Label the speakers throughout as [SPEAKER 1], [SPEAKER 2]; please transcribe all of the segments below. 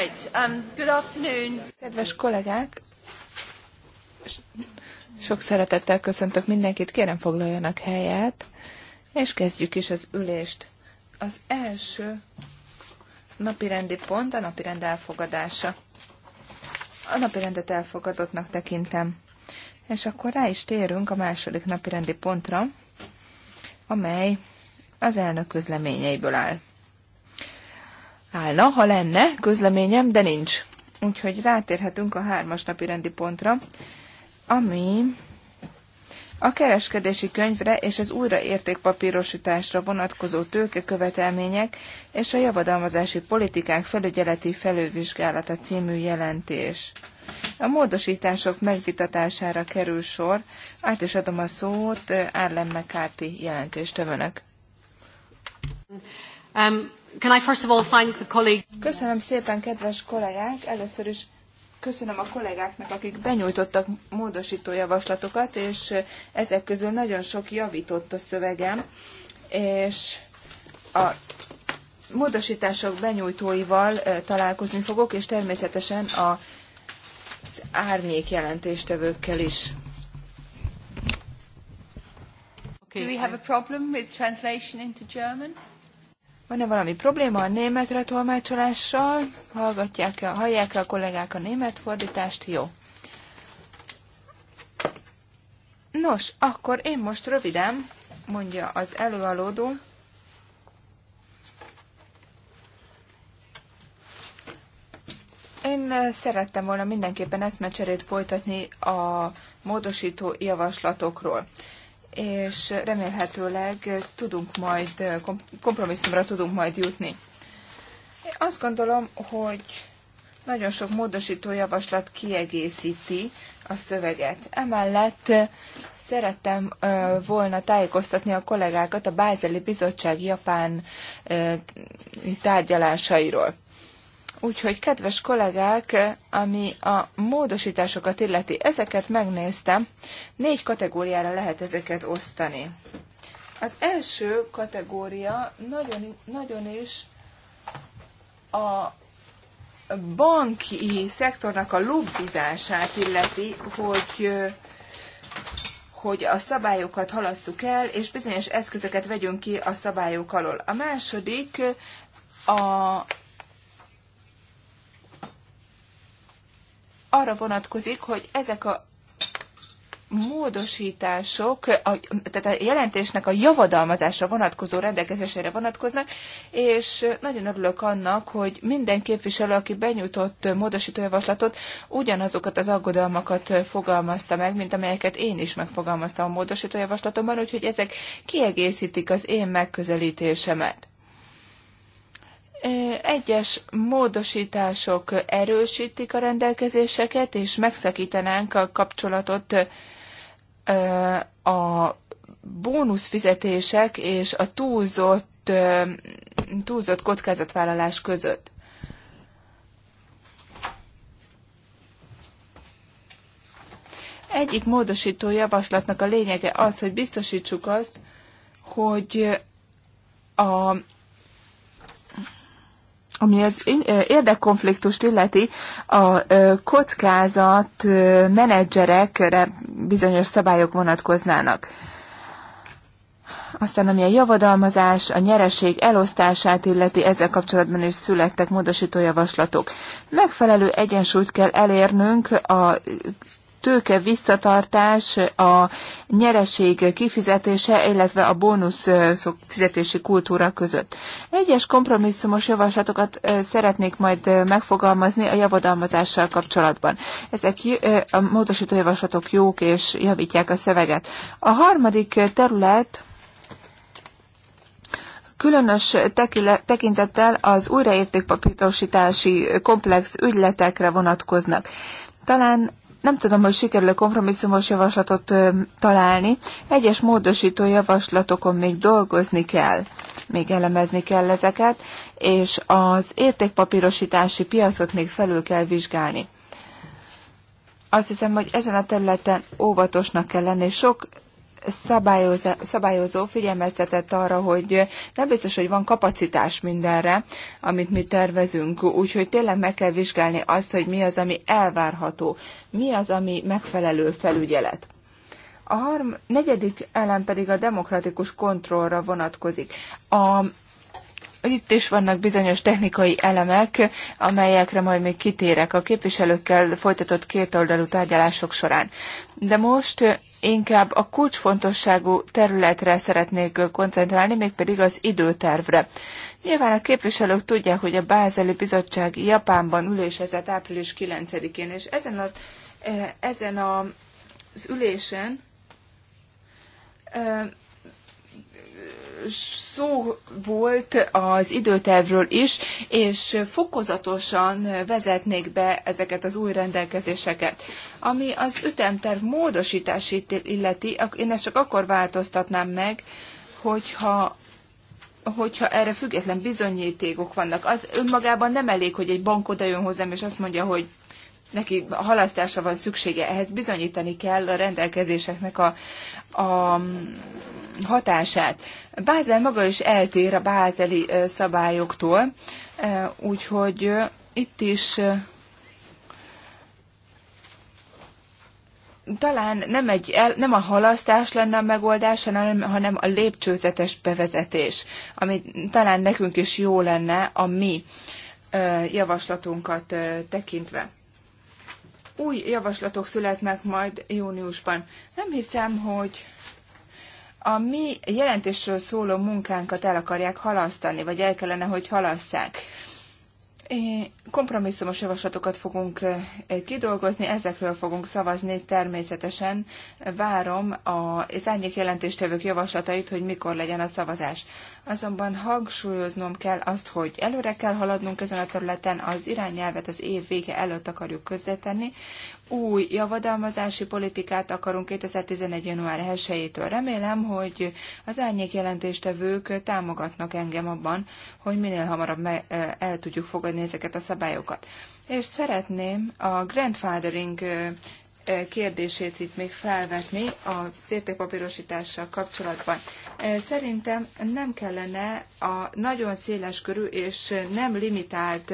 [SPEAKER 1] Right, um, good afternoon. Kedves
[SPEAKER 2] kollégák, sok szeretettel köszöntök mindenkit, kérem foglaljanak helyet, és kezdjük is az ülést. Az első napirendi pont a napirend elfogadása. A napirendet elfogadottnak tekintem. És akkor rá is térünk a második napirendi pontra, amely az elnök közleményeiből áll állna, ha lenne közleményem, de nincs. Úgyhogy rátérhetünk a hármas napi rendi pontra, ami a kereskedési könyvre és az újraértékpapírosításra vonatkozó tőkekövetelmények és a javadalmazási politikánk felügyeleti felővizsgálata című jelentés. A módosítások megvitatására kerül sor, át is adom a szót Árlen eh, McCarthy jelentéstevőnek. Um, Can I first of all thank the colleague? Köszönöm szépen, kedves kollégák! Először is köszönöm a kollégáknak, akik benyújtottak módosító javaslatokat, és ezek közül nagyon sok javított a szövegem, és a módosítások benyújtóival eh, találkozni fogok, és természetesen a az árnyék jelentéstevőkkel is. Do we have a problem with translation into German? Van-e valami probléma a németre tolmácsolással? Hallgatják-e, hallják-e a kollégák a német fordítást? Jó. Nos, akkor én most röviden, mondja az előalódó, Én eh, szerettem volna mindenképpen eszmecserét folytatni a módosító javaslatokról és remélhetőleg tudunk majd, kompromisszumra tudunk majd jutni. Én azt gondolom, hogy nagyon sok módosító javaslat kiegészíti a szöveget. Emellett szerettem volna tájékoztatni a kollégákat a Bázeli Bizottság japán tárgyalásairól. Úgyhogy, kedves kollégák, ami a módosításokat illeti, ezeket megnéztem, négy kategóriára lehet ezeket osztani. Az első kategória nagyon, nagyon is a banki szektornak a lobbizását illeti, hogy hogy a szabályokat halasszuk el, és bizonyos eszközöket vegyünk ki a szabályok alól. A második a arra vonatkozik, hogy ezek a módosítások, a, tehát a jelentésnek a javadalmazásra vonatkozó rendelkezésére vonatkoznak, és nagyon örülök annak, hogy minden képviselő, aki benyújtott módosítójavaslatot, ugyanazokat az aggodalmakat fogalmazta meg, mint amelyeket én is megfogalmaztam a módosítójavaslatomban, úgyhogy ezek kiegészítik az én megközelítésemet. Egyes módosítások erősítik a rendelkezéseket, és megszakítanánk a kapcsolatot a bónuszfizetések és a túlzott, túlzott kockázatvállalás között. Egyik módosító javaslatnak a lényege az, hogy biztosítsuk azt, hogy a ami az érdekkonfliktust illeti, a kockázat menedzserekre bizonyos szabályok vonatkoznának. Aztán ami a javadalmazás, a nyereség elosztását illeti, ezzel kapcsolatban is születtek módosító javaslatok. Megfelelő egyensúlyt kell elérnünk a tőke visszatartás, a nyereség kifizetése, illetve a bónuszok fizetési kultúra között. Egyes kompromisszumos javaslatokat szeretnék majd megfogalmazni a javadalmazással kapcsolatban. Ezek a módosító javaslatok jók és javítják a szöveget. A harmadik terület, különös tekintettel az újraértékpapírosítási komplex ügyletekre vonatkoznak. Talán nem tudom, hogy sikerül-e kompromisszumos javaslatot találni. Egyes módosító javaslatokon még dolgozni kell, még elemezni kell ezeket, és az értékpapírosítási piacot még felül kell vizsgálni. Azt hiszem, hogy ezen a területen óvatosnak kell lenni. Sok szabályozó figyelmeztetett arra, hogy nem biztos, hogy van kapacitás mindenre, amit mi tervezünk, úgyhogy tényleg meg kell vizsgálni azt, hogy mi az, ami elvárható, mi az, ami megfelelő felügyelet. A harm, negyedik elem pedig a demokratikus kontrollra vonatkozik. A itt is vannak bizonyos technikai elemek, amelyekre majd még kitérek a képviselőkkel folytatott kétoldalú tárgyalások során. De most inkább a kulcsfontosságú területre szeretnék koncentrálni, mégpedig az időtervre. Nyilván a képviselők tudják, hogy a Bázeli Bizottság Japánban ülésezett április 9-én, és ezen a, eh, ezen a, az ülésen eh, szó volt az időtervről is, és fokozatosan vezetnék be ezeket az új rendelkezéseket. Ami az ütemterv módosítását illeti, én ezt csak akkor változtatnám meg, hogyha hogyha erre független bizonyítékok vannak. Az önmagában nem elég, hogy egy bank odajön hozzám, és azt mondja, hogy neki halasztásra van szüksége, ehhez bizonyítani kell a rendelkezéseknek a, a hatását. Bázel maga is eltér a bázeli szabályoktól, úgyhogy itt is talán nem, egy, nem a halasztás lenne a megoldás, hanem, hanem a lépcsőzetes bevezetés, ami talán nekünk is jó lenne a mi javaslatunkat tekintve új javaslatok születnek majd júniusban. Nem hiszem, hogy a mi jelentésről szóló munkánkat el akarják halasztani, vagy el kellene, hogy halasszák kompromisszumos javaslatokat fogunk eh, kidolgozni, ezekről fogunk szavazni természetesen. Várom a árnyék jelentéstevők javaslatait, hogy mikor legyen a szavazás. Azonban hangsúlyoznom kell azt, hogy előre kell haladnunk ezen a területen, az irányelvet az év vége előtt akarjuk közzetenni. Új javadalmazási politikát akarunk 2011. január 1-től. Remélem, hogy az árnyék jelentéstevők támogatnak engem abban, hogy minél hamarabb eh, el tudjuk fogadni ezeket a szabályokat szabályokat. És szeretném a grandfathering kérdését itt még felvetni a értékpapírosítással kapcsolatban. Szerintem nem kellene a nagyon széles körű és nem limitált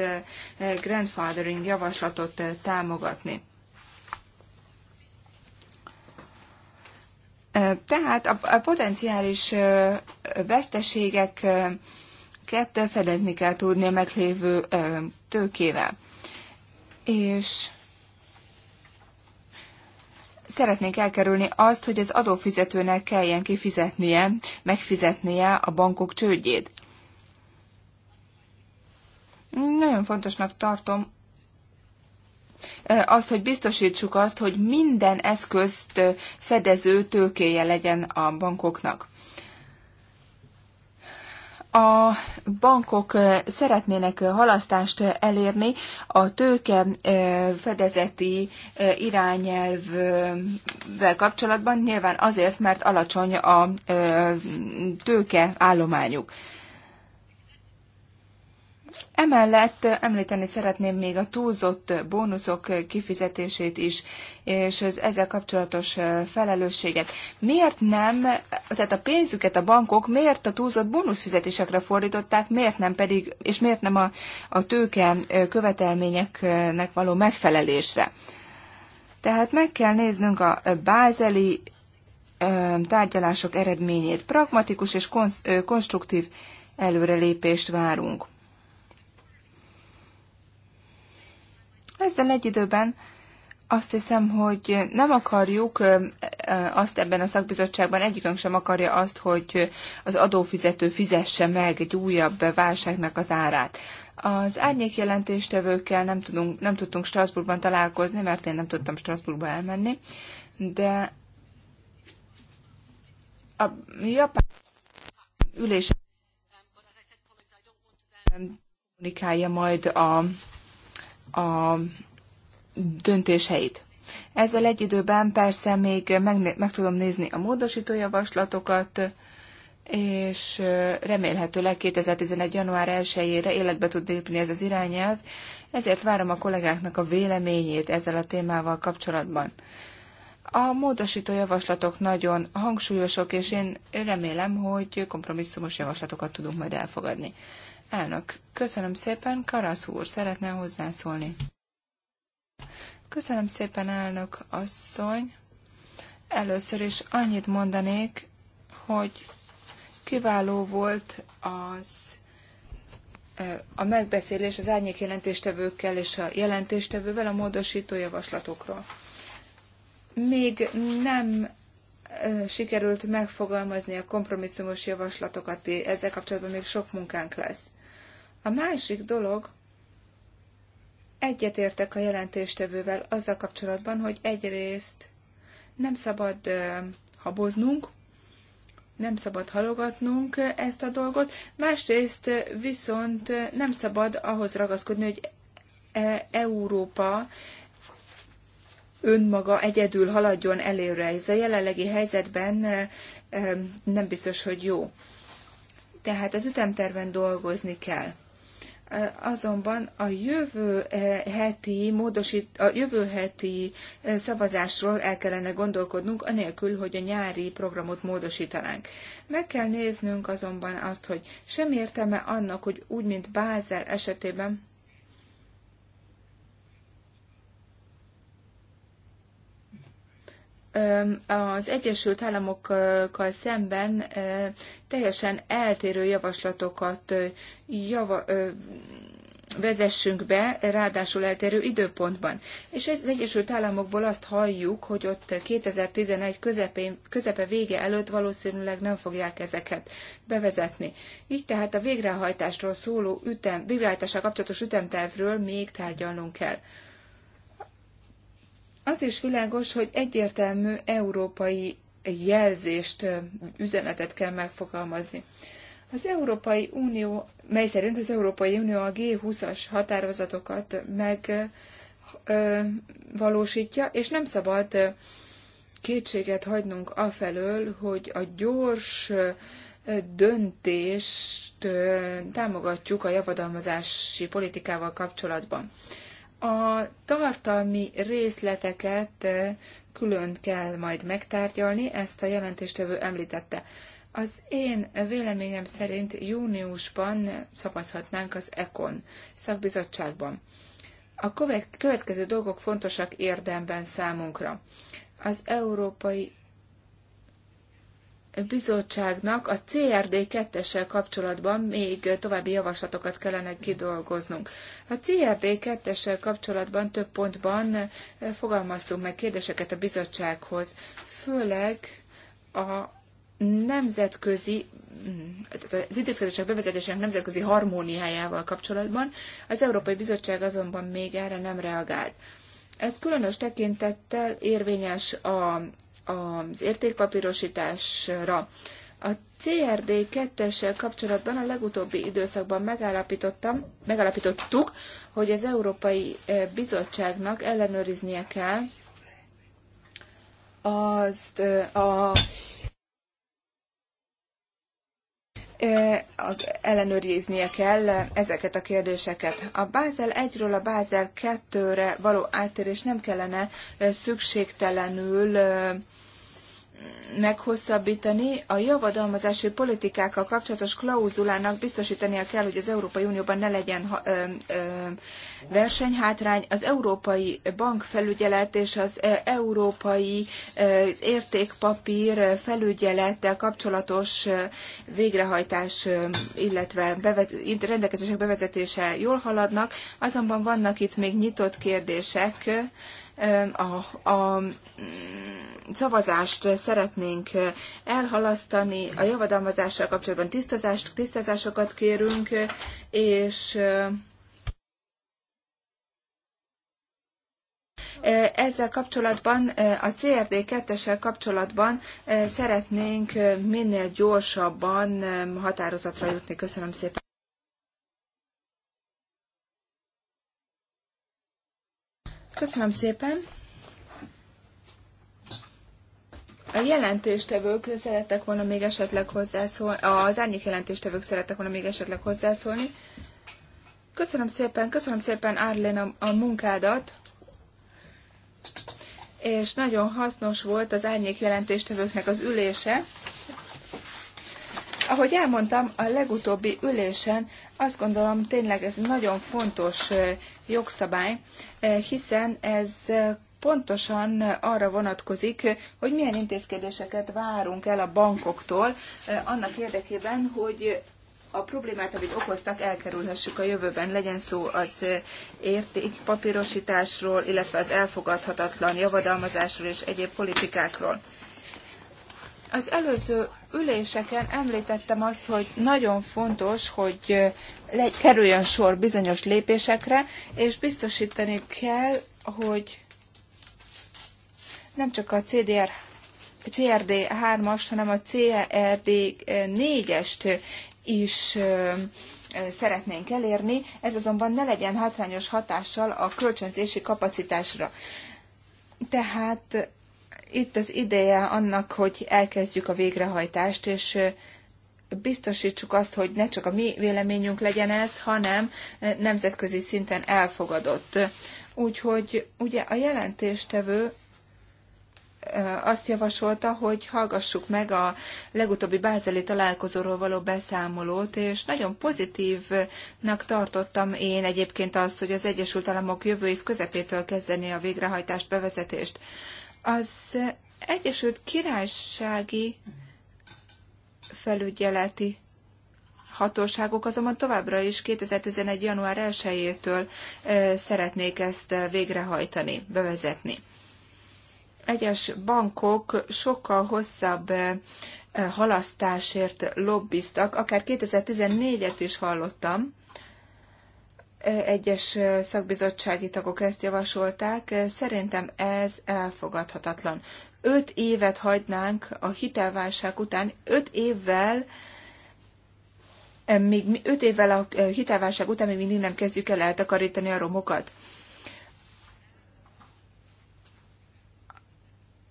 [SPEAKER 2] grandfathering javaslatot támogatni. Tehát a potenciális veszteségek ezeket fedezni kell tudni a meglévő tőkével. És szeretnénk elkerülni azt, hogy az adófizetőnek kelljen kifizetnie, megfizetnie a bankok csődjét. Nagyon fontosnak tartom azt, hogy biztosítsuk azt, hogy minden eszközt fedező tőkéje legyen a bankoknak a bankok szeretnének halasztást elérni a tőke fedezeti irányelvvel kapcsolatban, nyilván azért, mert alacsony a tőke állományuk. Emellett említeni szeretném még a túlzott bónuszok kifizetését is, és az ezzel kapcsolatos felelősséget. Miért nem, tehát a pénzüket a bankok miért a túlzott bónuszfizetésekre fordították, miért nem pedig, és miért nem a, a tőke követelményeknek való megfelelésre? Tehát meg kell néznünk a bázeli tárgyalások eredményét. Pragmatikus és konstruktív előrelépést várunk. Ezzel egy időben azt hiszem, hogy nem akarjuk azt ebben a szakbizottságban, egyikünk sem akarja azt, hogy az adófizető fizesse meg egy újabb válságnak az árát. Az árnyék jelentéstevőkkel nem, tudunk, nem tudtunk Strasbourgban találkozni, mert én nem tudtam Strasbourgba elmenni, de a japán ülés kommunikálja majd a a döntéseit. Ezzel egy időben persze még meg, meg tudom nézni a módosító javaslatokat, és remélhetőleg 2011. január 1-ére életbe tud lépni ez az irányelv, ezért várom a kollégáknak a véleményét ezzel a témával kapcsolatban. A módosító javaslatok nagyon hangsúlyosok, és én remélem, hogy kompromisszumos javaslatokat tudunk majd elfogadni. Elnök, köszönöm szépen, Karasz úr szeretne hozzászólni. Köszönöm szépen, elnök asszony. Először is annyit mondanék, hogy kiváló volt az a megbeszélés az árnyék jelentéstevőkkel és a jelentéstevővel a módosító javaslatokról. Még nem sikerült megfogalmazni a kompromisszumos javaslatokat, ezzel kapcsolatban még sok munkánk lesz. A másik dolog, egyetértek a jelentéstevővel azzal kapcsolatban, hogy egyrészt nem szabad haboznunk, nem szabad halogatnunk ezt a dolgot, másrészt viszont nem szabad ahhoz ragaszkodni, hogy e, Európa önmaga egyedül haladjon előre. Ez a jelenlegi helyzetben nem biztos, hogy jó. Tehát az ütemterven dolgozni kell azonban a jövő heti módosít, a jövő heti szavazásról el kellene gondolkodnunk, anélkül, hogy a nyári programot módosítanánk. Meg kell néznünk azonban azt, hogy sem értelme annak, hogy úgy, mint Bázel esetében, az Egyesült Államokkal szemben teljesen eltérő javaslatokat java, vezessünk be, ráadásul eltérő időpontban. És az Egyesült Államokból azt halljuk, hogy ott 2011 közepén, közepe vége előtt valószínűleg nem fogják ezeket bevezetni. Így tehát a végrehajtásról szóló ütem, végrehajtással kapcsolatos ütemtervről még tárgyalnunk kell. Az is világos, hogy egyértelmű európai jelzést, üzenetet kell megfogalmazni. Az Európai Unió, mely szerint az Európai Unió a G20-as határozatokat megvalósítja, és nem szabad kétséget hagynunk afelől, hogy a gyors döntést támogatjuk a javadalmazási politikával kapcsolatban. A tartalmi részleteket eh, külön kell majd megtárgyalni, ezt a jelentéstevő említette. Az én véleményem szerint júniusban szavazhatnánk az ECON szakbizottságban. A következő dolgok fontosak érdemben számunkra. Az Európai bizottságnak a CRD 2-essel kapcsolatban még további javaslatokat kellene kidolgoznunk. A CRD 2-essel kapcsolatban több pontban fogalmaztunk meg kérdéseket a bizottsághoz, főleg a nemzetközi, tehát az intézkedések bevezetésének nemzetközi harmóniájával kapcsolatban. Az Európai Bizottság azonban még erre nem reagált. Ez különös tekintettel érvényes a az értékpapírosításra. A CRD 2-essel kapcsolatban a legutóbbi időszakban megállapítottam, megállapítottuk, hogy az Európai eh, Bizottságnak ellenőriznie kell azt eh, a ellenőriznie kell ezeket a kérdéseket. A Bázel 1-ről a Bázel 2-re való áttérés nem kellene szükségtelenül meghosszabbítani, a javadalmazási politikákkal kapcsolatos klauzulának biztosítania kell, hogy az Európai Unióban ne legyen versenyhátrány. Az Európai Bankfelügyelet és az Európai Értékpapír felügyelettel kapcsolatos végrehajtás, illetve bevez, rendelkezések bevezetése jól haladnak, azonban vannak itt még nyitott kérdések, a, a mm, szavazást szeretnénk elhalasztani, a javadalmazással kapcsolatban tisztazást, tisztázásokat kérünk, és Ezzel kapcsolatban, a CRD 2 kapcsolatban szeretnénk minél gyorsabban határozatra jutni. Köszönöm szépen. Köszönöm szépen. A jelentéstevők szerettek volna még esetleg hozzászólni, az árnyék jelentéstevők szerettek volna még esetleg hozzászólni. Köszönöm szépen, köszönöm szépen Arlen a, a munkádat, és nagyon hasznos volt az árnyék jelentéstevőknek az ülése. Ahogy elmondtam, a legutóbbi ülésen azt gondolom tényleg ez nagyon fontos jogszabály, eh, hiszen ez eh, pontosan arra vonatkozik, hogy milyen intézkedéseket várunk el a bankoktól eh, annak érdekében, hogy a problémát, amit okoztak, elkerülhessük a jövőben. Legyen szó az értékpapírosításról, illetve az elfogadhatatlan javadalmazásról és egyéb politikákról. Az előző üléseken említettem azt, hogy nagyon fontos, hogy kerüljön sor bizonyos lépésekre, és biztosítani kell, hogy nem csak a CDR CRD 3-as, hanem a CRD 4-est is szeretnénk elérni, ez azonban ne legyen hátrányos hatással a kölcsönzési kapacitásra. Tehát itt az ideje annak, hogy elkezdjük a végrehajtást, és biztosítsuk azt, hogy ne csak a mi véleményünk legyen ez, hanem nemzetközi szinten elfogadott. Úgyhogy ugye a jelentéstevő azt javasolta, hogy hallgassuk meg a legutóbbi bázeli találkozóról való beszámolót, és nagyon pozitívnak tartottam én egyébként azt, hogy az Egyesült Államok jövő év közepétől kezdeni a végrehajtást, bevezetést. Az Egyesült Királysági felügyeleti hatóságok azonban továbbra is 2011. január 1-től szeretnék ezt végrehajtani, bevezetni. Egyes bankok sokkal hosszabb halasztásért lobbiztak, akár 2014-et is hallottam, egyes szakbizottsági tagok ezt javasolták, szerintem ez elfogadhatatlan. Öt évet hagynánk a hitelválság után, öt évvel eh, még öt évvel a eh, hitelválság után még mindig nem kezdjük el eltakarítani a romokat.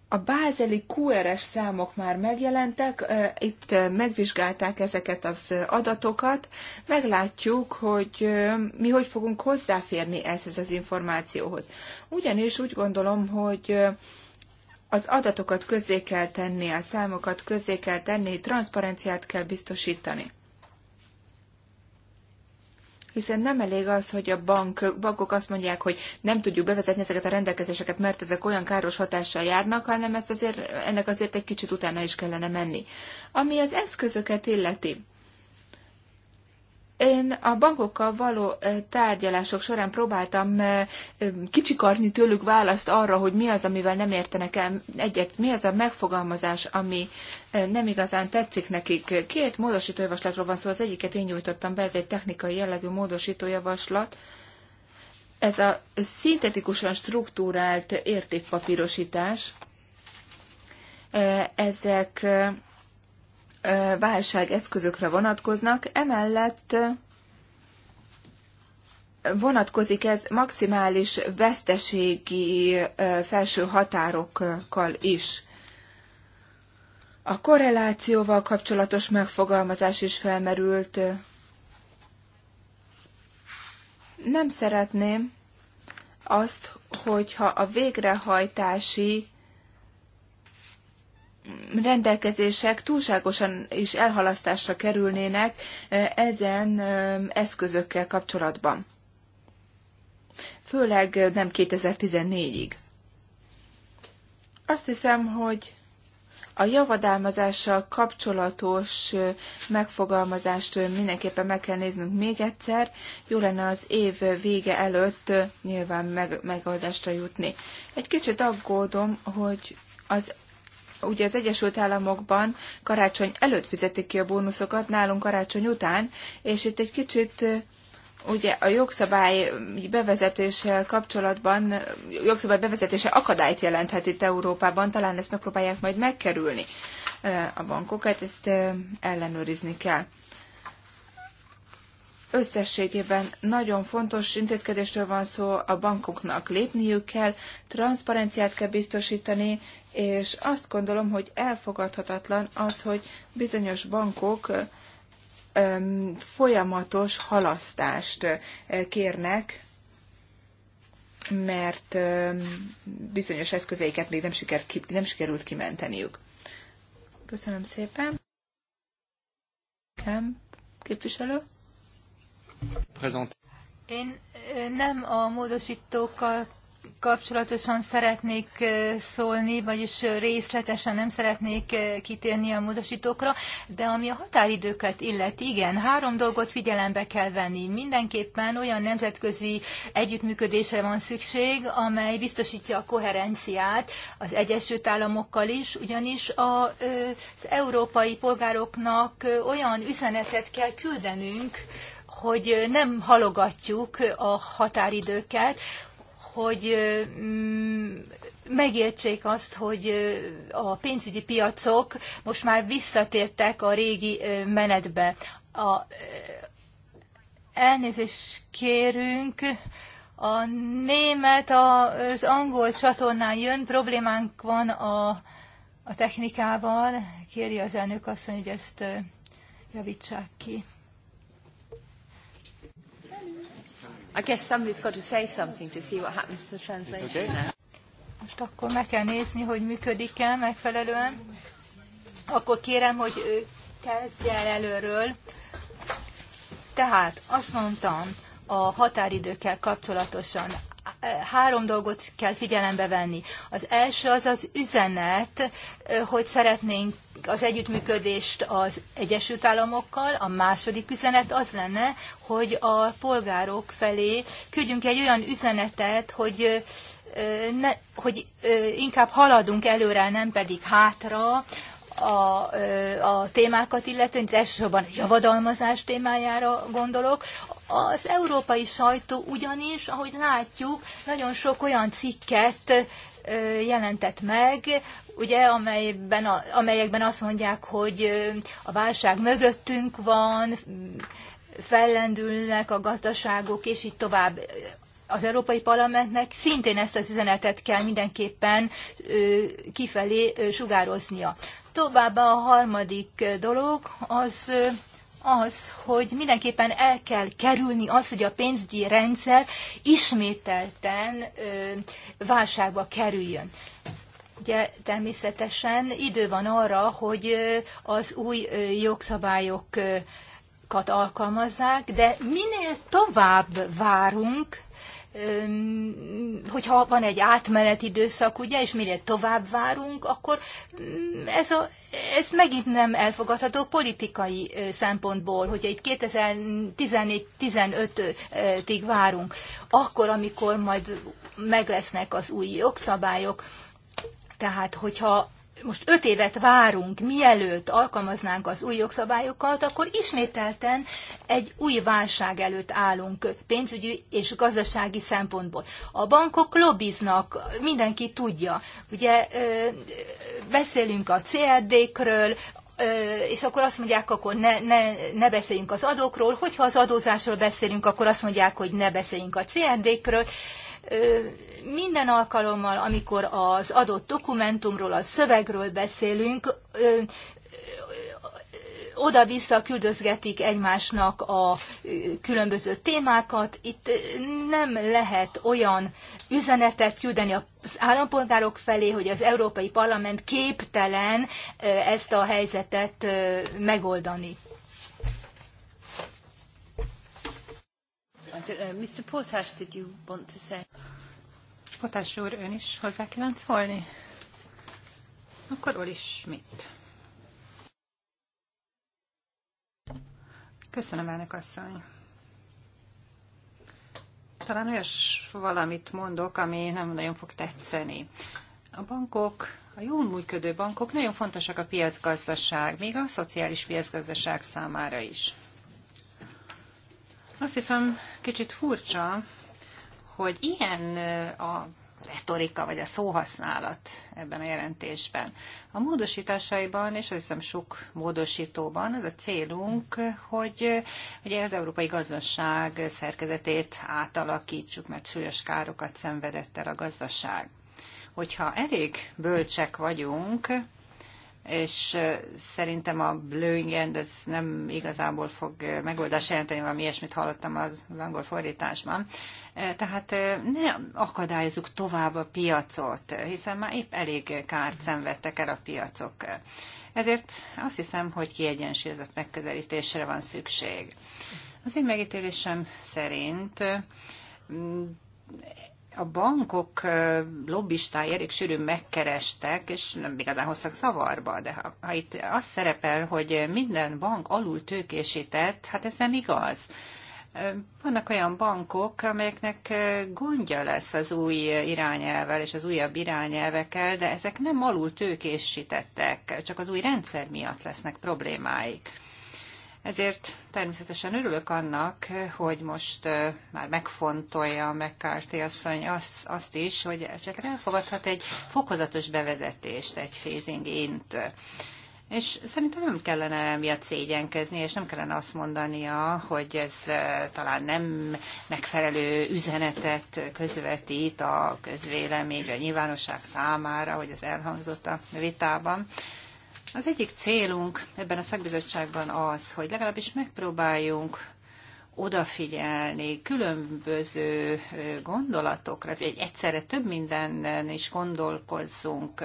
[SPEAKER 2] A bázeli QRS számok már megjelentek, itt megvizsgálták ezeket az adatokat, meglátjuk, hogy mi hogy fogunk hozzáférni ehhez az információhoz. Ugyanis úgy gondolom, hogy az adatokat közzé kell tenni, a számokat közzé kell tenni, transzparenciát kell biztosítani hiszen nem elég az, hogy a bank, bankok azt mondják, hogy nem tudjuk bevezetni ezeket a rendelkezéseket, mert ezek olyan káros hatással járnak, hanem ezt azért, ennek azért egy kicsit utána is kellene menni. Ami az eszközöket illeti, én a bankokkal való tárgyalások során próbáltam kicsikarni tőlük választ arra, hogy mi az, amivel nem értenek el egyet, mi az a megfogalmazás, ami nem igazán tetszik nekik. Két módosítójavaslatról van szó, az egyiket én nyújtottam be, ez egy technikai jellegű módosítójavaslat. Ez a szintetikusan struktúrált értékpapírosítás. Ezek válságeszközökre vonatkoznak, emellett vonatkozik ez maximális veszteségi felső határokkal is. A korrelációval kapcsolatos megfogalmazás is felmerült. Nem szeretném azt, hogyha a végrehajtási rendelkezések túlságosan is elhalasztásra kerülnének ezen eszközökkel kapcsolatban. Főleg nem 2014-ig. Azt hiszem, hogy a javadalmazással kapcsolatos megfogalmazást mindenképpen meg kell néznünk még egyszer. Jó lenne az év vége előtt nyilván meg, megoldásra jutni. Egy kicsit aggódom, hogy az ugye az Egyesült Államokban karácsony előtt fizetik ki a bónuszokat, nálunk karácsony után, és itt egy kicsit ugye a jogszabály bevezetése kapcsolatban, jogszabály bevezetése akadályt jelenthet itt Európában, talán ezt megpróbálják majd megkerülni a bankokat, ezt ellenőrizni kell. Összességében nagyon fontos intézkedésről van szó, a bankoknak lépniük kell, transzparenciát kell biztosítani, és azt gondolom, hogy elfogadhatatlan az, hogy bizonyos bankok folyamatos halasztást kérnek, mert bizonyos eszközeiket még nem, siker, nem sikerült kimenteniük. Köszönöm szépen. Kemp képviselő.
[SPEAKER 1] Present.
[SPEAKER 3] Én nem a módosítókkal kapcsolatosan szeretnék szólni, vagyis részletesen nem szeretnék kitérni a módosítókra, de ami a határidőket illeti igen, három dolgot figyelembe kell venni. Mindenképpen olyan nemzetközi együttműködésre van szükség, amely biztosítja a koherenciát az Egyesült Államokkal is, ugyanis az európai polgároknak olyan üzenetet kell küldenünk, hogy nem halogatjuk a határidőket, hogy mm, megértsék azt, hogy a pénzügyi piacok most már visszatértek a régi menetbe. A, elnézést kérünk, a német az angol csatornán jön, problémánk van a, a technikával. Kéri az elnök azt, hogy ezt javítsák ki. I guess somebody's got to say something to see what happens to the translation okay. now. Most akkor meg kell nézni, hogy működik-e megfelelően. Akkor kérem, hogy ő kezdje el előről. Tehát azt mondtam a határidőkkel kapcsolatosan három dolgot kell figyelembe venni. Az első az az üzenet, hogy szeretnénk az együttműködést az Egyesült Államokkal, a második üzenet az lenne, hogy a polgárok felé küldjünk egy olyan üzenetet, hogy ne, hogy inkább haladunk előre, nem pedig hátra, a, a témákat illetően, elsősorban javadalmazás témájára gondolok, az európai sajtó ugyanis, ahogy látjuk, nagyon sok olyan cikket jelentett meg, ugye, amelyben a, amelyekben azt mondják, hogy a válság mögöttünk van, fellendülnek a gazdaságok, és így tovább. Az Európai Parlamentnek szintén ezt az üzenetet kell mindenképpen kifelé sugároznia. Továbbá a harmadik dolog az az, hogy mindenképpen el kell kerülni az, hogy a pénzügyi rendszer ismételten válságba kerüljön. Ugye természetesen idő van arra, hogy az új jogszabályokat alkalmazzák, de minél tovább várunk, hogyha van egy átmeneti időszak, ugye, és mire tovább várunk, akkor mm, ez, a, ez megint nem elfogadható politikai szempontból, hogyha itt 2014-15-ig várunk, akkor, amikor majd meglesznek az új jogszabályok, tehát, hogyha most öt évet várunk, mielőtt alkalmaznánk az új jogszabályokat, akkor ismételten egy új válság előtt állunk pénzügyi és gazdasági szempontból. A bankok lobbiznak, mindenki tudja. Ugye beszélünk a CRD-kről, és akkor azt mondják, akkor ne, ne, ne beszéljünk az adókról, hogyha az adózásról beszélünk, akkor azt mondják, hogy ne beszéljünk a CRD-kről minden alkalommal, amikor az adott dokumentumról, a szövegről beszélünk, oda-vissza küldözgetik egymásnak a különböző témákat. Itt nem lehet olyan üzenetet küldeni az állampolgárok felé, hogy az Európai Parlament képtelen ezt a helyzetet
[SPEAKER 1] megoldani. Mr. did you want to say? Potás úr, ön is hozzá kívánt szólni? Akkor Oli Schmidt. Köszönöm, elnök asszony. Talán olyas valamit mondok, ami nem nagyon fog tetszeni. A bankok, a jól működő bankok nagyon fontosak a piacgazdaság, még a szociális piacgazdaság számára is. Azt hiszem, kicsit furcsa, hogy ilyen a retorika, vagy a szóhasználat ebben a jelentésben. A módosításaiban, és azt hiszem sok módosítóban az a célunk, hogy ugye az európai gazdaság szerkezetét átalakítsuk, mert súlyos károkat szenvedett el a gazdaság. Hogyha elég bölcsek vagyunk, és szerintem a blowing end ez nem igazából fog megoldást jelenteni, valami ilyesmit hallottam az angol fordításban. Tehát ne akadályozzuk tovább a piacot, hiszen már épp elég kárt szenvedtek el a piacok. Ezért azt hiszem, hogy kiegyensúlyozott megközelítésre van szükség. Az én megítélésem szerint mm, a bankok lobbistái elég sűrűn megkerestek, és nem igazán hoztak szavarba, de ha, ha itt az szerepel, hogy minden bank alul tőkésített, hát ez nem igaz. Vannak olyan bankok, amelyeknek gondja lesz az új irányelvel és az újabb irányelvekkel, de ezek nem alul tőkésítettek, csak az új rendszer miatt lesznek problémáik. Ezért természetesen örülök annak, hogy most már megfontolja a McCarthy asszony azt, azt is, hogy esetleg elfogadhat egy fokozatos bevezetést, egy phasing int. És szerintem nem kellene miatt szégyenkezni, és nem kellene azt mondania, hogy ez talán nem megfelelő üzenetet közvetít a közvélemény, a nyilvánosság számára, hogy ez elhangzott a vitában. Az egyik célunk ebben a szakbizottságban az, hogy legalábbis megpróbáljunk odafigyelni különböző gondolatokra, hogy egyszerre több mindenen is gondolkozzunk,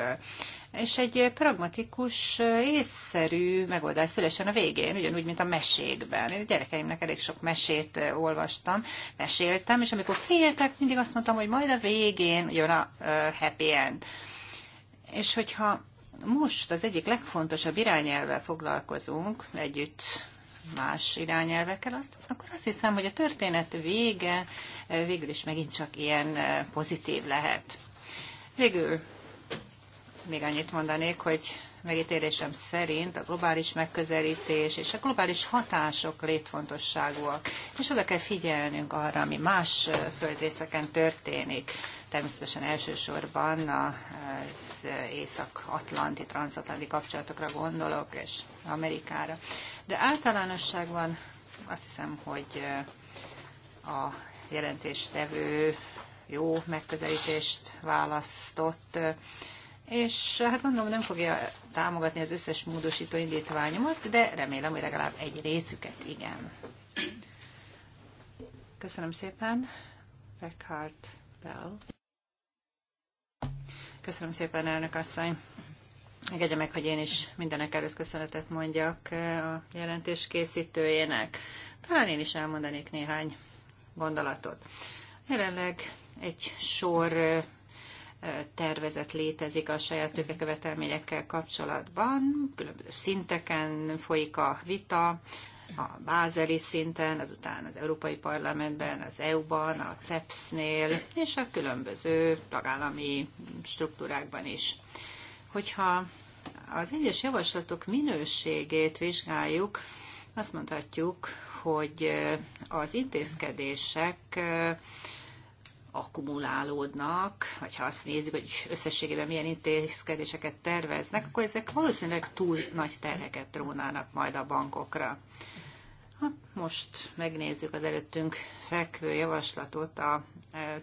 [SPEAKER 1] és egy pragmatikus, észszerű megoldás szülesen a végén, ugyanúgy, mint a mesékben. Én a gyerekeimnek elég sok mesét olvastam, meséltem, és amikor féltek, mindig azt mondtam, hogy majd a végén jön a happy end. És hogyha most az egyik legfontosabb irányelvvel foglalkozunk együtt más irányelvekkel, azt, akkor azt hiszem, hogy a történet vége eh, végül is megint csak ilyen eh, pozitív lehet. Végül még annyit mondanék, hogy megítélésem szerint a globális megközelítés és a globális hatások létfontosságúak, és oda kell figyelnünk arra, ami más eh, földrészeken történik természetesen elsősorban az eh, észak-atlanti, transatlanti kapcsolatokra gondolok, és Amerikára. De általánosságban azt hiszem, hogy eh, a jelentéstevő jó megközelítést választott, eh, és hát gondolom nem fogja támogatni az összes módosító indítványomat, de remélem, hogy legalább egy részüket igen. Köszönöm szépen. Beckhardt Bell. Köszönöm szépen, elnök asszony. Megegye meg, hogy én is mindenek előtt köszönetet mondjak eh, a jelentés készítőjének. Talán én is elmondanék néhány gondolatot. Jelenleg egy sor eh, tervezet létezik a saját tőkekövetelményekkel kapcsolatban. Különböző szinteken folyik a vita, a bázeli szinten, azután az Európai Parlamentben, az EU-ban, a CEPS-nél, és a különböző tagállami struktúrákban is. Hogyha az egyes javaslatok minőségét vizsgáljuk, azt mondhatjuk, hogy az intézkedések akkumulálódnak, vagy ha azt nézzük, hogy összességében milyen intézkedéseket terveznek, akkor ezek valószínűleg túl nagy terheket rónának majd a bankokra. Ha most megnézzük az előttünk fekvő javaslatot a e,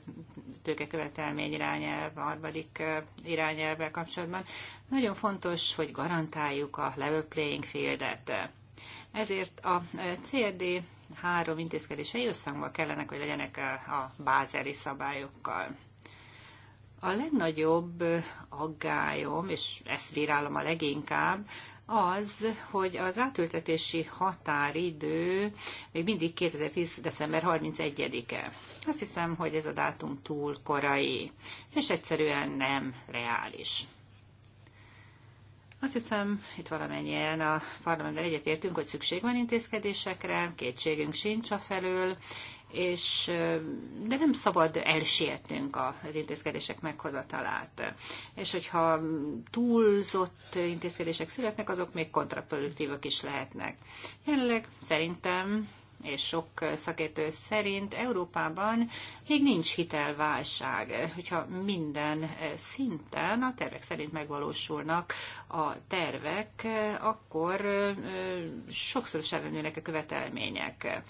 [SPEAKER 1] tőkekövetelmény irányelv, a harmadik e, irányelvvel kapcsolatban. Nagyon fontos, hogy garantáljuk a level playing fieldet ezért a CRD három intézkedései összhangban kellenek, hogy legyenek a bázeli szabályokkal. A legnagyobb aggályom, és ezt virálom a leginkább, az, hogy az átültetési határidő még mindig 2010. december 31-e. Azt hiszem, hogy ez a dátum túl korai, és egyszerűen nem reális. Azt hiszem, itt valamennyien a parlamentben egyetértünk, hogy szükség van intézkedésekre, kétségünk sincs a felől, és, de nem szabad elsietnünk az intézkedések meghozatalát. És hogyha túlzott intézkedések születnek, azok még kontraproduktívak is lehetnek. Jelenleg szerintem és sok szakértő szerint Európában még nincs hitelválság, hogyha minden szinten a tervek szerint megvalósulnak a tervek, akkor sokszor is a követelmények.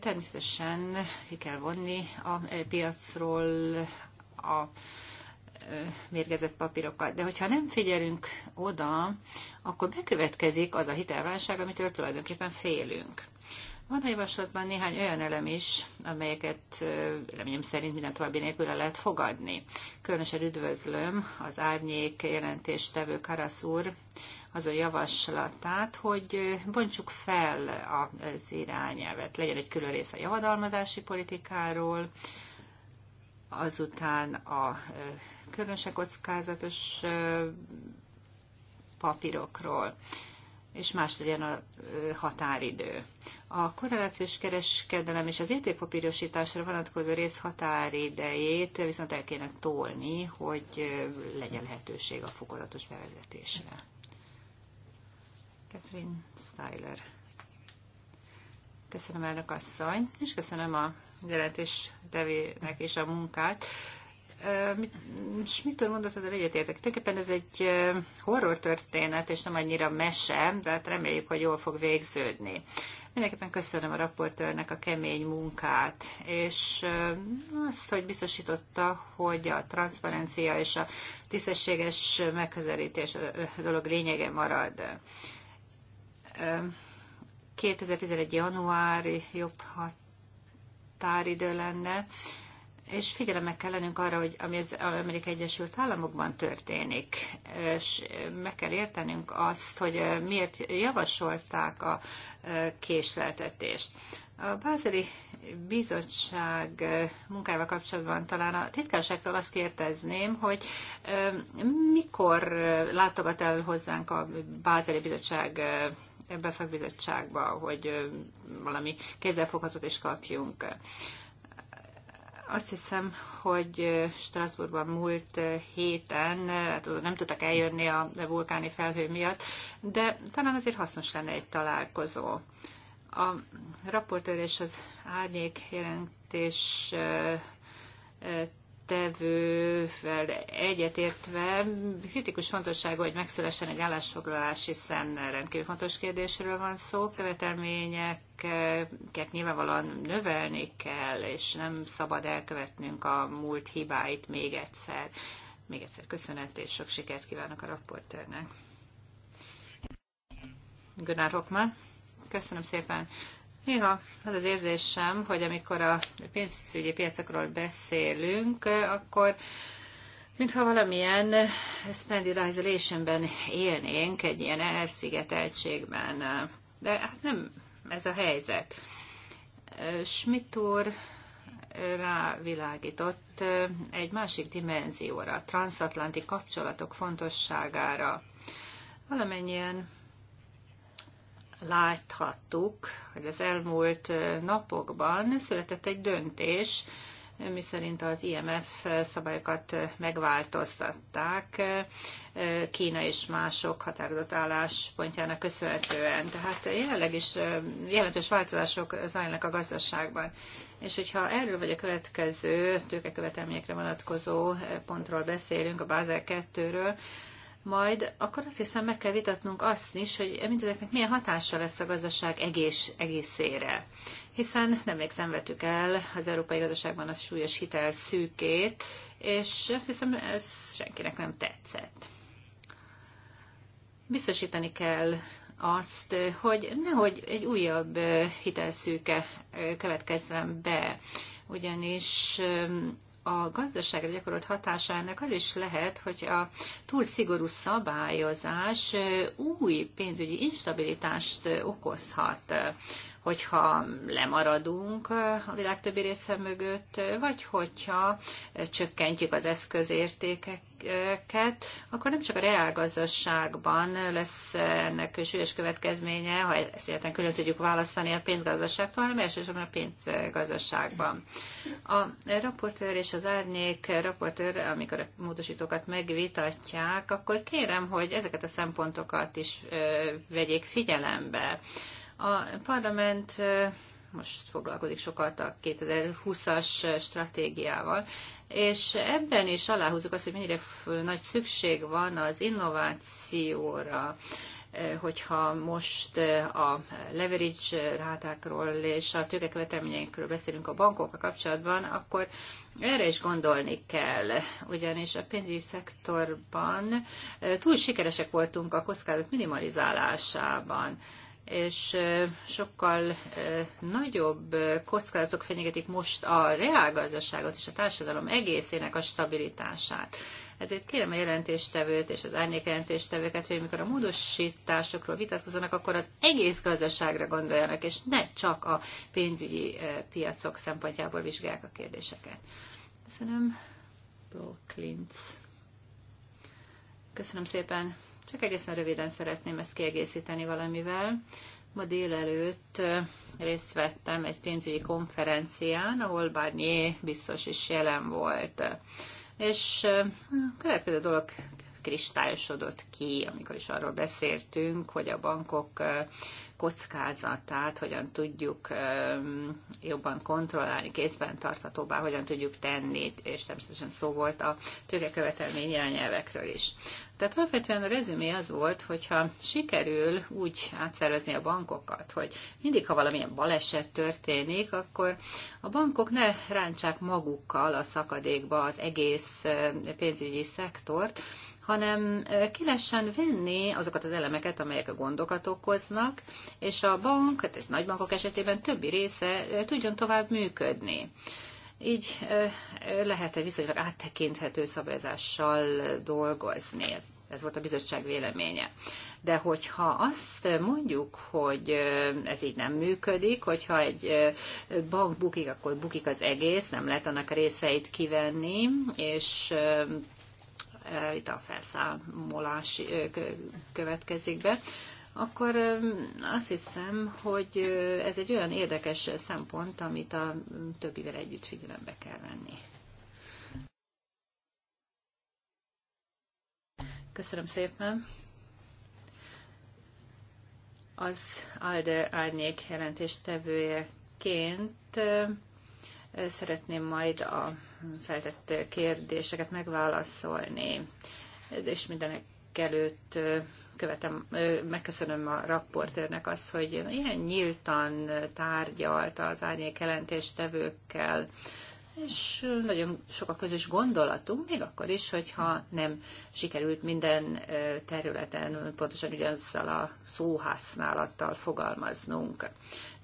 [SPEAKER 1] Természetesen ki kell vonni a piacról a mérgezett papírokat. De hogyha nem figyelünk oda, akkor bekövetkezik az a hitelválság, amitől tulajdonképpen félünk. Van a javaslatban néhány olyan elem is, amelyeket reményem szerint minden további nélkül el lehet fogadni. Különösen üdvözlöm az árnyék jelentéstevő Karasz úr az a javaslatát, hogy bontsuk fel az irányelvet. Legyen egy külön rész a javadalmazási politikáról, azután a különösen kockázatos papírokról és más legyen a határidő. A korrelációs kereskedelem és az értékpapírosításra vonatkozó rész határidejét viszont el kéne tolni, hogy legyen lehetőség a fokozatos bevezetésre. Catherine Styler. Köszönöm elnök asszony, és köszönöm a jelentés tevének és a munkát és mitől mondott, ezzel értek? Tulajdonképpen ez egy horror történet, és nem annyira mese, de hát reméljük, hogy jól fog végződni. Mindenképpen köszönöm a raportőrnek a kemény munkát, és azt, hogy biztosította, hogy a transzparencia és a tisztességes megközelítés a dolog lényege marad. 2011. januári jobb határidő lenne, és figyelemek kell lennünk arra, hogy ami az Amerikai Egyesült Államokban történik, és meg kell értenünk azt, hogy miért javasolták a e, késleltetést. A Bázeli Bizottság munkával kapcsolatban talán a titkárságtól azt kérdezném, hogy e, mikor látogat el hozzánk a Bázeli Bizottság e, ebbe a szakbizottságba, hogy valami kézzelfoghatót is kapjunk. Azt hiszem, hogy Strasbourgban múlt héten hát, nem tudtak eljönni a vulkáni felhő miatt, de talán azért hasznos lenne egy találkozó. A raportőr és az árnyék jelentés tevővel egyetértve kritikus fontosságú, hogy megszülessen egy állásfoglalás, hiszen rendkívül fontos kérdésről van szó, követelményeket nyilvánvalóan növelni kell, és nem szabad elkövetnünk a múlt hibáit még egyszer. Még egyszer köszönet, és sok sikert kívánok a raportőrnek. Gunnar Hockman, köszönöm szépen. Néha az az érzésem, hogy amikor a pénzügyi piacokról beszélünk, akkor mintha valamilyen standardization isolationben élnénk, egy ilyen elszigeteltségben. De hát nem ez a helyzet. Schmidt úr rávilágított egy másik dimenzióra, a transatlanti kapcsolatok fontosságára. Valamennyien láthattuk, hogy az elmúlt napokban született egy döntés, miszerint az IMF szabályokat megváltoztatták Kína és mások határozott álláspontjának köszönhetően. Tehát jelenleg is jelentős változások zajlanak a gazdaságban. És hogyha erről vagy a következő tőkekövetelményekre vonatkozó pontról beszélünk, a Bázel 2-ről, majd, akkor azt hiszem meg kell vitatnunk azt is, hogy mindezeknek milyen hatása lesz a gazdaság egész, egészére. Hiszen nemrég szenvedtük el az európai gazdaságban a súlyos hitel szűkét, és azt hiszem ez senkinek nem tetszett. Biztosítani kell azt, hogy nehogy egy újabb eh, hitelszűke eh, következzen be, ugyanis eh, a gazdaságra gyakorolt hatásának az is lehet, hogy a túl szigorú szabályozás új pénzügyi instabilitást okozhat hogyha lemaradunk a világ többi része mögött, vagy hogyha csökkentjük az eszközértékeket, akkor nem csak a reálgazdaságban lesz ennek súlyos következménye, ha ezt életen külön tudjuk választani a pénzgazdaságtól, hanem elsősorban a pénzgazdaságban. A raportőr és az árnyék raportőr, amikor a módosítókat megvitatják, akkor kérem, hogy ezeket a szempontokat is vegyék figyelembe a parlament most foglalkozik sokat a 2020-as stratégiával, és ebben is aláhúzzuk azt, hogy mennyire nagy szükség van az innovációra, hogyha most a leverage rátákról és a tőkekövetelményekről beszélünk a bankokkal kapcsolatban, akkor erre is gondolni kell, ugyanis a pénzügyi szektorban túl sikeresek voltunk a kockázat minimalizálásában és sokkal nagyobb kockázatok fenyegetik most a reálgazdaságot és a társadalom egészének a stabilitását. Ezért kérem a jelentéstevőt és az árnyék jelentéstevőket, hogy amikor a módosításokról vitatkoznak, akkor az egész gazdaságra gondoljanak, és ne csak a pénzügyi piacok szempontjából vizsgálják a kérdéseket. Köszönöm. Bill Klintz. Köszönöm szépen, csak egészen röviden szeretném ezt kiegészíteni valamivel. Ma délelőtt eh, részt vettem egy pénzügyi konferencián, ahol Barnier biztos is jelen volt. És eh, a következő dolog kristályosodott ki, amikor is arról beszéltünk, hogy a bankok eh, kockázatát hogyan tudjuk jobban kontrollálni, kézben tarthatóbbá hogyan tudjuk tenni, és természetesen szó volt a tőkekövetelmény irányelvekről is. Tehát alapvetően a rezümé az volt, hogyha sikerül úgy átszervezni a bankokat, hogy mindig, ha valamilyen baleset történik, akkor a bankok ne rántsák magukkal a szakadékba az egész pénzügyi szektort, hanem ki lehessen venni azokat az elemeket, amelyek a gondokat okoznak, és a bank, tehát nagy bankok esetében többi része tudjon tovább működni így lehet egy viszonylag áttekinthető szabályozással dolgozni. Ez, volt a bizottság véleménye. De hogyha azt mondjuk, hogy ez így nem működik, hogyha egy bank bukik, akkor bukik az egész, nem lehet annak részeit kivenni, és itt a felszámolás következik be, akkor azt hiszem, hogy ez egy olyan érdekes szempont, amit a többivel együtt figyelembe kell venni. Köszönöm szépen. Az ALDE árnyék jelentéstevőjeként szeretném majd a feltett kérdéseket megválaszolni, és mindenek előtt követem, megköszönöm a rapportőrnek azt, hogy ilyen nyíltan tárgyalta az árnyék jelentéstevőkkel, és nagyon sok a közös gondolatunk, még akkor is, hogyha nem sikerült minden területen pontosan ugyanazzal a szóhasználattal fogalmaznunk.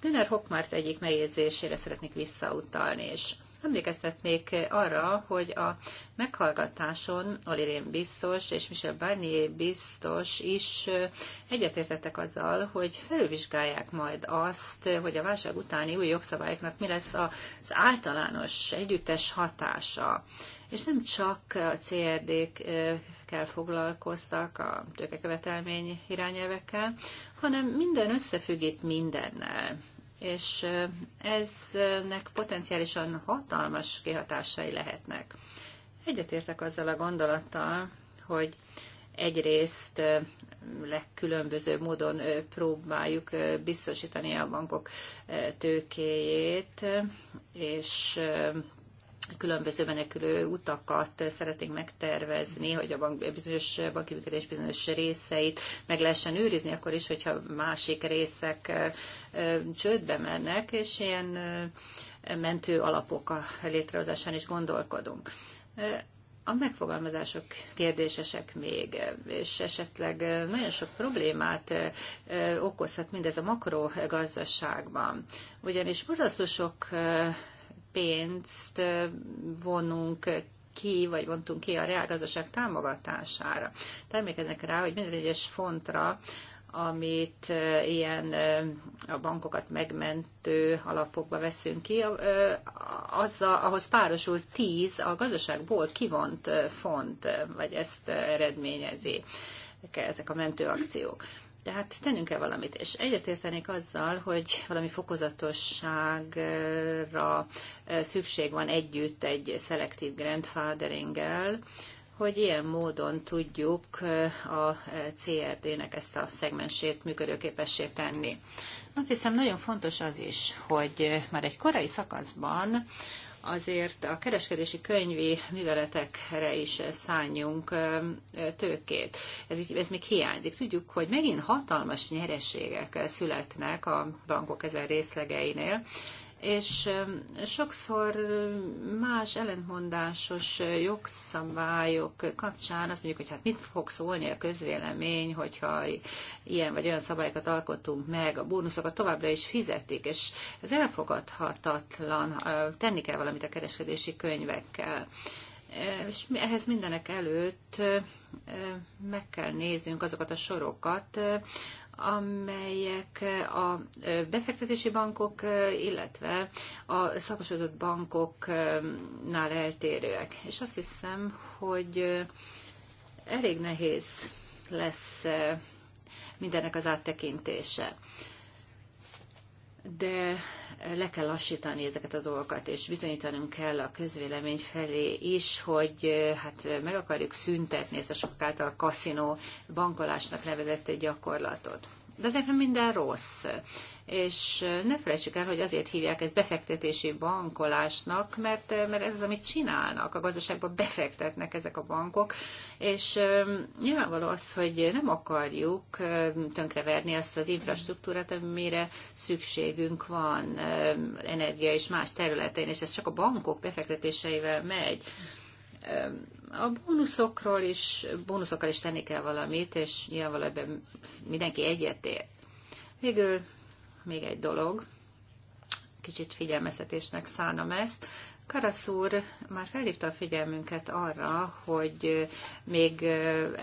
[SPEAKER 1] Günner Hockmart egyik megjegyzésére szeretnék visszautalni, és Emlékeztetnék arra, hogy a meghallgatáson Olirén biztos és Michel Barnier biztos is egyetértettek azzal, hogy felülvizsgálják majd azt, hogy a válság utáni új jogszabályoknak mi lesz az általános együttes hatása és nem csak a CRD-kkel foglalkoztak, a tőkekövetelmény irányelvekkel, hanem minden összefügg itt mindennel és eznek potenciálisan hatalmas kihatásai lehetnek. Egyetértek azzal a gondolattal, hogy egyrészt legkülönböző módon próbáljuk biztosítani a bankok tőkéjét, és különböző menekülő utakat szeretnénk megtervezni, hogy a bank, bizonyos működés bizonyos részeit meg lehessen őrizni, akkor is, hogyha másik részek csődbe mennek, és ilyen mentő alapok a létrehozásán is gondolkodunk. A megfogalmazások kérdésesek még, és esetleg nagyon sok problémát okozhat mindez a makrogazdaságban. Ugyanis borzasztó sok pénzt vonunk ki, vagy vontunk ki a reálgazdaság támogatására. Termékeznek rá, hogy minden egyes fontra, amit ilyen a bankokat megmentő alapokba veszünk ki, a, ahhoz párosul tíz a gazdaságból kivont font, vagy ezt eredményezi ezek a mentőakciók. Tehát tennünk kell valamit, és egyetértenék azzal, hogy valami fokozatosságra szükség van együtt egy szelektív grandfatheringgel, hogy ilyen módon tudjuk a CRD-nek ezt a szegmensét működőképessé tenni. Azt hiszem nagyon fontos az is, hogy már egy korai szakaszban azért a kereskedési könyvi műveletekre is szálljunk tőkét. Ez, ez még hiányzik. Tudjuk, hogy megint hatalmas nyereségek születnek a bankok ezen részlegeinél, és sokszor más ellentmondásos jogszabályok kapcsán azt mondjuk, hogy hát mit fog szólni a közvélemény, hogyha ilyen vagy olyan szabályokat alkotunk meg, a bónuszokat továbbra is fizetik, és ez elfogadhatatlan, tenni kell valamit a kereskedési könyvekkel. És ehhez mindenek előtt meg kell néznünk azokat a sorokat, amelyek a befektetési bankok, illetve a szakosodott bankoknál eltérőek. És azt hiszem, hogy elég nehéz lesz mindennek az áttekintése. De le kell lassítani ezeket a dolgokat, és bizonyítanunk kell a közvélemény felé is, hogy hát meg akarjuk szüntetni ezt a sok által kaszinó bankolásnak nevezett gyakorlatot de azért nem minden rossz. És ne felejtsük el, hogy azért hívják ezt befektetési bankolásnak, mert, mert ez az, amit csinálnak. A gazdaságban befektetnek ezek a bankok, és nyilvánvaló az, hogy nem akarjuk tönkreverni azt az infrastruktúrát, amire szükségünk van energia és más területein, és ez csak a bankok befektetéseivel megy a bónuszokról is, bónuszokkal is tenni kell valamit, és nyilvánvalóan ebben mindenki egyetért. Végül még egy dolog, kicsit figyelmeztetésnek szánom ezt. Karasz úr már felhívta a figyelmünket arra, hogy még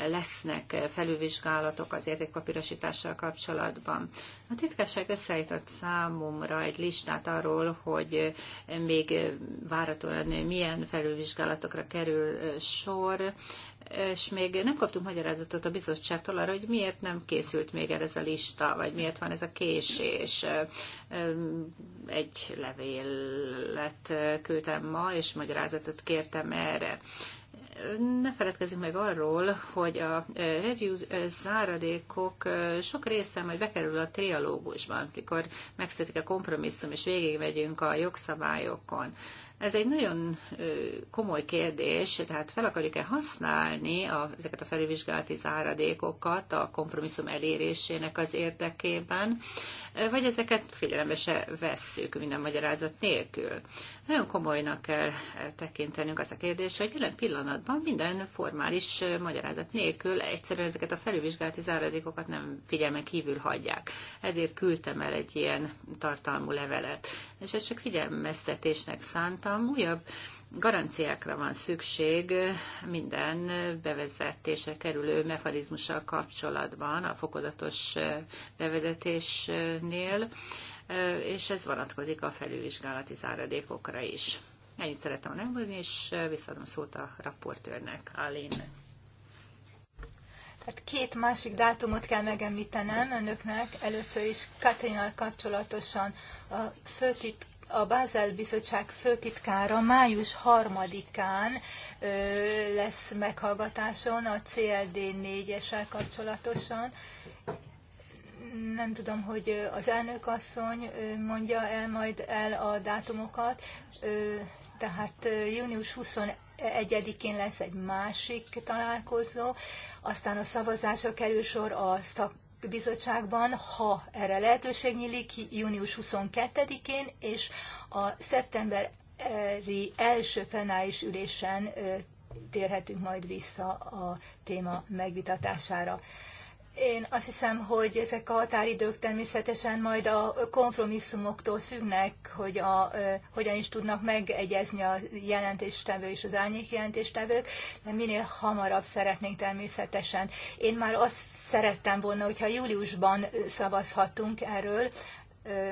[SPEAKER 1] lesznek felülvizsgálatok az értékpapírosítással kapcsolatban. A titkesség összeállított számomra egy listát arról, hogy még váratóan milyen felülvizsgálatokra kerül sor, és még nem kaptunk magyarázatot a bizottságtól arra, hogy miért nem készült még el ez a lista, vagy miért van ez a késés. Egy levélet küldtem ma, és magyarázatot kértem erre ne feledkezzünk meg arról, hogy a review záradékok sok része majd bekerül a trialógusban, mikor megszületik a kompromisszum, és végigmegyünk a jogszabályokon. Ez egy nagyon komoly kérdés, tehát fel akarjuk-e használni a, ezeket a felülvizsgálati záradékokat a kompromisszum elérésének az érdekében, vagy ezeket figyelembe se vesszük minden magyarázat nélkül. Nagyon komolynak kell tekintenünk az a kérdés, hogy jelen pillanatban minden formális magyarázat nélkül egyszerűen ezeket a felülvizsgálati záradékokat nem figyelmen kívül hagyják. Ezért küldtem el egy ilyen tartalmú levelet. És ezt csak figyelmeztetésnek szántam. Újabb garanciákra van szükség minden bevezetése kerülő mechanizmussal kapcsolatban a fokozatos bevezetésnél, és ez vonatkozik a felülvizsgálati záradékokra is. Ennyit szeretem elmondani, és visszaadom szót a raportőrnek, Aline.
[SPEAKER 3] Tehát két másik dátumot kell megemlítenem önöknek. Először is Katrinnal kapcsolatosan a főtitk a Bázel Bizottság főtitkára május 3-án lesz meghallgatáson a CLD 4-essel kapcsolatosan. Nem tudom, hogy az elnök asszony mondja el majd el a dátumokat, tehát június 20 egyedikén lesz egy másik találkozó, aztán a szavazásra kerül sor a szak, bizottságban, ha erre lehetőség nyílik, június 22-én, és a szeptemberi első plenáris ülésen térhetünk majd vissza a téma megvitatására. Én azt hiszem, hogy ezek a határidők természetesen majd a kompromisszumoktól függnek, hogy a, hogyan is tudnak megegyezni a jelentéstevő és az árnyék jelentéstevők, de minél hamarabb szeretnénk természetesen. Én már azt szerettem volna, hogyha júliusban szavazhatunk erről,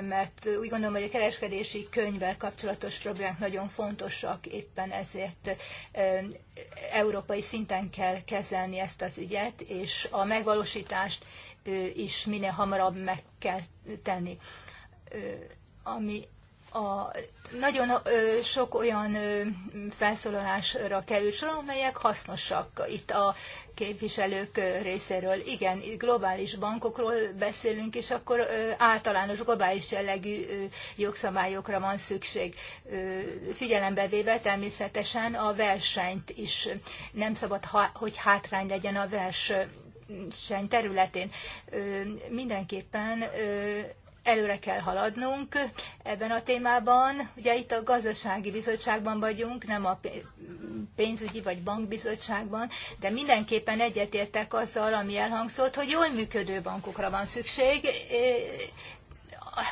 [SPEAKER 3] mert úgy gondolom, hogy a kereskedési könyvvel kapcsolatos problémák nagyon fontosak, éppen ezért európai szinten kell kezelni ezt az ügyet, és a megvalósítást is minél hamarabb meg kell tenni. Ami a nagyon sok olyan felszólalásra került sor, amelyek hasznosak itt a képviselők részéről. Igen, globális bankokról beszélünk, és akkor általános globális jellegű jogszabályokra van szükség. Figyelembe véve természetesen a versenyt is nem szabad, hogy hátrány legyen a verseny területén. Mindenképpen előre kell haladnunk ebben a témában. Ugye itt a gazdasági bizottságban vagyunk, nem a pénzügyi vagy bankbizottságban, de mindenképpen egyetértek azzal, ami elhangzott, hogy jól működő bankokra van szükség,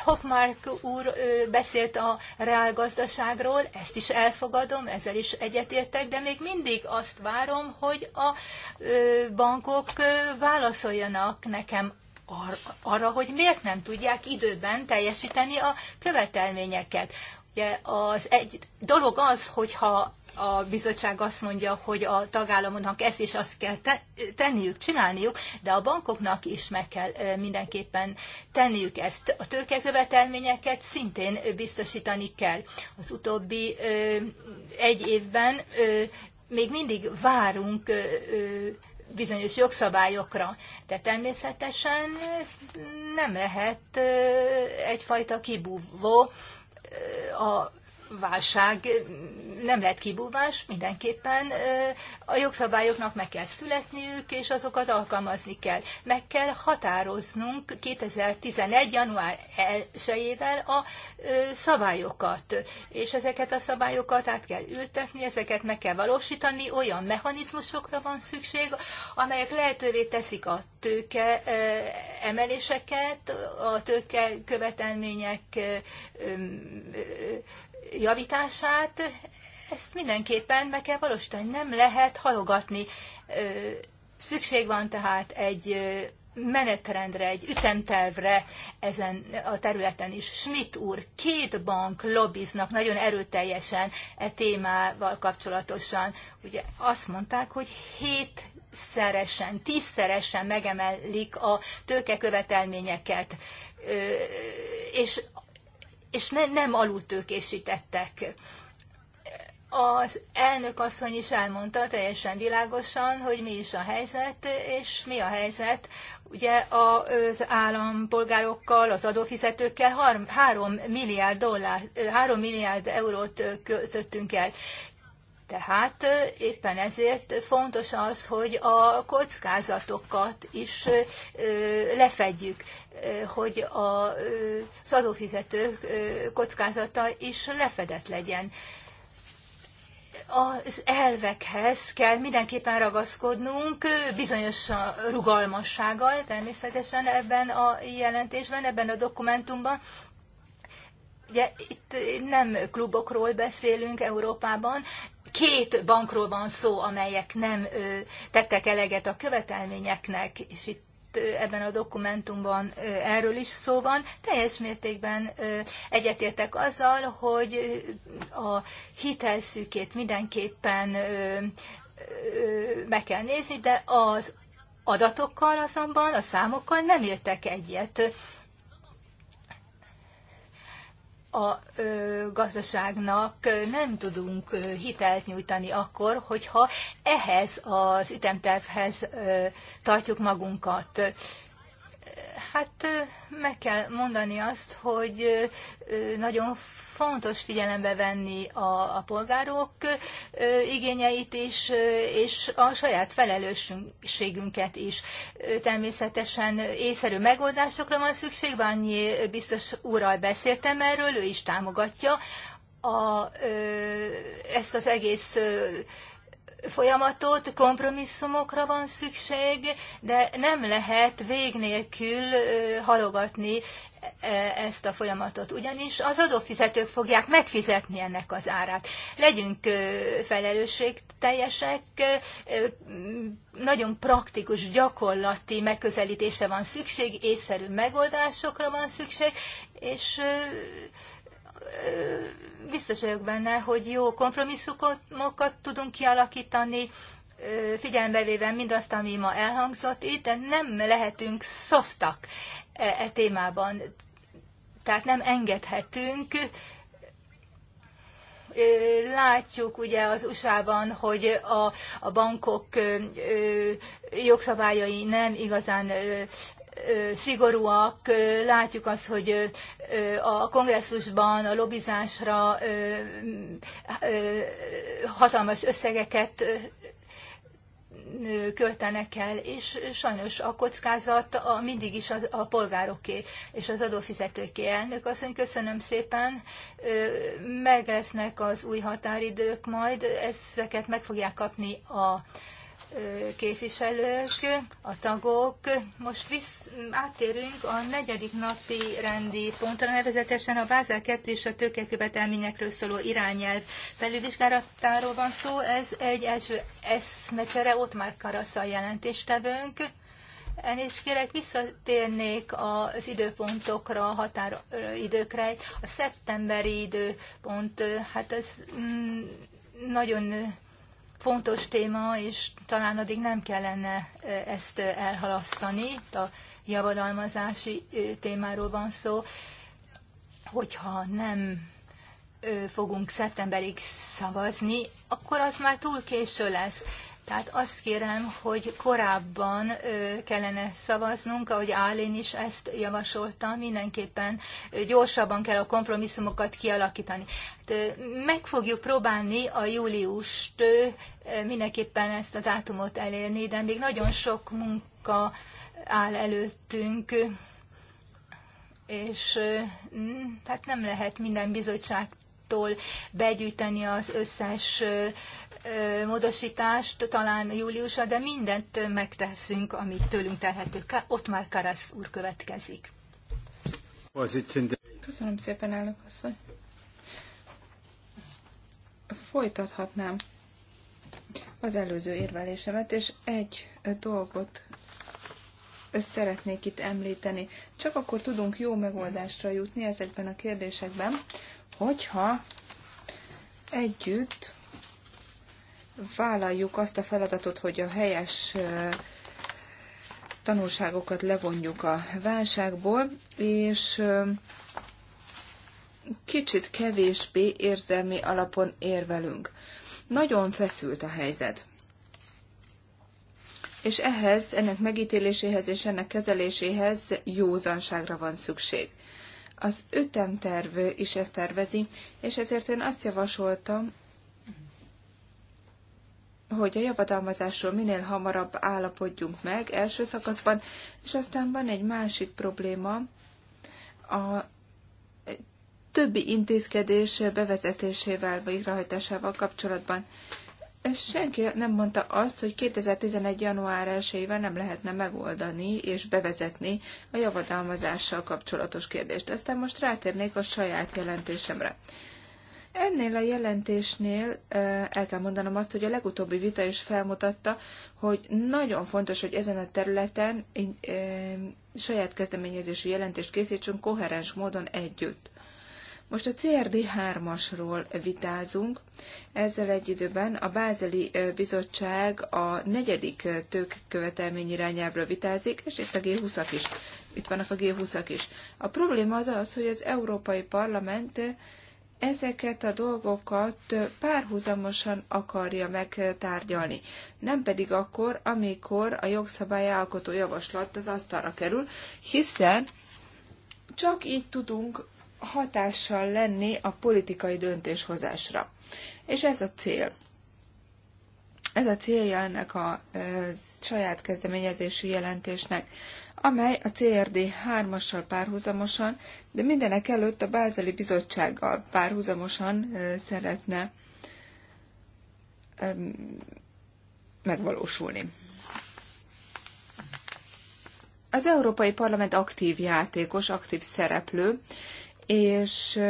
[SPEAKER 3] Hockmark úr beszélt a reálgazdaságról, ezt is elfogadom, ezzel is egyetértek, de még mindig azt várom, hogy a bankok válaszoljanak nekem ar- arra, hogy miért nem tudják időben teljesíteni a követelményeket. Ugye az egy dolog az, hogyha a bizottság azt mondja, hogy a tagállamoknak ezt is azt kell te- tenniük, csinálniuk, de a bankoknak is meg kell mindenképpen tenniük ezt. A tőkekövetelményeket szintén biztosítani kell. Az utóbbi ö, egy évben ö, még mindig várunk ö, ö, bizonyos jogszabályokra. De természetesen nem lehet egyfajta kibúvó a válság nem lett kibúvás, mindenképpen a jogszabályoknak meg kell születniük, és azokat alkalmazni kell. Meg kell határoznunk 2011. január 1-ével a szabályokat, és ezeket a szabályokat át kell ültetni, ezeket meg kell valósítani, olyan mechanizmusokra van szükség, amelyek lehetővé teszik a tőke emeléseket, a tőke követelmények javítását, ezt mindenképpen meg kell valósítani, nem lehet halogatni. Szükség van tehát egy menetrendre, egy ütemtervre ezen a területen is. Schmidt úr, két bank lobbiznak nagyon erőteljesen e témával kapcsolatosan. Ugye azt mondták, hogy hét szeresen, tízszeresen megemelik a tőkekövetelményeket. És és ne, nem alultőkésítettek. Az elnök asszony is elmondta teljesen világosan, hogy mi is a helyzet, és mi a helyzet ugye az állampolgárokkal, az adófizetőkkel 3 milliárd dollár, 3 milliárd eurót költöttünk el. Tehát éppen ezért fontos az, hogy a kockázatokat is lefedjük, hogy az adófizetők kockázata is lefedett legyen. Az elvekhez kell mindenképpen ragaszkodnunk, bizonyos rugalmassággal természetesen ebben a jelentésben, ebben a dokumentumban, Ugye itt nem klubokról beszélünk Európában, két bankról van szó, amelyek nem tettek eleget a követelményeknek, és itt ebben a dokumentumban erről is szó van. Teljes mértékben egyetértek azzal, hogy a hitelszűkét mindenképpen meg kell nézni, de az adatokkal azonban, a számokkal nem értek egyet a gazdaságnak nem tudunk hitelt nyújtani akkor, hogyha ehhez az ütemtervhez tartjuk magunkat. Hát meg kell mondani azt, hogy nagyon fontos figyelembe venni a, a polgárok igényeit is, és a saját felelősségünket is. Természetesen észszerű megoldásokra van szükség, Ványi biztos úrral beszéltem erről, ő is támogatja a, ezt az egész folyamatot, kompromisszumokra van szükség, de nem lehet vég nélkül halogatni e, ezt a folyamatot, ugyanis az adófizetők fogják megfizetni ennek az árát. Legyünk felelősségteljesek, nagyon praktikus, gyakorlati megközelítése van szükség, észszerű megoldásokra van szükség, és biztos vagyok benne, hogy jó kompromisszumokat tudunk kialakítani, figyelembe véve mindazt, ami ma elhangzott itt, de nem lehetünk szoftak e, e témában. Tehát nem engedhetünk. Látjuk ugye az USA-ban, hogy a, a bankok jogszabályai nem igazán szigorúak, látjuk azt, hogy a kongresszusban a lobbizásra hatalmas összegeket költenek el, és sajnos a kockázat a, mindig is a, a polgároké és az adófizetőké. Elnök azt mondja, köszönöm szépen, meg lesznek az új határidők majd, ezeket meg fogják kapni a képviselők, a tagok. Most visz, áttérünk a negyedik napi rendi pontra, nevezetesen a Bázel 2 és a tőkekövetelményekről szóló irányelv felülvizsgálatáról van szó. Ez egy első eszmecsere, ott már Karasz a jelentéstevőnk. is kérek, visszatérnék az időpontokra, a határidőkre. A szeptemberi időpont, hát ez mm, nagyon fontos téma, és talán addig nem kellene ezt elhalasztani. a javadalmazási témáról van szó. Hogyha nem fogunk szeptemberig szavazni, akkor az már túl késő lesz. Tehát azt kérem, hogy korábban kellene szavaznunk, ahogy Álén is ezt javasolta, mindenképpen gyorsabban kell a kompromisszumokat kialakítani. Hát meg fogjuk próbálni a júliust mindenképpen ezt a dátumot elérni, de még nagyon sok munka áll előttünk és tehát nem lehet minden bizottságtól begyűjteni az összes módosítást talán júliusra, de mindent megteszünk, amit tőlünk telhető. Ott már Karasz úr következik.
[SPEAKER 2] Köszönöm szépen, elnök asszony. Folytathatnám az előző érvelésemet, és egy dolgot szeretnék itt említeni. Csak akkor tudunk jó megoldásra jutni ezekben a kérdésekben, hogyha együtt vállaljuk azt a feladatot, hogy a helyes tanulságokat levonjuk a válságból, és kicsit kevésbé érzelmi alapon érvelünk. Nagyon feszült a helyzet. És ehhez, ennek megítéléséhez és ennek kezeléséhez józanságra van szükség. Az ütemterv is ezt tervezi, és ezért én azt javasoltam, hogy a javadalmazásról minél hamarabb állapodjunk meg első szakaszban, és aztán van egy másik probléma, a többi intézkedés bevezetésével, vagy rajtásával kapcsolatban. Senki nem mondta azt, hogy 2011. január 1 nem lehetne megoldani és bevezetni a javadalmazással kapcsolatos kérdést. Aztán most rátérnék a saját jelentésemre. Ennél a jelentésnél el kell mondanom azt, hogy a legutóbbi vita is felmutatta, hogy nagyon fontos, hogy ezen a területen saját kezdeményezésű jelentést készítsünk koherens módon együtt. Most a CRD 3-asról vitázunk. Ezzel egy időben a Bázeli Bizottság a negyedik tőkekövetelmény irányelvről vitázik, és itt a G20-ak is. Itt vannak a G20-ak is. A probléma az az, hogy az Európai Parlament ezeket a dolgokat párhuzamosan akarja megtárgyalni, nem pedig akkor, amikor a jogszabályalkotó javaslat az asztalra kerül, hiszen csak így tudunk hatással lenni a politikai döntéshozásra. És ez a cél. Ez a célja ennek a saját kezdeményezésű jelentésnek amely a CRD 3-assal párhuzamosan, de mindenek előtt a Bázeli Bizottsággal párhuzamosan szeretne megvalósulni. Az Európai Parlament aktív játékos, aktív szereplő, és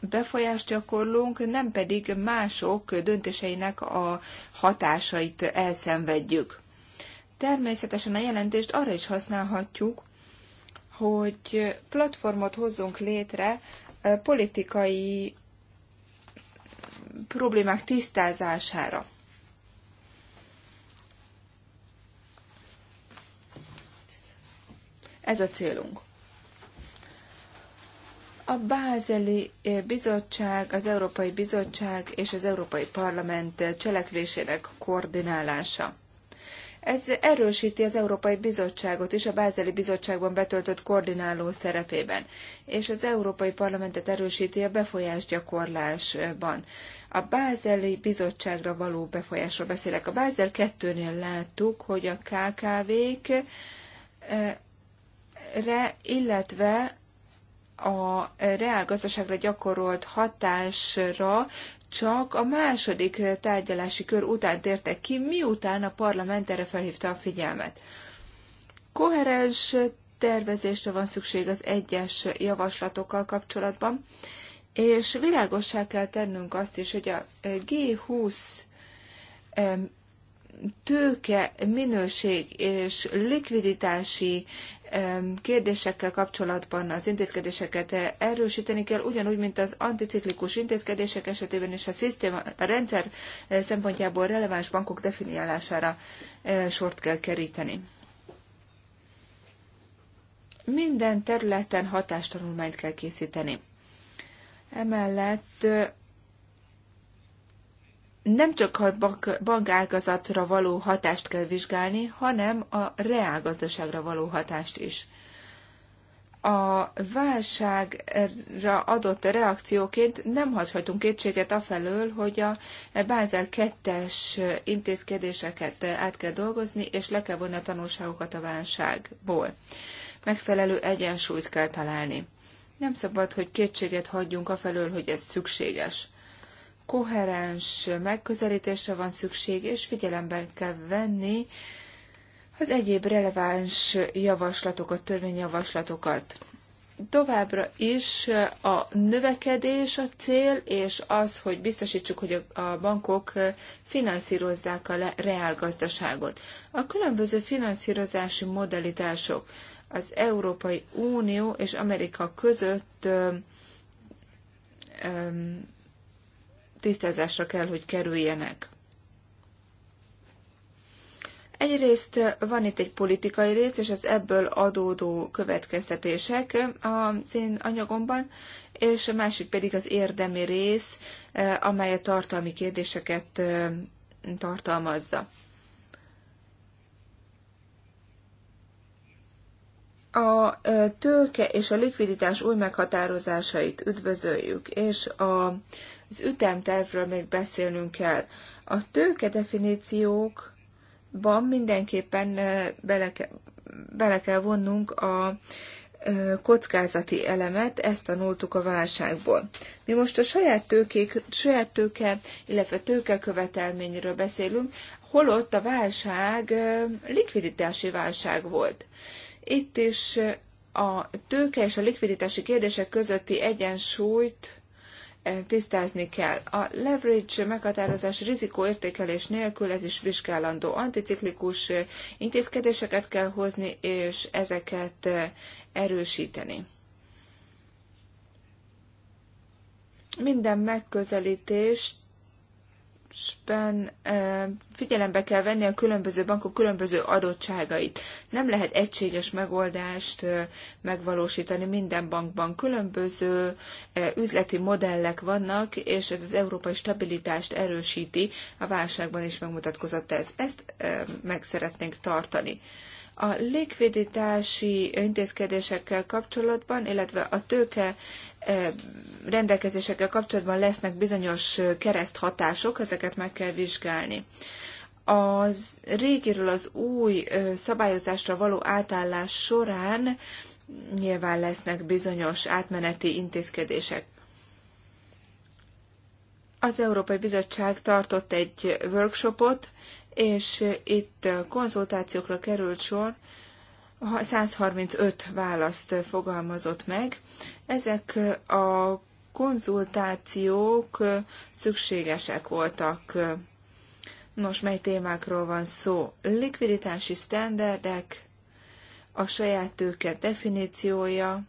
[SPEAKER 2] befolyást gyakorlunk, nem pedig mások döntéseinek a hatásait elszenvedjük. Természetesen a jelentést arra is használhatjuk, hogy platformot hozzunk létre politikai problémák tisztázására. Ez a célunk. A Bázeli Bizottság, az Európai Bizottság és az Európai Parlament cselekvésének koordinálása. Ez erősíti az Európai Bizottságot is a Bázeli Bizottságban betöltött koordináló szerepében, és az Európai Parlamentet erősíti a befolyásgyakorlásban. A Bázeli Bizottságra való befolyásról beszélek. A Bázel 2-nél láttuk, hogy a KKV-k eh, illetve a reálgazdaságra gyakorolt hatásra csak a második eh, tárgyalási kör után tértek ki, miután a parlament erre felhívta a figyelmet. Koherens tervezésre van szükség az egyes javaslatokkal kapcsolatban, és világossá kell tennünk azt is, hogy a eh, G20 tőke minőség és likviditási kérdésekkel kapcsolatban az intézkedéseket erősíteni kell, ugyanúgy, mint az anticiklikus intézkedések esetében is a, szisztéma, a rendszer eh, szempontjából releváns bankok definiálására eh, sort kell keríteni. Minden területen hatástanulmányt kell készíteni. Emellett eh, nem csak a bank, bankágazatra való hatást kell vizsgálni, hanem a reálgazdaságra való hatást is. A válságra adott reakcióként nem hagyhatunk kétséget afelől, hogy a Bázel 2-es intézkedéseket át kell dolgozni, és le kell vonni a tanulságokat a válságból. Megfelelő egyensúlyt kell találni. Nem szabad, hogy kétséget hagyjunk afelől, hogy ez szükséges koherens megközelítésre van szükség, és figyelembe kell venni az egyéb releváns javaslatokat, törvényjavaslatokat. Továbbra is a növekedés a cél, és az, hogy biztosítsuk, hogy a bankok finanszírozzák a reálgazdaságot. A különböző finanszírozási modalitások az Európai Unió és Amerika között tisztázásra kell, hogy kerüljenek. Egyrészt van itt egy politikai rész, és az ebből adódó következtetések az én anyagomban, és a másik pedig az érdemi rész, amely a tartalmi kérdéseket tartalmazza. A tőke és a likviditás új meghatározásait üdvözöljük, és a az ütemtervről még beszélnünk kell. A tőke definíciókban mindenképpen bele, bele kell vonnunk a kockázati elemet, ezt tanultuk a válságból. Mi most a saját, tőkék, saját tőke, illetve követelményről beszélünk, holott a válság likviditási válság volt. Itt is a tőke és a likviditási kérdések közötti egyensúlyt tisztázni kell. A leverage meghatározás rizikóértékelés nélkül ez is vizsgálandó. Anticiklikus intézkedéseket kell hozni, és ezeket eh, erősíteni. Minden megközelítést ben figyelembe kell venni a különböző bankok különböző adottságait. Nem lehet egységes megoldást megvalósítani minden bankban. Különböző üzleti modellek vannak, és ez az európai stabilitást erősíti. A válságban is megmutatkozott ez. Ezt meg szeretnénk tartani. A likviditási intézkedésekkel kapcsolatban, illetve a tőke rendelkezésekkel kapcsolatban lesznek bizonyos kereszthatások, ezeket meg kell vizsgálni. Az régiről az új szabályozásra való átállás során nyilván lesznek bizonyos átmeneti intézkedések. Az Európai Bizottság tartott egy workshopot, és itt konzultációkra került sor, 135 választ fogalmazott meg. Ezek a konzultációk szükségesek voltak. Nos, mely témákról van szó? Likviditási sztenderdek, a saját tőke definíciója,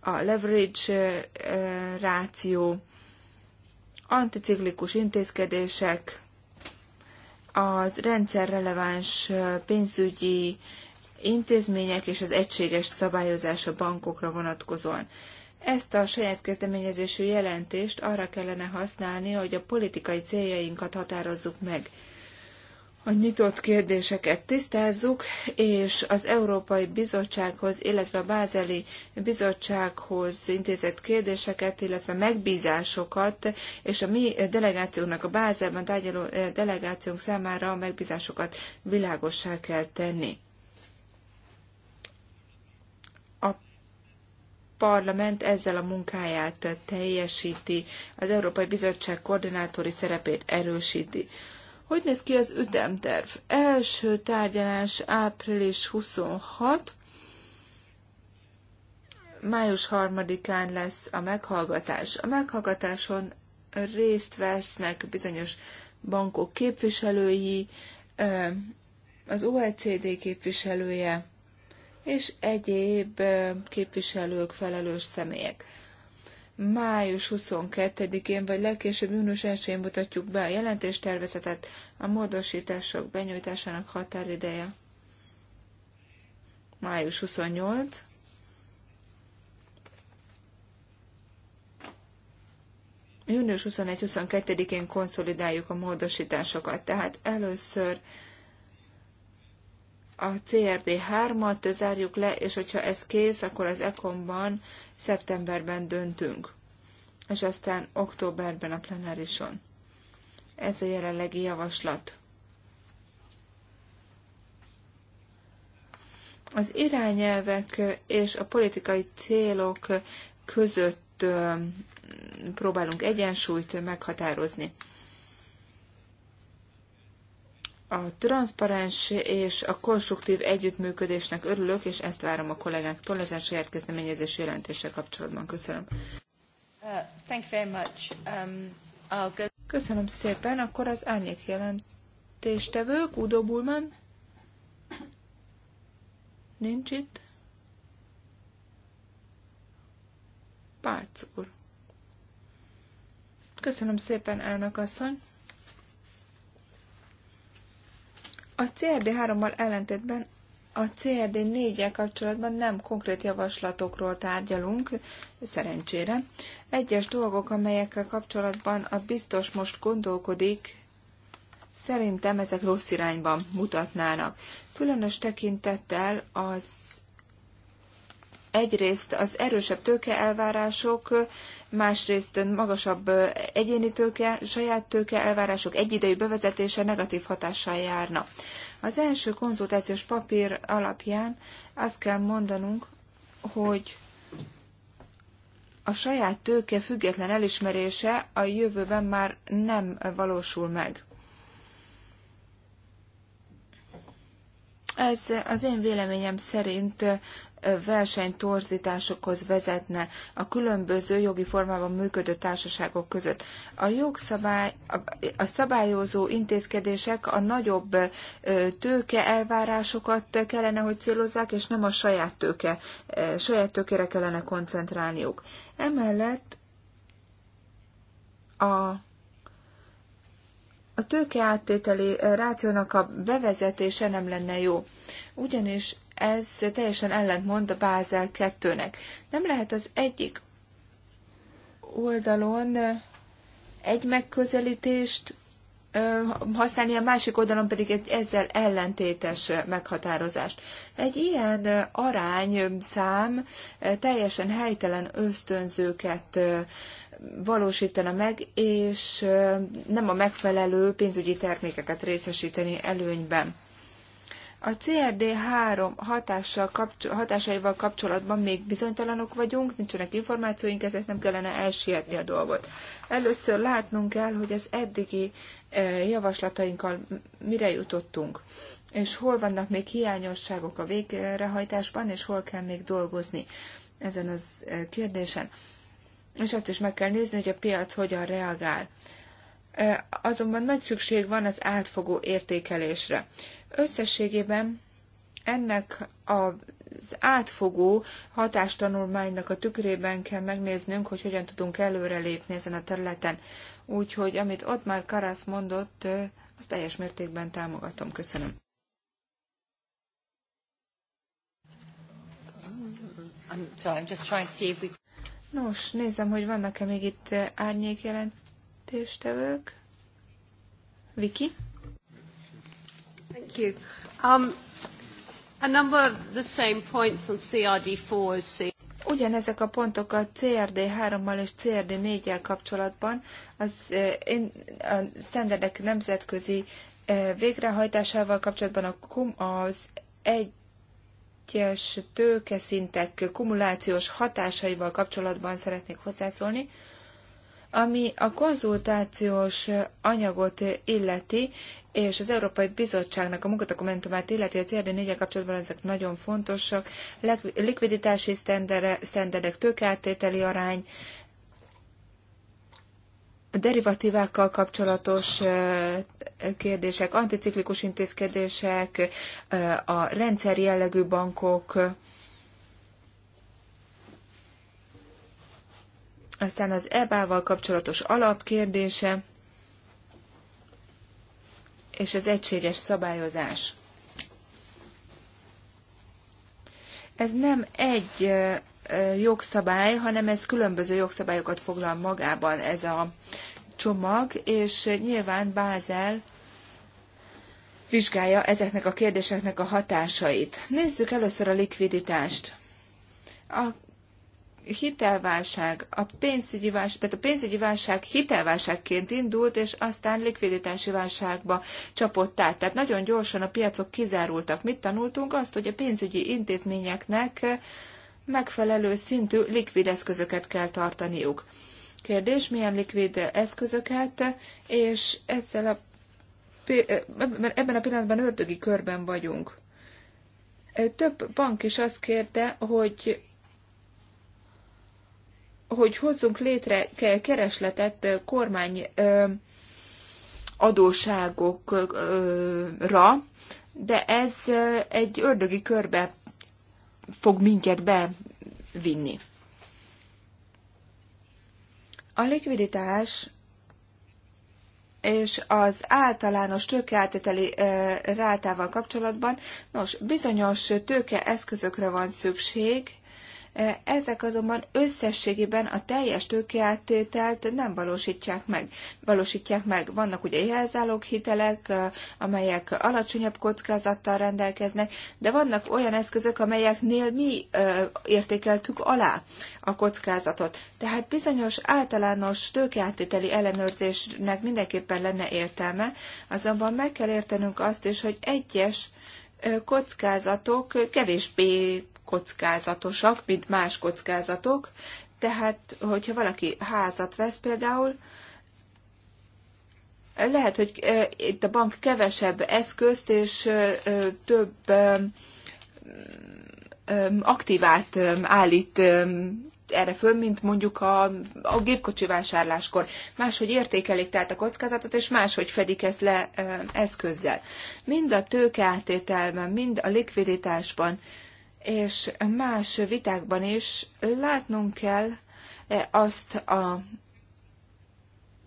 [SPEAKER 2] a leverage eh, ráció, anticiklikus intézkedések, az rendszerreleváns eh, pénzügyi intézmények és az egységes szabályozás a bankokra vonatkozóan. Ezt a saját kezdeményezésű jelentést arra kellene használni, hogy a politikai céljainkat határozzuk meg. A nyitott kérdéseket tisztázzuk, és az Európai Bizottsághoz, illetve a Bázeli Bizottsághoz intézett kérdéseket, illetve megbízásokat, és a mi delegációnak, a Bázelben tárgyaló eh, delegációnk számára a megbízásokat világossá kell tenni. Parlament ezzel a munkáját teljesíti, az Európai Bizottság koordinátori szerepét erősíti. Hogy néz ki az ütemterv? Első tárgyalás április 26, május 3-án lesz a meghallgatás. A meghallgatáson részt vesznek bizonyos bankok képviselői, az OECD képviselője, és egyéb képviselők, felelős személyek. Május 22-én vagy legkésőbb június 1-én mutatjuk be a jelentéstervezetet, a módosítások benyújtásának határideje. Május 28. Június 21-22-én konszolidáljuk a módosításokat, tehát először a CRD 3-at zárjuk le, és hogyha ez kész, akkor az ECOM-ban szeptemberben döntünk, és aztán októberben a plenárison. Ez a jelenlegi javaslat. Az irányelvek és a politikai célok között próbálunk egyensúlyt meghatározni. A transzparens és a konstruktív együttműködésnek örülök, és ezt várom a kollégáktól ezen saját kezdeményezés jelentése kapcsolatban. Köszönöm. Uh, um, Köszönöm szépen. Akkor az árnyék jelentéstevők, Udo Bulman. Nincs itt. Párc úr. Köszönöm szépen, elnök asszony. A CRD3-mal ellentétben a CRD 4-el kapcsolatban nem konkrét javaslatokról tárgyalunk, szerencsére. Egyes dolgok, amelyekkel kapcsolatban a biztos most gondolkodik, szerintem ezek rossz irányban mutatnának. Különös tekintettel az egyrészt az erősebb tőke elvárások, másrészt magasabb egyéni tőke, saját tőke elvárások egyidejű bevezetése negatív hatással járna. Az első konzultációs papír alapján azt kell mondanunk, hogy a saját tőke független elismerése a jövőben már nem valósul meg. Ez az én véleményem szerint versenytorzításokhoz vezetne a különböző jogi formában működő társaságok között. A jogszabály, a szabályozó intézkedések a nagyobb tőke elvárásokat kellene, hogy célozzák, és nem a saját tőke, saját tőkére kellene koncentrálniuk. Emellett a a áttételi rációnak a bevezetése nem lenne jó. Ugyanis ez teljesen ellentmond a Bázel 2-nek. Nem lehet az egyik oldalon egy megközelítést használni, a másik oldalon pedig egy ezzel ellentétes meghatározást. Egy ilyen arányszám teljesen helytelen ösztönzőket valósítana meg, és nem a megfelelő pénzügyi termékeket részesíteni előnyben. A CRD3 hatással kapcsol, hatásaival kapcsolatban még bizonytalanok vagyunk, nincsenek információink, ezért nem kellene elsietni a dolgot. Először látnunk kell, hogy az eddigi e, javaslatainkkal mire jutottunk, és hol vannak még hiányosságok a végrehajtásban, és hol kell még dolgozni ezen az e, kérdésen. És azt is meg kell nézni, hogy a piac hogyan reagál. E, azonban nagy szükség van az átfogó értékelésre Összességében ennek az átfogó hatástanulmánynak a tükrében kell megnéznünk, hogy hogyan tudunk előrelépni ezen a területen. Úgyhogy amit ott már Karasz mondott, azt teljes mértékben támogatom. Köszönöm. Um, Nos, nézem, hogy vannak-e még itt árnyékjelentéstevők. Viki? Thank you. Um, a number of the same points on CRD4 C Ugyanezek a pontok a CRD3-mal és CRD4-jel kapcsolatban az a standardek nemzetközi végrehajtásával kapcsolatban a, az egyes tőkeszintek kumulációs hatásaival kapcsolatban szeretnék hozzászólni. Ami a konzultációs anyagot illeti, és az Európai Bizottságnak a munkadokumentumát illeti a CRD4 kapcsolatban ezek nagyon fontosak. Likviditási sztenderek, tőkeáttételi arány, derivatívákkal kapcsolatos kérdések, anticiklikus intézkedések, a rendszer jellegű bankok, aztán az EBA-val kapcsolatos alapkérdése, és az egységes szabályozás. Ez nem egy jogszabály, hanem ez különböző jogszabályokat foglal magában ez a csomag, és nyilván Bázel vizsgálja ezeknek a kérdéseknek a hatásait. Nézzük először a likviditást. A hitelválság, a pénzügyi válság, tehát a pénzügyi válság hitelválságként indult, és aztán likviditási válságba csapott át. Tehát nagyon gyorsan a piacok kizárultak. Mit tanultunk? Azt, hogy a pénzügyi intézményeknek megfelelő szintű likvid eszközöket kell tartaniuk. Kérdés, milyen likvid eszközöket, és ezzel a, eh, ebben a pillanatban ördögi körben vagyunk több bank is azt kérte, hogy hogy hozzunk létre keresletet kormány adóságokra, de ez egy ördögi körbe fog minket bevinni. A likviditás és az általános tőkeálteteli rátával kapcsolatban, nos, bizonyos tőkeeszközökre van szükség, E, ezek azonban összességében a teljes tőkeáttételt nem valósítják meg. Valósítják meg. Vannak ugye jelzálók hitelek, e, amelyek alacsonyabb kockázattal rendelkeznek, de vannak olyan eszközök, amelyeknél mi e, értékeltük alá a kockázatot. Tehát bizonyos általános tőkeáttételi ellenőrzésnek mindenképpen lenne értelme, azonban meg kell értenünk azt is, hogy egyes kockázatok kevésbé kockázatosak, mint más kockázatok. Tehát, hogyha valaki házat vesz például, lehet, hogy e, itt a bank kevesebb eszközt és e, e, több aktívát állít erre föl, mint mondjuk a, a gépkocsi vásárláskor. Máshogy értékelik tehát a kockázatot, és máshogy fedik ezt le e, eszközzel. Mind a tőkeáttételben, mind a likviditásban, és más vitákban is látnunk kell eh, azt a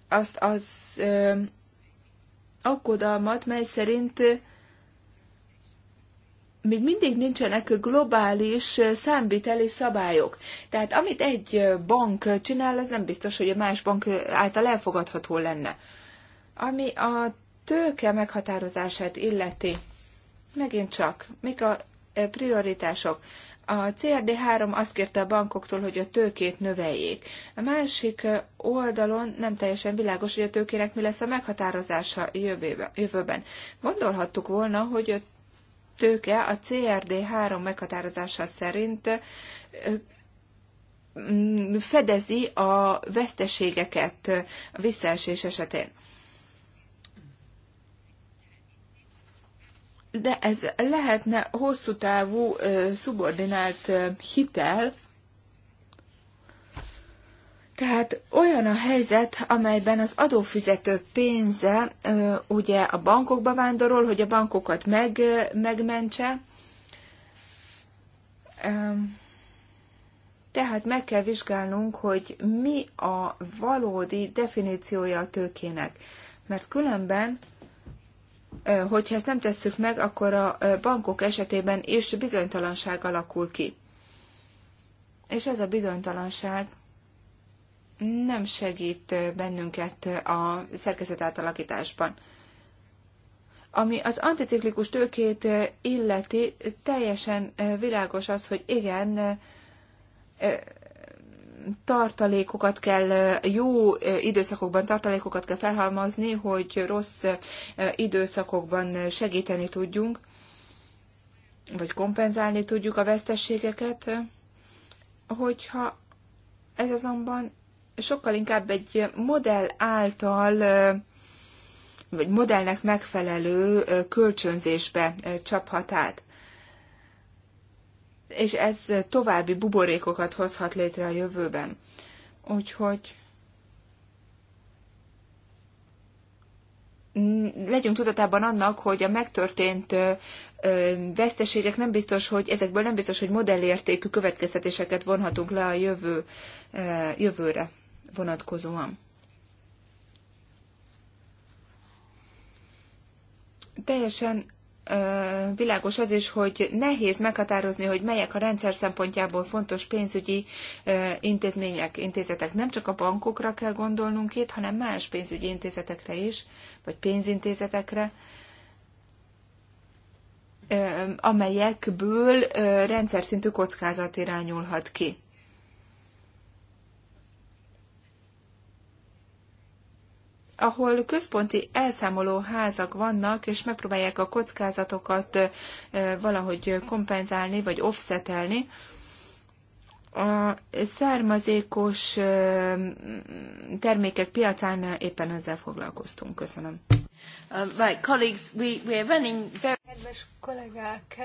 [SPEAKER 2] azt az eh, aggodalmat, mely szerint eh, még mindig nincsenek globális számviteli szabályok. Tehát amit egy bank csinál, az nem biztos, hogy a más bank által elfogadható lenne. Ami a tőke meghatározását illeti, megint csak, mik a prioritások. A CRD3 azt kérte a bankoktól, hogy a tőkét növeljék. A másik oldalon nem teljesen világos, hogy a tőkének mi lesz a meghatározása jövőben. Gondolhattuk volna, hogy a tőke a CRD3 meghatározása szerint fedezi a veszteségeket a visszaesés esetén. de ez lehetne hosszú távú szubordinált hitel, tehát olyan a helyzet, amelyben az adófizető pénze ugye a bankokba vándorol, hogy a bankokat meg, megmentse. Tehát meg kell vizsgálnunk, hogy mi a valódi definíciója a tőkének. Mert különben hogyha ezt nem tesszük meg, akkor a bankok esetében is bizonytalanság alakul ki. És ez a bizonytalanság nem segít bennünket a szerkezet átalakításban. Ami az anticiklikus tőkét illeti, teljesen világos az, hogy igen, tartalékokat kell, jó időszakokban tartalékokat kell felhalmozni, hogy rossz időszakokban segíteni tudjunk, vagy kompenzálni tudjuk a veszteségeket, hogyha ez azonban sokkal inkább egy modell által vagy modellnek megfelelő kölcsönzésbe csaphat át és ez további buborékokat hozhat létre a jövőben. Úgyhogy legyünk tudatában annak, hogy a megtörtént veszteségek nem biztos, hogy ezekből nem biztos, hogy modellértékű következtetéseket vonhatunk le a jövő, jövőre vonatkozóan. Teljesen világos az is, hogy nehéz meghatározni, hogy melyek a rendszer szempontjából fontos pénzügyi intézmények, intézetek. Nem csak a bankokra kell gondolnunk itt, hanem más pénzügyi intézetekre is, vagy pénzintézetekre amelyekből rendszer szintű kockázat irányulhat ki. ahol központi elszámoló házak vannak, és megpróbálják a kockázatokat valahogy kompenzálni, vagy offsetelni. A származékos termékek piacán éppen ezzel foglalkoztunk. Köszönöm. Uh,
[SPEAKER 3] right, colleagues, we, we are running very... Kedves kollégák,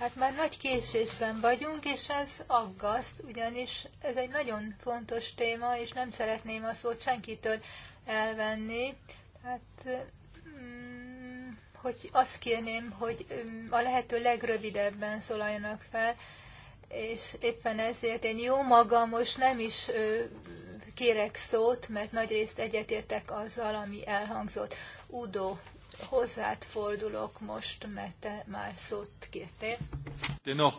[SPEAKER 3] hát már nagy késésben vagyunk, és ez aggaszt, ugyanis ez egy nagyon fontos téma, és nem szeretném a szót senkitől elvenni. Tehát mm, hogy azt kérném, hogy mm, a lehető legrövidebben szólaljanak fel, és éppen ezért én jó magam most nem is kérek szót, mert nagyrészt egyetértek azzal, ami elhangzott. Udo, hozzád fordulok most, mert te már szót kértél.
[SPEAKER 1] De no.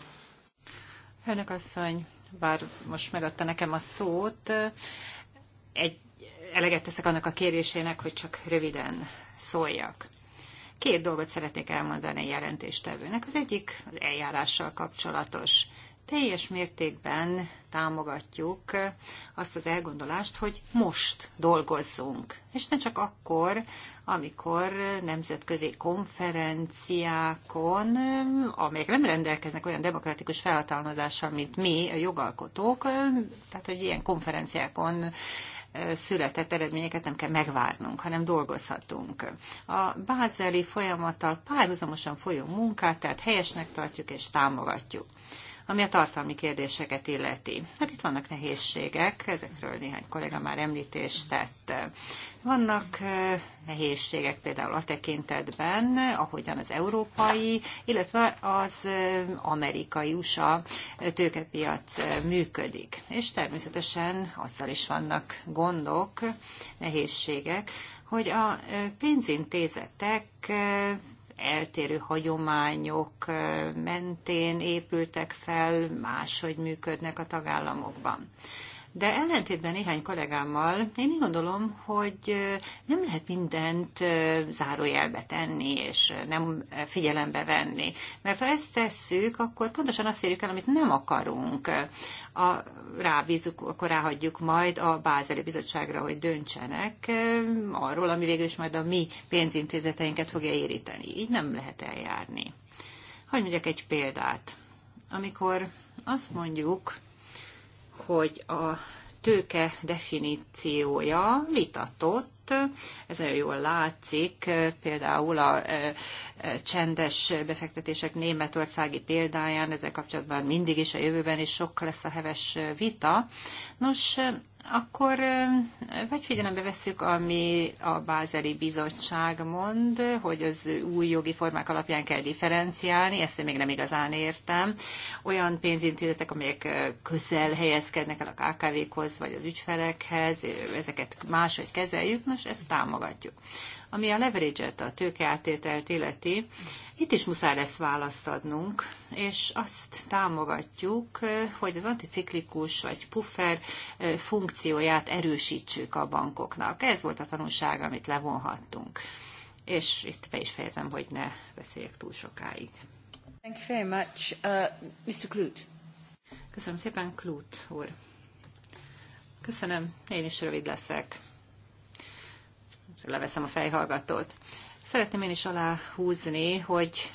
[SPEAKER 1] Elnök asszony, bár most megadta nekem a szót, egy eleget teszek annak a kérésének, hogy csak röviden szóljak. Két dolgot szeretnék elmondani a jelentéstevőnek. Az egyik az eljárással kapcsolatos. Teljes mértékben támogatjuk azt az elgondolást, hogy most dolgozzunk, és ne csak akkor, amikor nemzetközi konferenciákon, amelyek nem rendelkeznek olyan demokratikus felhatalmazással, mint mi, a jogalkotók, tehát hogy ilyen konferenciákon született eredményeket nem kell megvárnunk, hanem dolgozhatunk. A bázeli folyamattal párhuzamosan folyó munkát, tehát helyesnek tartjuk és támogatjuk ami a tartalmi kérdéseket illeti. Hát itt vannak nehézségek, ezekről néhány kollega már említést tett. Vannak eh, nehézségek például a tekintetben, ahogyan az európai, illetve az eh, amerikai USA tőkepiac eh, működik. És természetesen azzal is vannak gondok, nehézségek, hogy a pénzintézetek eltérő hagyományok mentén épültek fel, máshogy működnek a tagállamokban. De ellentétben néhány kollégámmal én úgy gondolom, hogy nem lehet mindent zárójelbe tenni, és nem figyelembe venni. Mert ha ezt tesszük, akkor pontosan azt érjük el, amit nem akarunk. A, rábízunk, akkor ráhagyjuk majd a Bázeli Bizottságra, hogy döntsenek arról, ami végül is majd a mi pénzintézeteinket fogja éríteni. Így nem lehet eljárni. Hogy mondjak egy példát. Amikor azt mondjuk, hogy a tőke definíciója vitatott, ez nagyon jól látszik, például a e, e, csendes befektetések németországi példáján, ezzel kapcsolatban mindig is a jövőben is sok lesz a heves vita. Nos, akkor vagy figyelembe veszük, ami a Bázeli Bizottság mond, hogy az új jogi formák alapján kell differenciálni, ezt én még nem igazán értem. Olyan pénzintézetek, amelyek közel helyezkednek el a KKV-khoz, vagy az ügyfelekhez, ezeket máshogy kezeljük, most ezt támogatjuk. Ami a leverage-et, a tőkeáttételt illeti, itt is muszáj lesz választ adnunk, és azt támogatjuk, hogy az anticiklikus vagy puffer funkcióját erősítsük a bankoknak. Ez volt a tanulság, amit levonhattunk. És itt be is fejezem, hogy ne beszéljek túl sokáig. Thank you very much. Uh, Mr. Clute. Köszönöm szépen, Klut úr. Köszönöm, én is rövid leszek leveszem a fejhallgatót. Szeretném én is aláhúzni, hogy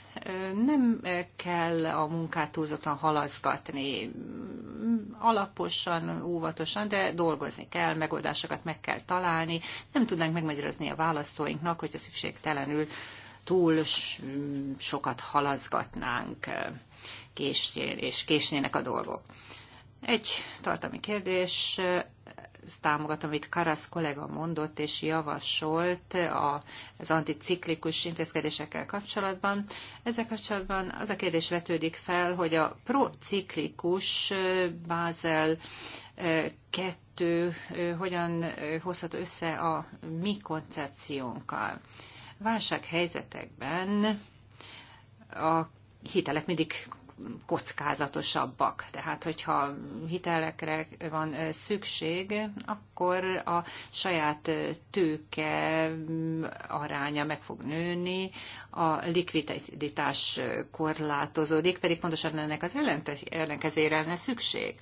[SPEAKER 1] nem kell a munkát túlzottan halazgatni. Alaposan, óvatosan, de dolgozni kell, megoldásokat meg kell találni. Nem tudnánk megmagyarázni a választóinknak, hogyha szükségtelenül túl mm, sokat halazgatnánk, és késnének a dolgok. Egy tartalmi kérdés, támogatom, amit Karasz kollega mondott és javasolt az anticiklikus intézkedésekkel kapcsolatban. Ezzel kapcsolatban az a kérdés vetődik fel, hogy a prociklikus Bázel kettő hogyan hozhat össze a mi koncepciónkkal. Válsághelyzetekben a hitelek mindig kockázatosabbak. Tehát, hogyha hitelekre van szükség, akkor a saját tőke aránya meg fog nőni, a likviditás korlátozódik, pedig pontosan ennek az ellenkezőjére lenne szükség.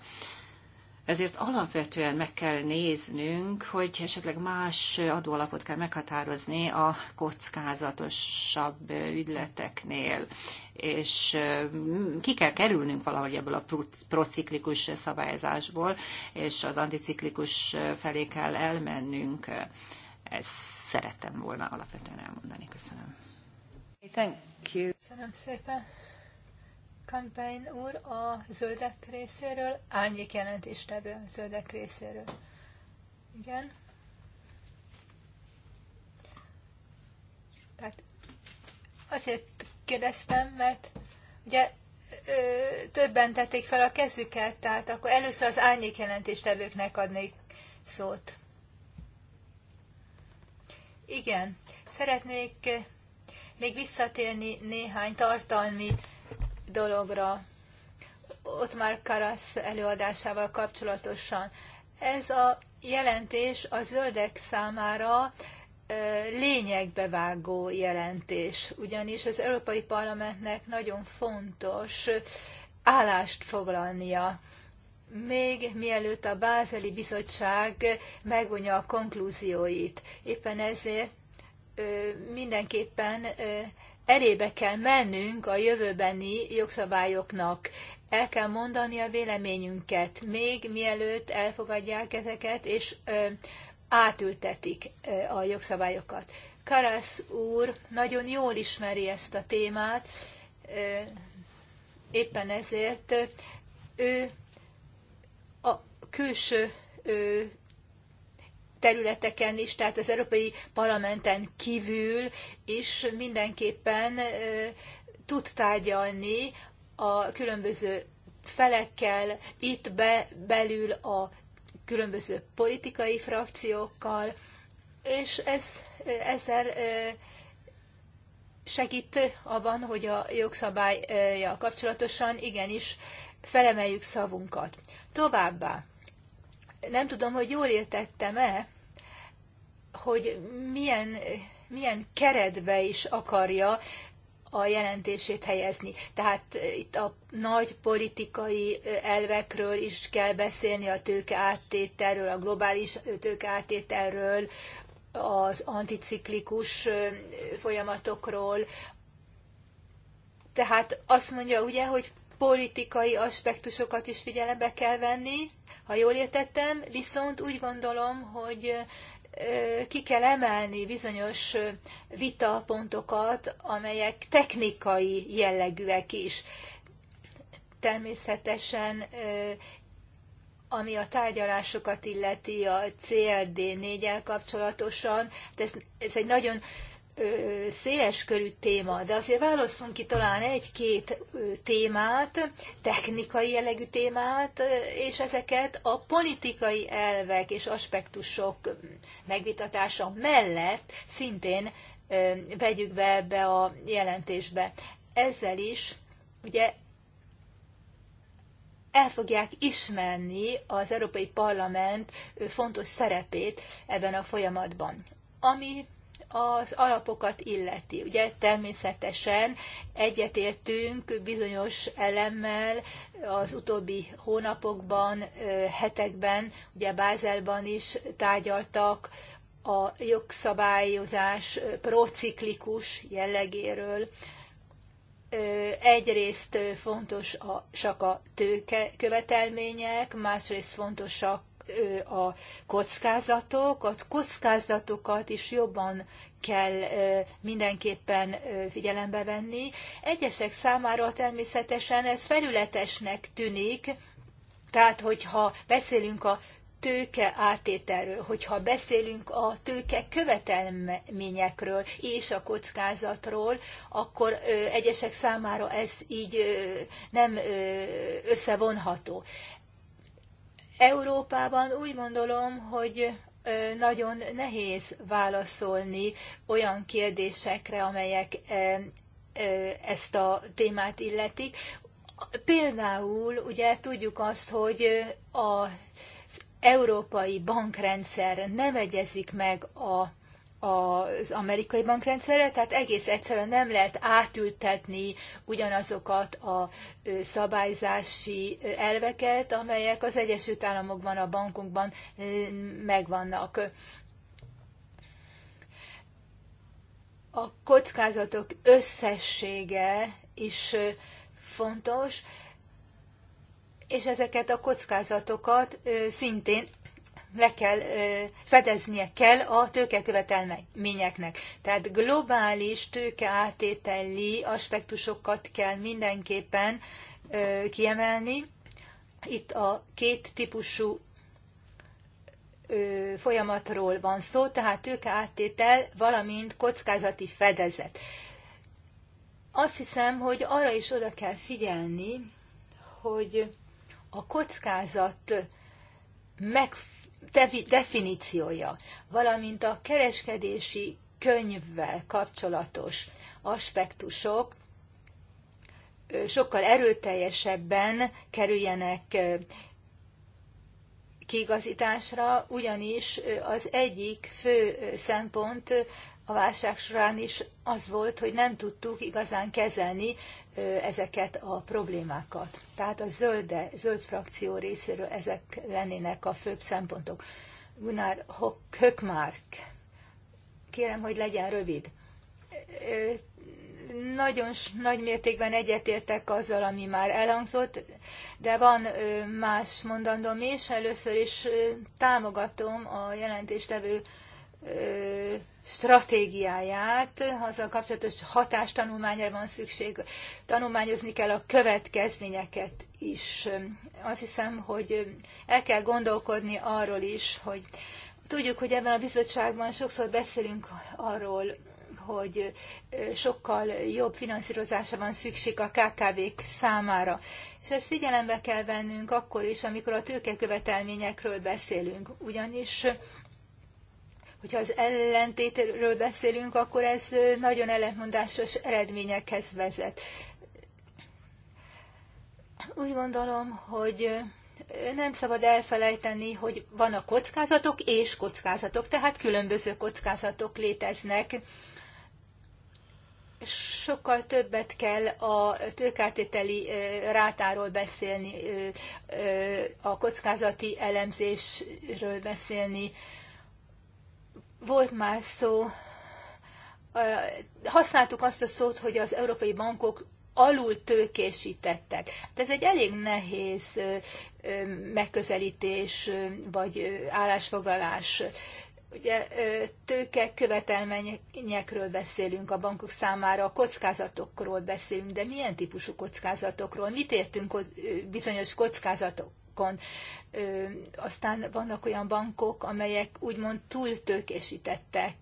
[SPEAKER 1] Ezért alapvetően meg kell néznünk, hogy esetleg más adóalapot kell meghatározni a kockázatosabb ügyleteknél, és ki kell kerülnünk valahogy ebből a prociklikus szabályozásból, és az anticiklikus felé kell elmennünk. Ezt szerettem volna alapvetően elmondani. Köszönöm. Thank you.
[SPEAKER 3] Köszönöm szépen. Kampány úr a zöldek részéről, árnyék jelentéstevő a zöldek részéről. Igen. Tehát azért kérdeztem, mert ugye ö, többen tették fel a kezüket, tehát akkor először az árnyék jelentéstevőknek adnék szót. Igen, szeretnék még visszatérni néhány tartalmi dologra, ott már Karasz előadásával kapcsolatosan. Ez a jelentés a zöldek számára lényegbe vágó jelentés, ugyanis az Európai Parlamentnek nagyon fontos állást foglalnia még mielőtt a Bázeli Bizottság megvonja a konklúzióit. Éppen ezért mindenképpen elébe kell mennünk a jövőbeni jogszabályoknak. El kell mondani a véleményünket, még mielőtt elfogadják ezeket, és ö, átültetik ö, a jogszabályokat. Karasz úr nagyon jól ismeri ezt a témát, ö, éppen ezért ő a külső területeken is, tehát az Európai Parlamenten kívül is mindenképpen tud tárgyalni a különböző felekkel, itt be, belül a különböző politikai frakciókkal, és ez, ezzel segít abban, hogy a jogszabályjal kapcsolatosan igenis felemeljük szavunkat. Továbbá nem tudom, hogy jól értettem-e, hogy milyen, milyen keretbe is akarja a jelentését helyezni. Tehát itt a nagy politikai elvekről is kell beszélni, a áttételről, a globális áttételről, az anticiklikus folyamatokról. Tehát azt mondja ugye, hogy politikai aspektusokat is figyelembe kell venni, ha jól értettem, viszont úgy gondolom, hogy ki kell emelni bizonyos vitapontokat, amelyek technikai jellegűek is. Természetesen ami a tárgyalásokat illeti a CLD 4 kapcsolatosan, ez, ez egy nagyon széles körű téma, de azért válasszunk ki talán egy-két témát, technikai jellegű témát, és ezeket a politikai elvek és aspektusok megvitatása mellett szintén vegyük be ebbe a jelentésbe. Ezzel is ugye el fogják ismerni az Európai Parlament fontos szerepét ebben a folyamatban. Ami az alapokat illeti. Ugye természetesen egyetértünk bizonyos elemmel az utóbbi hónapokban, hetekben, ugye Bázelban is tárgyaltak a jogszabályozás prociklikus jellegéről. Egyrészt fontos a, csak a tőke követelmények, másrészt fontosak a kockázatok, a kockázatokat is jobban kell mindenképpen figyelembe venni. Egyesek számára természetesen ez felületesnek tűnik, tehát hogyha beszélünk a tőke átételről, hogyha beszélünk a tőke követelményekről és a kockázatról, akkor egyesek számára ez így nem összevonható. Európában úgy gondolom, hogy nagyon nehéz válaszolni olyan kérdésekre, amelyek ezt a témát illetik. Például ugye tudjuk azt, hogy az európai bankrendszer nem egyezik meg a az amerikai bankrendszerre, tehát egész egyszerűen nem lehet átültetni ugyanazokat a szabályzási elveket, amelyek az Egyesült Államokban, a bankunkban megvannak. A kockázatok összessége is fontos, és ezeket a kockázatokat szintén le kell, fedeznie kell a tőkekövetelményeknek. Tehát globális tőkeátételi aspektusokat kell mindenképpen kiemelni. Itt a két típusú folyamatról van szó, tehát tőkeáttétel, valamint kockázati fedezet. Azt hiszem, hogy arra is oda kell figyelni, hogy a kockázat megfelelő definíciója, valamint a kereskedési könyvvel kapcsolatos aspektusok sokkal erőteljesebben kerüljenek kiigazításra, ugyanis az egyik fő szempont a válság során is az volt, hogy nem tudtuk igazán kezelni ezeket a problémákat. Tehát a zölde, zöld frakció részéről ezek lennének a főbb szempontok. Gunnar Hökmark, kérem, hogy legyen rövid. Nagyon nagy mértékben egyetértek azzal, ami már elhangzott, de van más mondandom is. Először is támogatom a jelentéstevő stratégiáját, azzal kapcsolatos hatástanulmányra van szükség, tanulmányozni kell a következményeket is. Azt hiszem, hogy el kell gondolkodni arról is, hogy tudjuk, hogy ebben a bizottságban sokszor beszélünk arról, hogy sokkal jobb finanszírozásra van szükség a KKV-k számára. És ezt figyelembe kell vennünk akkor is, amikor a tőkekövetelményekről beszélünk. Ugyanis Hogyha az ellentétről beszélünk, akkor ez nagyon ellentmondásos eredményekhez vezet. Úgy gondolom, hogy nem szabad elfelejteni, hogy vannak kockázatok és kockázatok, tehát különböző kockázatok léteznek. Sokkal többet kell a tőkártételi rátáról beszélni, a kockázati elemzésről beszélni, volt már szó, használtuk azt a szót, hogy az európai bankok alul tőkésítettek. De ez egy elég nehéz megközelítés vagy állásfoglalás. Ugye tőke követelményekről beszélünk a bankok számára, a kockázatokról beszélünk, de milyen típusú kockázatokról? Mit értünk bizonyos kockázatok bankokon. Aztán vannak olyan bankok, amelyek úgymond túltőkésítettek.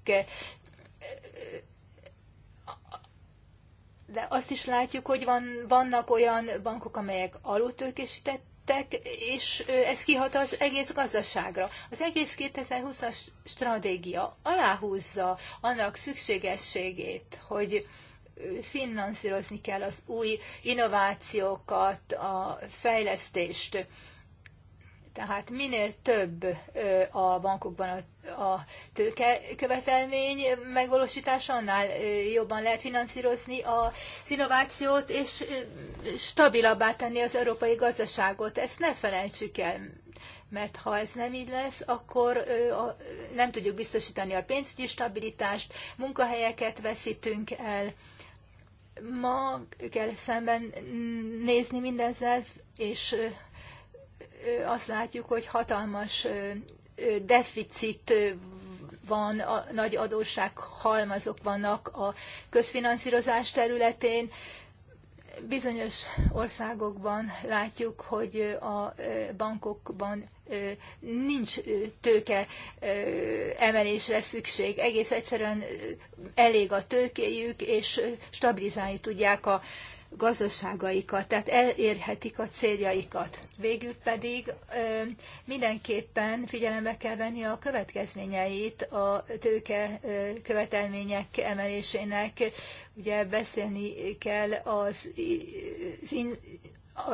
[SPEAKER 3] De azt is látjuk, hogy van, vannak olyan bankok, amelyek alultőkésítettek, és ez kihat az egész gazdaságra. Az egész 2020-as stratégia aláhúzza annak szükségességét, hogy finanszírozni kell az új innovációkat, a fejlesztést. Tehát minél több a bankokban a, a tőkekövetelmény megvalósítása, annál jobban lehet finanszírozni az innovációt, és stabilabbá tenni az európai gazdaságot. Ezt ne felejtsük el, mert ha ez nem így lesz, akkor nem tudjuk biztosítani a pénzügyi stabilitást, munkahelyeket veszítünk el. Ma kell szemben nézni mindezzel, és azt látjuk, hogy hatalmas deficit van, a nagy adósság halmazok vannak a közfinanszírozás területén. Bizonyos országokban látjuk, hogy a bankokban nincs tőke emelésre szükség. Egész egyszerűen elég a tőkéjük, és stabilizálni tudják a gazdaságaikat, tehát elérhetik a céljaikat. Végül pedig mindenképpen figyelembe kell venni a következményeit a tőke követelmények emelésének. Ugye beszélni kell az, az, in,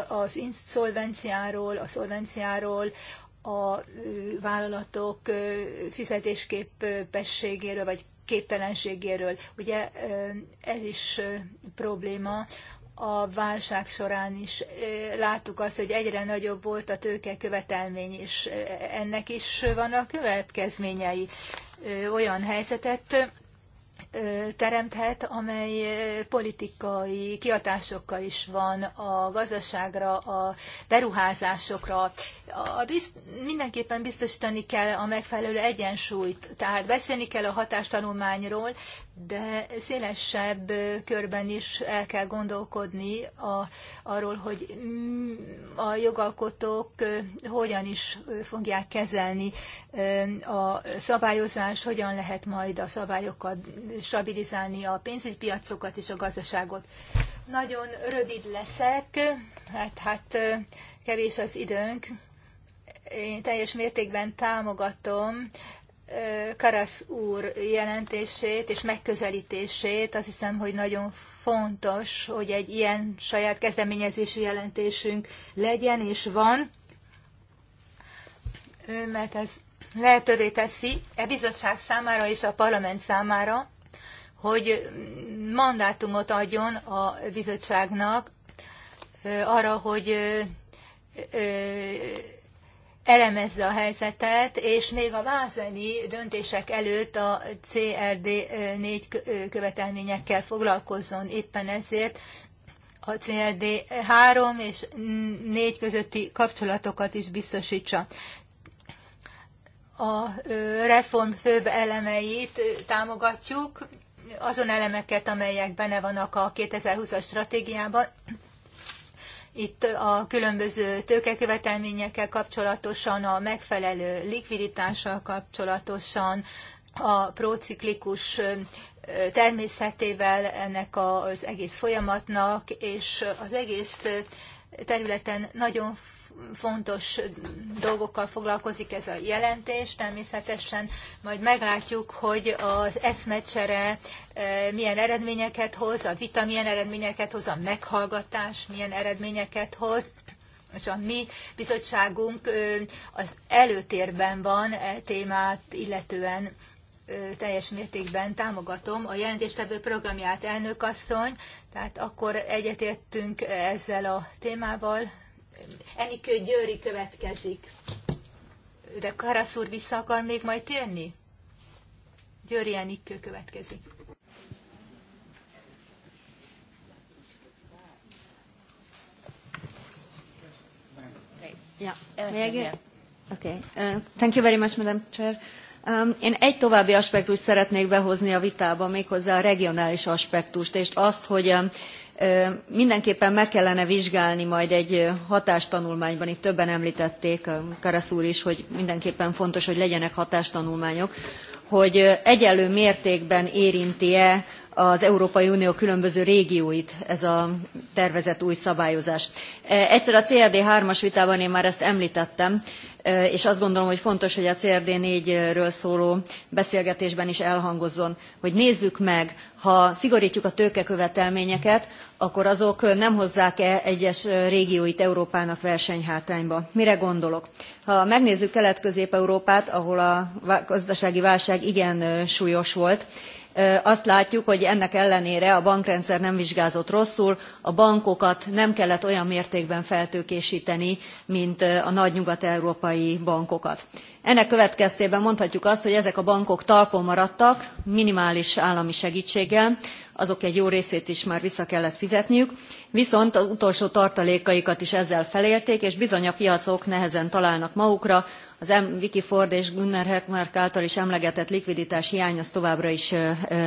[SPEAKER 3] az inszolvenciáról, a szolvenciáról, a vállalatok fizetésképességéről, vagy képtelenségéről. Ugye ez is probléma, a válság során is eh, láttuk azt, hogy egyre nagyobb volt a tőke követelmény, és eh, ennek is vannak következményei. Eh, olyan helyzetet teremthet, amely politikai kiatásokkal is van a gazdaságra, a beruházásokra. A bizt, mindenképpen biztosítani kell a megfelelő egyensúlyt, tehát beszélni kell a hatástanulmányról, de szélesebb körben is el kell gondolkodni a, arról, hogy mm, a jogalkotók hogyan is fogják kezelni a szabályozást, hogyan lehet majd a szabályokat stabilizálni a pénzügypiacokat és a gazdaságot. Nagyon rövid leszek, hát, hát kevés az időnk. Én teljes mértékben támogatom Karasz úr jelentését és megközelítését. Azt hiszem, hogy nagyon fontos, hogy egy ilyen saját kezdeményezésű jelentésünk legyen és van, mert ez lehetővé teszi e bizottság számára és a parlament számára, hogy mandátumot adjon a bizottságnak arra, hogy elemezze a helyzetet, és még a vázeni döntések előtt a CRD 4 követelményekkel foglalkozzon. Éppen ezért a CRD 3 és 4 közötti kapcsolatokat is biztosítsa. A reform főbb elemeit támogatjuk, azon elemeket, amelyek benne vannak a 2020-as stratégiában, itt a különböző tőkekövetelményekkel kapcsolatosan, a megfelelő likviditással kapcsolatosan, a prociklikus természetével ennek az egész folyamatnak, és az egész területen nagyon fontos dolgokkal foglalkozik ez a jelentés. Természetesen majd meglátjuk, hogy az eszmecsere e, milyen eredményeket hoz, a vita milyen eredményeket hoz, a meghallgatás milyen eredményeket hoz. És a mi bizottságunk az előtérben van e témát illetően teljes mértékben támogatom a jelentéstevő programját elnök asszony, tehát akkor egyetértünk ezzel a témával. Enikő Győri következik. De Karasz úr vissza akar még majd térni? Győri Enikő következik.
[SPEAKER 4] Ja. Okay. Uh, thank you very much, Madam Chair. Um, én egy további aspektust szeretnék behozni a vitába, méghozzá a regionális aspektust, és azt, hogy um, Mindenképpen meg kellene vizsgálni majd egy hatástanulmányban, itt többen említették, Karasz úr is, hogy mindenképpen fontos, hogy legyenek hatástanulmányok, hogy egyenlő mértékben érinti-e az Európai Unió különböző régióit ez a tervezett új szabályozás. E, egyszer a CRD 3-as vitában én már ezt említettem, e, és azt gondolom, hogy fontos, hogy a CRD 4-ről szóló beszélgetésben is elhangozzon, hogy nézzük meg, ha szigorítjuk a tőkekövetelményeket, akkor azok nem hozzák-e egyes régióit Európának versenyhátrányba. Mire gondolok? Ha megnézzük Kelet-Közép-Európát, ahol a gazdasági válság igen súlyos volt, azt látjuk hogy ennek ellenére a bankrendszer nem vizsgázott rosszul a bankokat nem kellett olyan mértékben feltőkésteni mint a nagy nyugat európai bankokat. ennek következtében mondhatjuk azt hogy ezek a bankok talpon maradtak minimális állami segtséggel azok egy jó részét is már vissza kellett fizetniük viszont az utolsó tartalékaikat is ezzel felélték és bizony a piacok nehezen találnak magukra az Vicky Ford és Gunnar Höckmark által is emlegetett likviditás hiány az továbbra is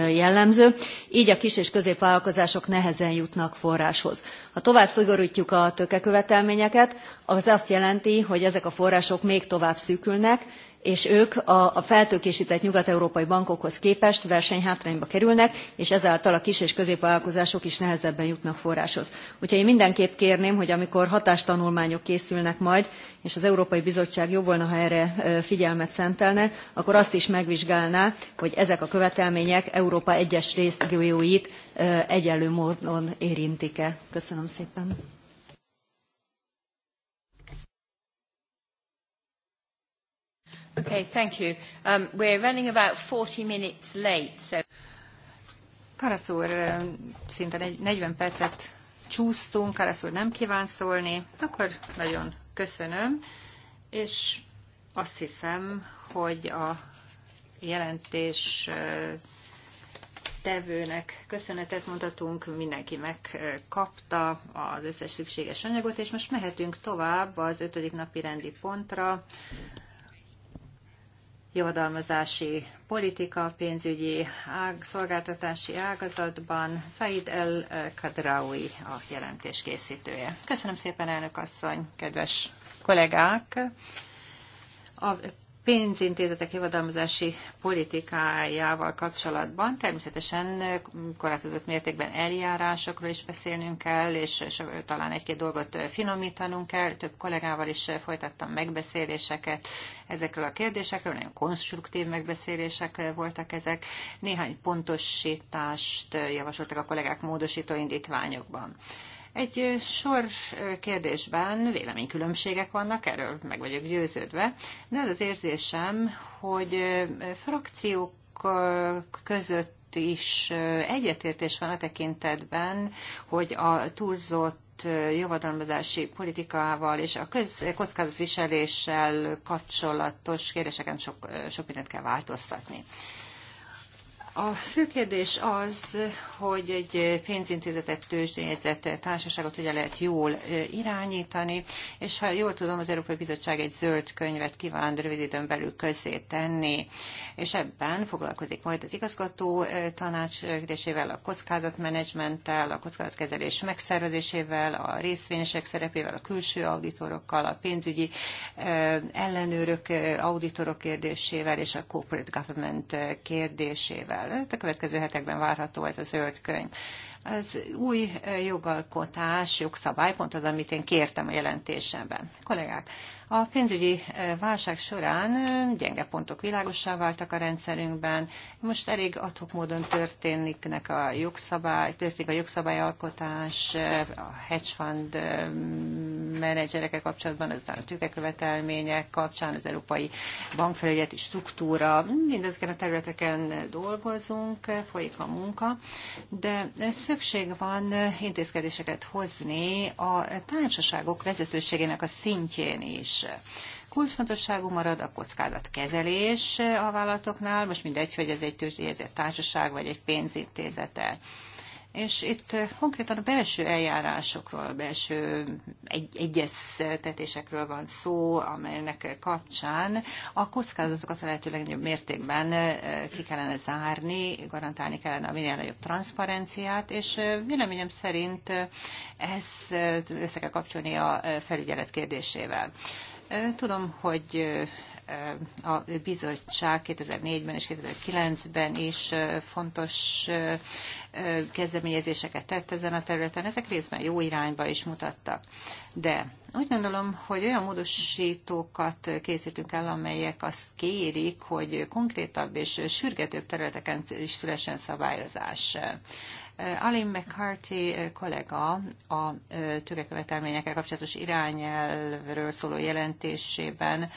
[SPEAKER 4] jellemző, így a kis és középvállalkozások nehezen jutnak forráshoz. Ha tovább szigorítjuk a tökekövetelményeket, az azt jelenti, hogy ezek a források még tovább szűkülnek, és ők a, a feltőkésített nyugat-európai bankokhoz képest versenyhátrányba kerülnek, és ezáltal a kis és középvállalkozások is nehezebben jutnak forráshoz. Úgyhogy én mindenképp kérném, hogy amikor hatástanulmányok készülnek majd, és az Európai Bizottság jó volna, ha erre figyelmet szentelne, akkor azt is megvizsgálná, hogy ezek a követelmények Európa egyes részgyójóit egyenlő módon érintik-e. Köszönöm szépen. Okay, thank
[SPEAKER 1] you. Um, we're running about 40 minutes late, so... Karasz úr, szinte 40 percet csúsztunk, Karasz úr nem kíván szólni, akkor nagyon köszönöm, és azt hiszem, hogy a jelentés tevőnek köszönetet mondhatunk, mindenki megkapta az összes szükséges anyagot, és most mehetünk tovább az ötödik napi rendi pontra, javadalmazási politika, pénzügyi ág, szolgáltatási ágazatban. Said El eh, Kadraui a jelentés készítője. Köszönöm szépen, elnök asszony, kedves kollégák! A pénzintézetek javadalmazási politikájával kapcsolatban természetesen korlátozott mértékben eljárásokról is beszélnünk kell, és talán egy-két dolgot finomítanunk kell. Több kollégával is folytattam megbeszéléseket ezekről a kérdésekről, nagyon konstruktív megbeszélések voltak ezek. Néhány pontosítást javasoltak a kollégák módosító indítványokban. Egy sor kérdésben véleménykülönbségek vannak, erről meg vagyok győződve, de az az érzésem, hogy frakciók között is egyetértés van a tekintetben, hogy a túlzott javadalmazási politikával és a kockázatviseléssel kapcsolatos kérdéseken sok, sok mindent kell változtatni. A fő kérdés az, hogy egy pénzintézetet, tőzsdényegyzett társaságot ugye lehet jól irányítani, és ha jól tudom, az Európai Bizottság egy zöld könyvet kíván rövid időn belül közzé tenni, és ebben foglalkozik majd az igazgató tanács kérdésével, a kockázatmenedzsmenttel, a kockázatkezelés megszervezésével, a részvényesek szerepével, a külső auditorokkal, a pénzügyi ellenőrök, auditorok kérdésével és a corporate government kérdésével el. Hát a következő hetekben várható ez a zöld könyv. Az új eh, jogalkotás, jogszabály, pont az, amit én kértem a jelentésemben. Kollégák, a pénzügyi válság során gyenge pontok világossá váltak a rendszerünkben. Most elég adhok módon történik a jogszabály, történik a jogszabályalkotás, a hedge fund menedzserekkel kapcsolatban, azután a tőkekövetelmények kapcsán, az európai bankfelügyeleti struktúra, mindezeken a területeken dolgozunk, folyik a munka, de szükség van intézkedéseket hozni a társaságok vezetőségének a szintjén is is. Kulcsfontosságú marad a kezelés a vállalatoknál, most mindegy, hogy ez egy tőzsdéjegyzett társaság vagy egy pénzintézete és itt eh, konkrétan a belső eljárásokról, a belső egy- egyeztetésekről van szó, amelynek kapcsán a kockázatokat a lehető legnagyobb mértékben eh, ki kellene zárni, garantálni kellene a minél nagyobb transzparenciát, és eh, véleményem szerint ez össze kell kapcsolni a felügyelet kérdésével. Tudom, hogy a bizottság 2004-ben és 2009-ben is fontos kezdeményezéseket tett ezen a területen. Ezek részben jó irányba is mutattak. De úgy gondolom, hogy olyan módosítókat készítünk el, amelyek azt kérik, hogy konkrétabb és sürgetőbb területeken is szülessen szabályozás. Alim McCarthy kollega a tőkekövetelményekkel kapcsolatos irányelvről szóló jelentésében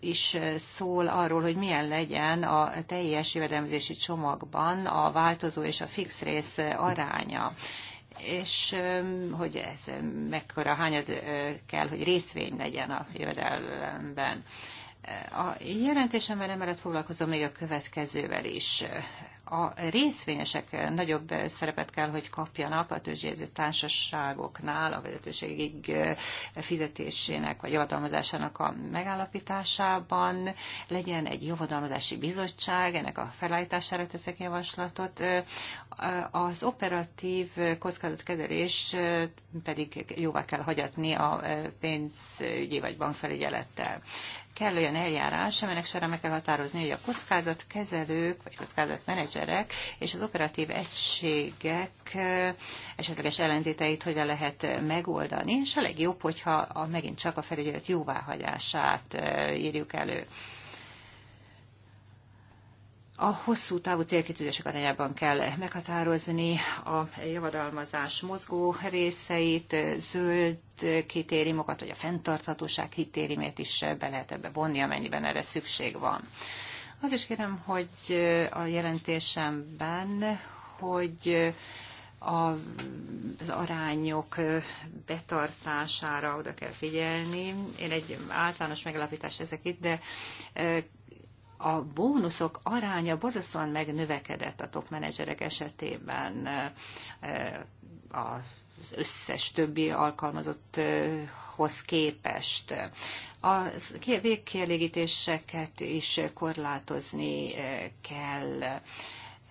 [SPEAKER 1] is szól arról, hogy milyen legyen a teljes jövedelmezési csomagban a változó és a fix rész aránya és hogy ez mekkora hányad kell, hogy részvény legyen a jövedelemben. A jelentésemben emellett foglalkozom még a következővel is a részvényesek nagyobb szerepet kell, hogy kapjanak a tőzsdéző társaságoknál a vezetőségig fizetésének vagy javadalmazásának a megállapításában. Legyen egy javadalmazási bizottság, ennek a felállítására teszek javaslatot. Az operatív kockázatkezelés pedig jóvá kell hagyatni a pénzügyi vagy bankfelügyelettel kell olyan eljárás, aminek során meg kell határozni, hogy a kockázatkezelők vagy kockázatmenedzserek és az operatív egységek esetleges ellentéteit hogyan lehet megoldani, és a legjobb, hogyha a, megint csak a felügyelet jóváhagyását írjuk elő. A hosszú távú célkitűzések arányában kell meghatározni a javadalmazás mozgó részeit, zöld kritériumokat, vagy a fenntarthatóság kritériumét is be lehet ebbe vonni, amennyiben erre szükség van. Az is kérem, hogy a jelentésemben, hogy a, az arányok betartására oda kell figyelni. Én egy általános megalapítást ezek itt, de a bónuszok aránya borzasztóan megnövekedett a top menedzserek esetében eh, az összes többi alkalmazotthoz képest. A végkielégítéseket is korlátozni eh, kell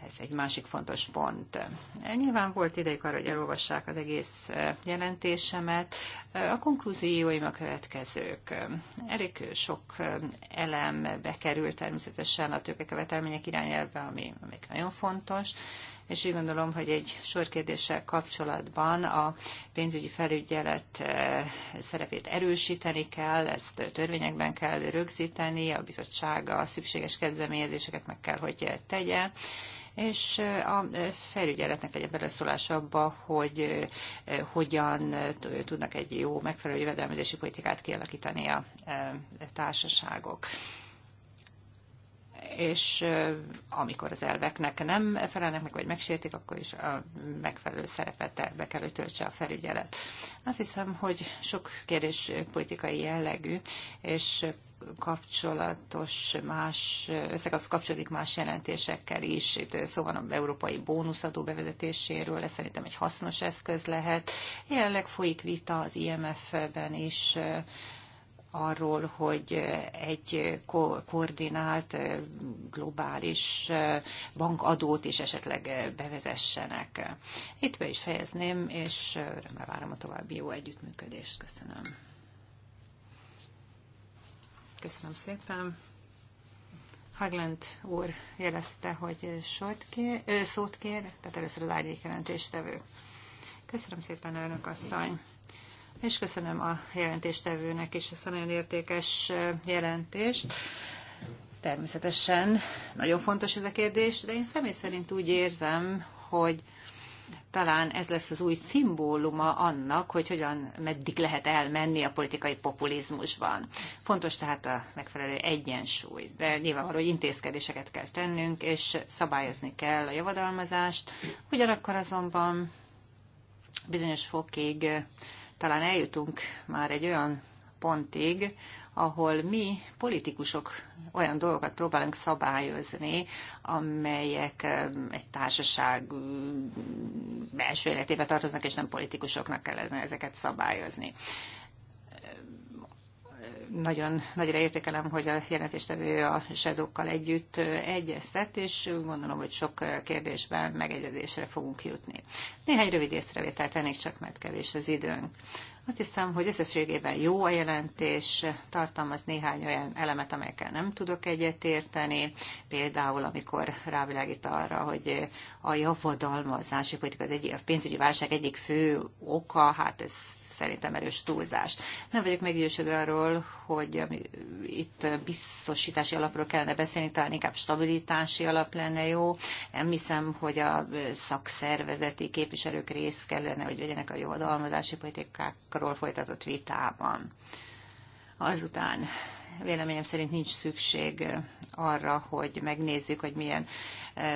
[SPEAKER 1] ez egy másik fontos pont. Nyilván volt idejük arra, hogy elolvassák az egész eh, jelentésemet. Eh, a konklúzióim a következők. Elég sok eh, elem bekerült természetesen a tőkekövetelmények irányelve, ami, ami nagyon fontos, és úgy gondolom, hogy egy sor kérdéssel kapcsolatban a pénzügyi felügyelet szerepét erősíteni kell, ezt törvényekben kell rögzíteni, a bizottsága a szükséges kezdeményezéseket meg kell, hogy tegye, és a felügyeletnek legyen beleszólás abba, hogy hogyan tudnak egy jó, megfelelő jövedelmezési politikát kialakítani a társaságok és amikor az elveknek nem felelnek meg, vagy megsértik, akkor is a megfelelő szerepet be kell, hogy töltse a felügyelet. Azt hiszem, hogy sok kérdés politikai jellegű, és kapcsolatos más, összekapcsolódik más jelentésekkel is. Itt szó van az európai bónuszadó bevezetéséről, ez szerintem egy hasznos eszköz lehet. Jelenleg folyik vita az IMF-ben is arról, hogy egy ko- koordinált globális bankadót is esetleg bevezessenek. Itt be is fejezném, és remélem várom a további jó együttműködést. Köszönöm. Köszönöm szépen. Haglund úr jelezte, hogy sort kér, ő szót kér, tehát először az árnyék jelentéstevő. Köszönöm szépen, önök asszony. És köszönöm a jelentéstevőnek is ezt a nagyon értékes jelentést. Természetesen nagyon fontos ez a kérdés, de én személy szerint úgy érzem, hogy talán ez lesz az új szimbóluma annak, hogy hogyan, meddig lehet elmenni a politikai populizmusban. Fontos tehát a megfelelő egyensúly, de nyilvánvaló, hogy intézkedéseket kell tennünk, és szabályozni kell a javadalmazást, ugyanakkor azonban bizonyos fokig eh, talán eljutunk már egy olyan pontig, ahol mi politikusok olyan dolgokat próbálunk szabályozni, amelyek egy társaság belső életébe tartoznak, és nem politikusoknak kellene ezeket szabályozni nagyon nagyra értékelem, hogy a jelentéstevő a sedókkal együtt egyeztet, és gondolom, hogy sok kérdésben megegyezésre fogunk jutni. Néhány rövid észrevételt tennék, csak mert kevés az időnk. Azt hiszem, hogy összességében jó a jelentés, tartalmaz néhány olyan elemet, amelyekkel nem tudok egyetérteni, például amikor rávilágít arra, hogy a javadalmazási politika az egyik, a pénzügyi válság egyik fő oka, hát ez szerintem erős túlzás. Nem vagyok meggyőződve arról, hogy itt biztosítási alapról kellene beszélni, talán inkább stabilitási alap lenne jó. Nem hiszem, hogy a szakszervezeti képviselők részt kellene, hogy vegyenek a jó adalmazási politikákról folytatott vitában. Azután véleményem szerint nincs szükség arra, hogy megnézzük, hogy milyen,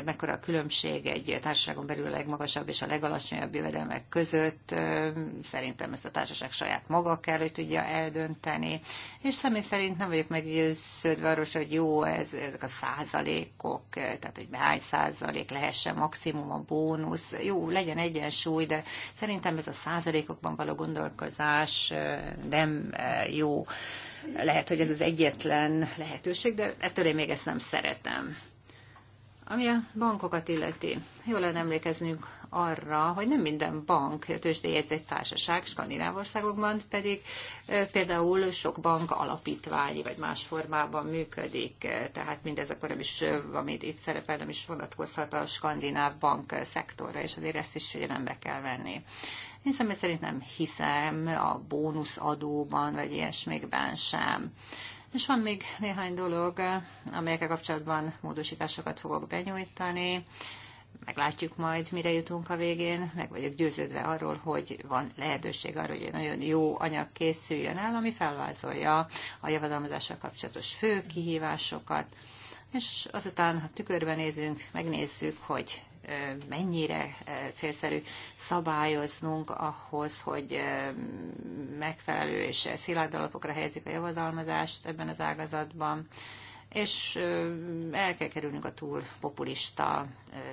[SPEAKER 1] mekkora a különbség egy társaságon belül a legmagasabb és a legalacsonyabb jövedelmek között. Szerintem ezt a társaság saját maga kell, hogy tudja eldönteni. És személy szerint nem vagyok meggyőződve arról, hogy jó ez, ezek a százalékok, tehát hogy hány százalék lehessen maximum a bónusz. Jó, legyen egyensúly, de szerintem ez a százalékokban való gondolkozás nem jó. Lehet, hogy ez az egyetlen lehetőség, de ettől én még ezt nem szeretem. Ami a bankokat illeti, jól lenne emlékeznünk arra, hogy nem minden bank tőzsdéjegyzett társaság, országokban pedig például sok bank alapítványi vagy más formában működik, tehát mindez akkor nem is, amit itt szerepel, nem is vonatkozhat a skandináv bank szektorra, és azért ezt is figyelembe kell venni. Én személy szerint nem hiszem a bónuszadóban, vagy ilyesmikben sem. És van még néhány dolog, amelyekkel kapcsolatban módosításokat fogok benyújtani. Meglátjuk majd, mire jutunk a végén. Meg vagyok győződve arról, hogy van lehetőség arra, hogy egy nagyon jó anyag készüljön el, ami felvázolja a javadalmazással kapcsolatos fő kihívásokat. És azután, ha tükörben nézünk, megnézzük, hogy mennyire célszerű szabályoznunk ahhoz, hogy megfelelő és szilárd alapokra helyezzük a javadalmazást ebben az ágazatban, és el kell kerülnünk a túl populista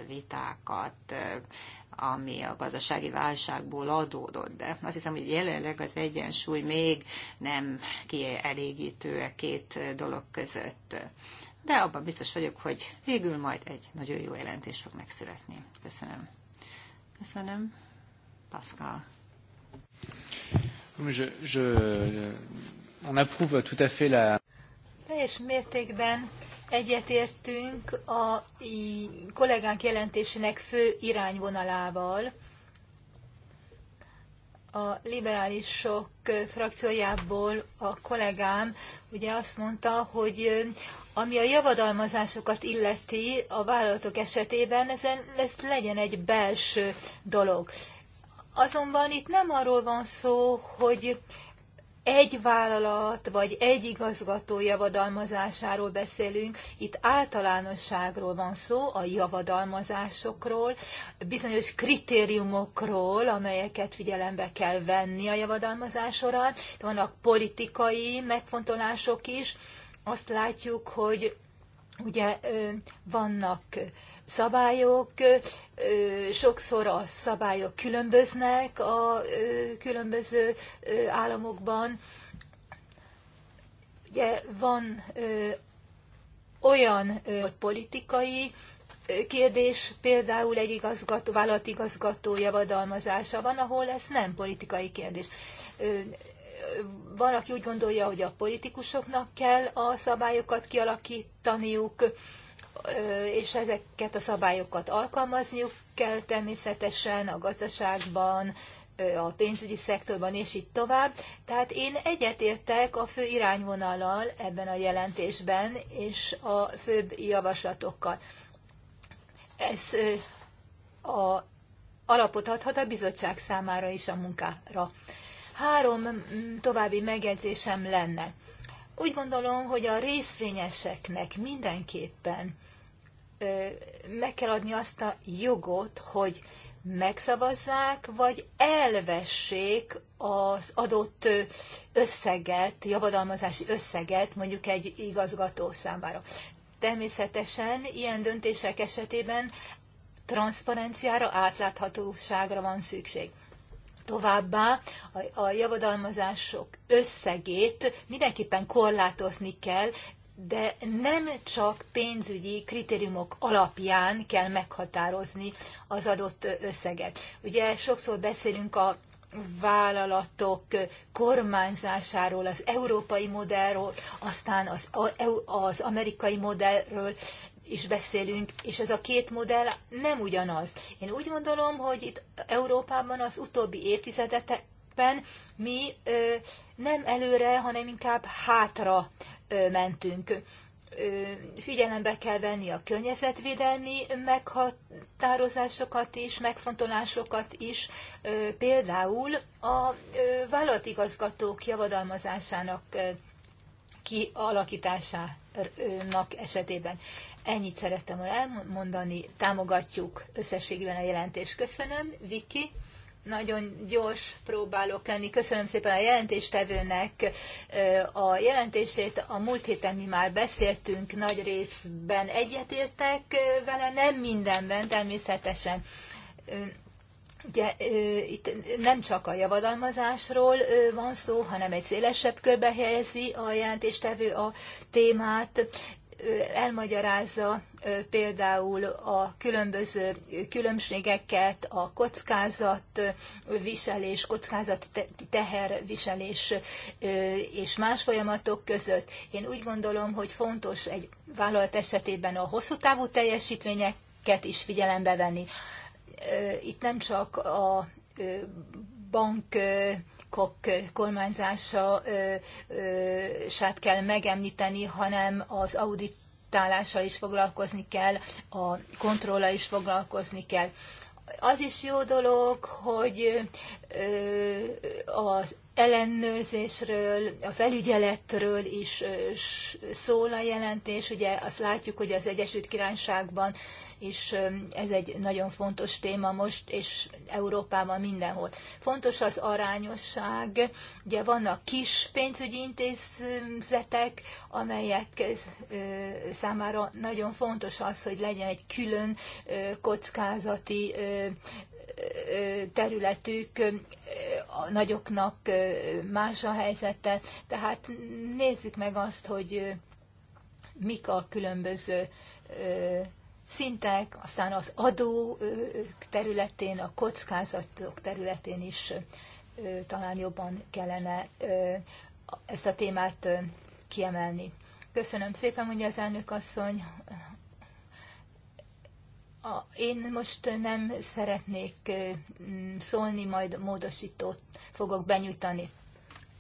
[SPEAKER 1] vitákat, ami a gazdasági válságból adódott. De azt hiszem, hogy jelenleg az egyensúly még nem kielégítő a e két dolog között de abban biztos vagyok, hogy végül majd egy nagyon jó jelentés fog megszületni. Köszönöm. Köszönöm. Pascal.
[SPEAKER 4] Je, je, on approuve tout à fait la...
[SPEAKER 3] Teljes mértékben egyetértünk a kollégánk jelentésének fő irányvonalával. A liberálisok frakciójából a kollégám ugye azt mondta, hogy ami a javadalmazásokat illeti a vállalatok esetében, ezen, lesz legyen egy belső dolog. Azonban itt nem arról van szó, hogy egy vállalat vagy egy igazgató javadalmazásáról beszélünk, itt általánosságról van szó, a javadalmazásokról, bizonyos kritériumokról, amelyeket figyelembe kell venni a javadalmazás során, vannak politikai megfontolások is, azt látjuk, hogy ugye vannak szabályok, sokszor a szabályok különböznek a különböző államokban. Ugye van olyan politikai kérdés, például egy igazgató, vállalatigazgató javadalmazása van, ahol ez nem politikai kérdés van, aki úgy gondolja, hogy a politikusoknak kell a szabályokat kialakítaniuk, és ezeket a szabályokat alkalmazniuk kell természetesen a gazdaságban, a pénzügyi szektorban, és így tovább. Tehát én egyetértek a fő irányvonalal ebben a jelentésben, és a főbb javaslatokkal. Ez a alapot adhat a bizottság számára is a munkára. Három mm, további megjegyzésem lenne. Úgy gondolom, hogy a részvényeseknek mindenképpen meg kell adni azt a jogot, hogy megszavazzák, vagy elvessék az adott összeget, javadalmazási összeget mondjuk egy igazgató számára. Természetesen ilyen döntések esetében transzparenciára, átláthatóságra van szükség. Továbbá a, a javadalmazások összegét mindenképpen korlátozni kell, de nem csak pénzügyi kritériumok alapján kell meghatározni az adott összeget. Ugye sokszor beszélünk a vállalatok kormányzásáról, az európai modellről, aztán az, az amerikai modellről, is beszélünk, és ez a két modell nem ugyanaz. Én úgy gondolom, hogy itt Európában az utóbbi évtizedekben mi nem előre, hanem inkább hátra mentünk. Figyelembe kell venni a környezetvédelmi meghatározásokat is, megfontolásokat is, például a vállalatigazgatók javadalmazásának kialakításának esetében. Ennyit szerettem volna elmondani, támogatjuk összességében a jelentést. Köszönöm, Viki. Nagyon gyors próbálok lenni. Köszönöm szépen a jelentéstevőnek a jelentését. A múlt héten mi már beszéltünk, nagy részben egyetértek vele, nem mindenben természetesen. Ugye itt nem csak a javadalmazásról van szó, hanem egy szélesebb körbe helyezi a jelentéstevő a témát elmagyarázza például a különböző különbségeket, a kockázat viselés, kockázat teherviselés és más folyamatok között. Én úgy gondolom, hogy fontos egy vállalat esetében a hosszú távú teljesítményeket is figyelembe venni. Itt nem csak a bank Kok kormányzását kell megemlíteni, hanem az auditálással is foglalkozni kell, a kontrolla is foglalkozni kell. Az is jó dolog, hogy az ellenőrzésről, a felügyeletről is szól a jelentés. Ugye azt látjuk, hogy az Egyesült Királyságban és ez egy nagyon fontos téma most, és Európában mindenhol. Fontos az arányosság, ugye vannak kis pénzügyi intézetek, amelyek számára nagyon fontos az, hogy legyen egy külön kockázati területük, a nagyoknak más a helyzete. Tehát nézzük meg azt, hogy mik a különböző szintek, aztán az adó területén, a kockázatok területén is talán jobban kellene ezt a témát kiemelni. Köszönöm szépen, mondja az elnök asszony. A, én most nem szeretnék szólni, majd módosítót fogok benyújtani.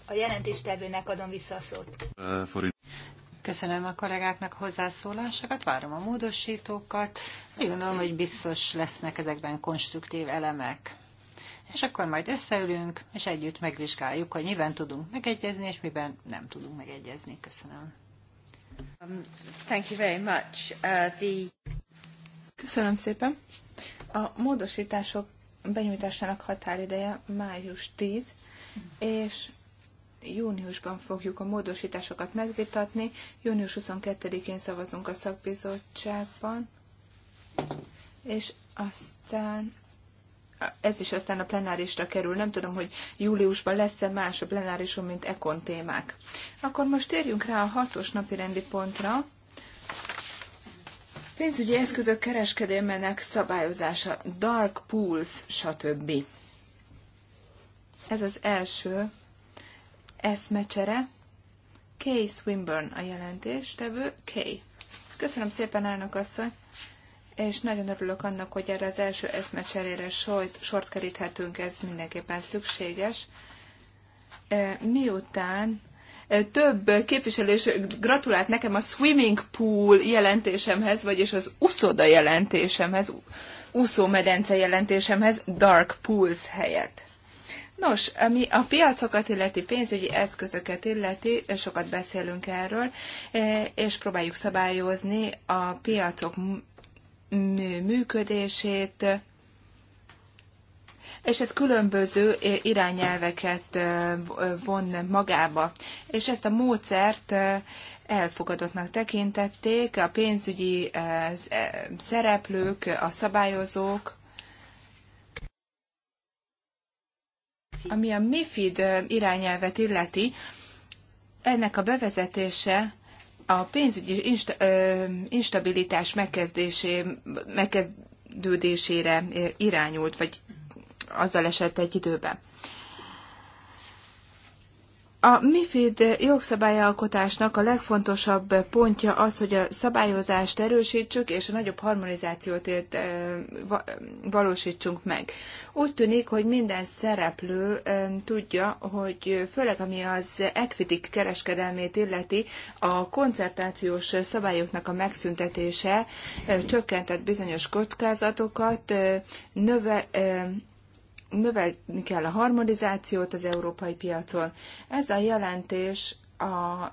[SPEAKER 3] A jelentéstevőnek
[SPEAKER 1] adom vissza a szót. Köszönöm a kollégáknak a hozzászólásokat, várom a módosítókat. Úgy gondolom, hogy biztos lesznek ezekben konstruktív elemek. És akkor majd összeülünk, és együtt megvizsgáljuk, hogy miben tudunk megegyezni, és miben nem tudunk megegyezni. Köszönöm. Um, thank you very much. Uh, the... Köszönöm szépen. A módosítások
[SPEAKER 2] benyújtásának határideje május 10, és júniusban fogjuk a módosításokat megvitatni. Június 22-én szavazunk a szakbizottságban, és aztán ez is aztán a plenárisra kerül. Nem tudom, hogy júliusban lesz-e más a plenárison, mint ekon témák. Akkor most térjünk rá a hatos napi rendi pontra. Pénzügyi eszközök kereskedelmének szabályozása, dark pools, stb. Ez az első eszmecsere. Kay Swinburne a jelentés, tevő Kay. Köszönöm szépen, elnök asszony, és nagyon örülök annak, hogy erre az első eszmecserére sort, sort keríthetünk, ez mindenképpen szükséges. E, miután e, több képviselő is gratulált nekem a swimming pool jelentésemhez, vagyis az uszoda jelentésemhez, úszómedence jelentésemhez, dark pools helyett. Nos, ami a piacokat illeti, pénzügyi eszközöket illeti, sokat beszélünk erről, e, és próbáljuk szabályozni a piacok működését, és ez különböző e, irányelveket e, von magába. És ezt a módszert elfogadottnak tekintették a pénzügyi szereplők, a szabályozók, Ami a MIFID irányelvet illeti, ennek a bevezetése a pénzügyi insta, instabilitás megkezdésé, megkezdődésére irányult, vagy azzal esett egy időben. A MIFID jogszabályalkotásnak a legfontosabb pontja az, hogy a szabályozást erősítsük, és a nagyobb harmonizációt ért, valósítsunk meg. Úgy tűnik, hogy minden szereplő tudja, hogy főleg ami az equitik kereskedelmét illeti, a koncertációs szabályoknak a megszüntetése csökkentett bizonyos kockázatokat, növe, növelni kell a harmonizációt az európai piacon. Ez a jelentés a,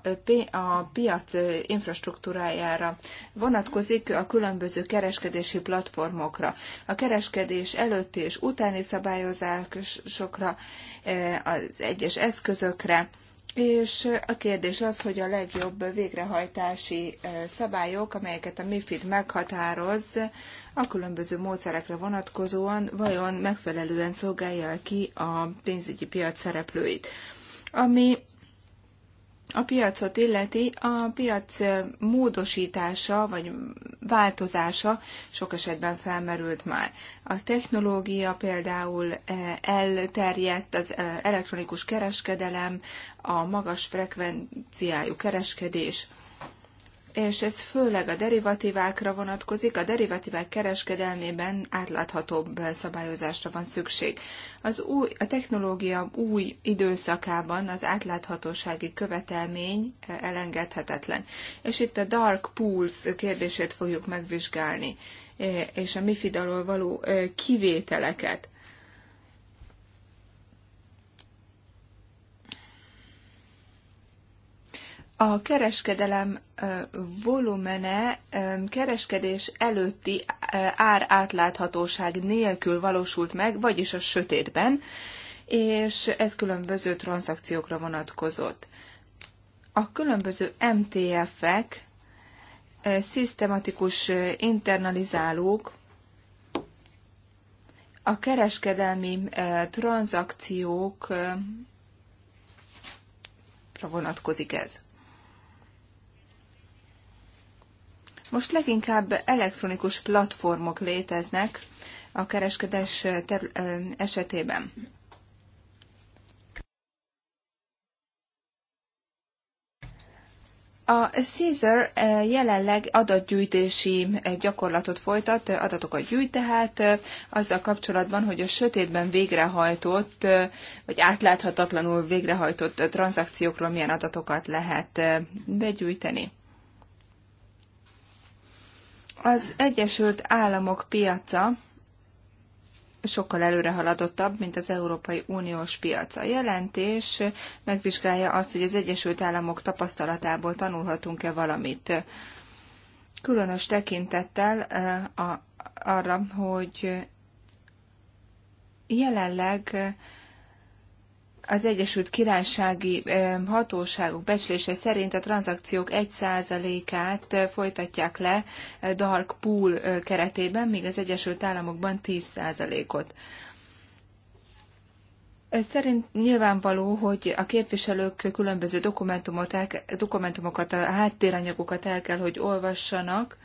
[SPEAKER 2] a piac infrastruktúrájára vonatkozik a különböző kereskedési platformokra, a kereskedés előtti és utáni szabályozásokra, eh, az egyes eszközökre, és a kérdés az, hogy a legjobb végrehajtási eh, szabályok, amelyeket a MIFID meghatároz, a különböző módszerekre vonatkozóan vajon megfelelően szolgálja ki a pénzügyi piac szereplőit. Ami a piacot illeti, a piac módosítása vagy változása sok esetben felmerült már. A technológia például elterjedt, az elektronikus kereskedelem, a magas frekvenciájú kereskedés és ez főleg a derivatívákra vonatkozik, a derivatívák kereskedelmében átláthatóbb szabályozásra van szükség. Az új, a technológia új időszakában az átláthatósági követelmény eh, elengedhetetlen. És itt a dark pools kérdését fogjuk megvizsgálni, eh, és a MIFID való eh, kivételeket. a kereskedelem volumene kereskedés előtti ár átláthatóság nélkül valósult meg, vagyis a sötétben, és ez különböző tranzakciókra vonatkozott. A különböző MTF-ek, szisztematikus internalizálók, a kereskedelmi tranzakciókra vonatkozik ez. Most leginkább elektronikus platformok léteznek a kereskedés esetében. A Caesar jelenleg adatgyűjtési gyakorlatot folytat, adatokat gyűjt tehát azzal kapcsolatban, hogy a sötétben végrehajtott, vagy átláthatatlanul végrehajtott tranzakciókról milyen adatokat lehet begyűjteni. Az Egyesült Államok piaca sokkal előre haladottabb, mint az Európai Uniós piaca. A jelentés megvizsgálja azt, hogy az Egyesült Államok tapasztalatából tanulhatunk-e valamit. Különös tekintettel eh, arra, hogy jelenleg az Egyesült Királysági hatóságok becslése szerint a tranzakciók 1%-át folytatják le dark pool keretében, míg az Egyesült Államokban 10%-ot. Szerint nyilvánvaló, hogy a képviselők különböző dokumentumot el, dokumentumokat, a háttéranyagokat el kell, hogy olvassanak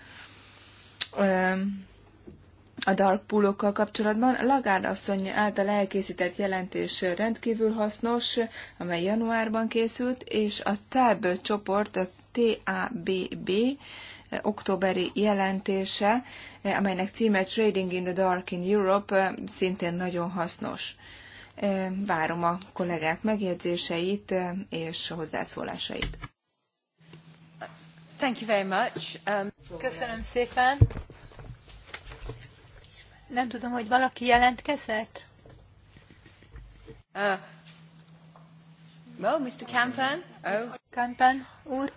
[SPEAKER 2] a dark pool kapcsolatban. Lagarde asszony által elkészített jelentés rendkívül hasznos, amely januárban készült, és a TAB csoport, a TABB októberi jelentése, amelynek címe Trading in the Dark in Europe, szintén nagyon hasznos. Várom a kollégák megjegyzéseit és hozzászólásait.
[SPEAKER 3] Thank you very much. Um... Köszönöm szépen. Nem tudom, hogy valaki jelentkezett? Uh. Well, Mr. Kampen? Oh. Kampen, úr.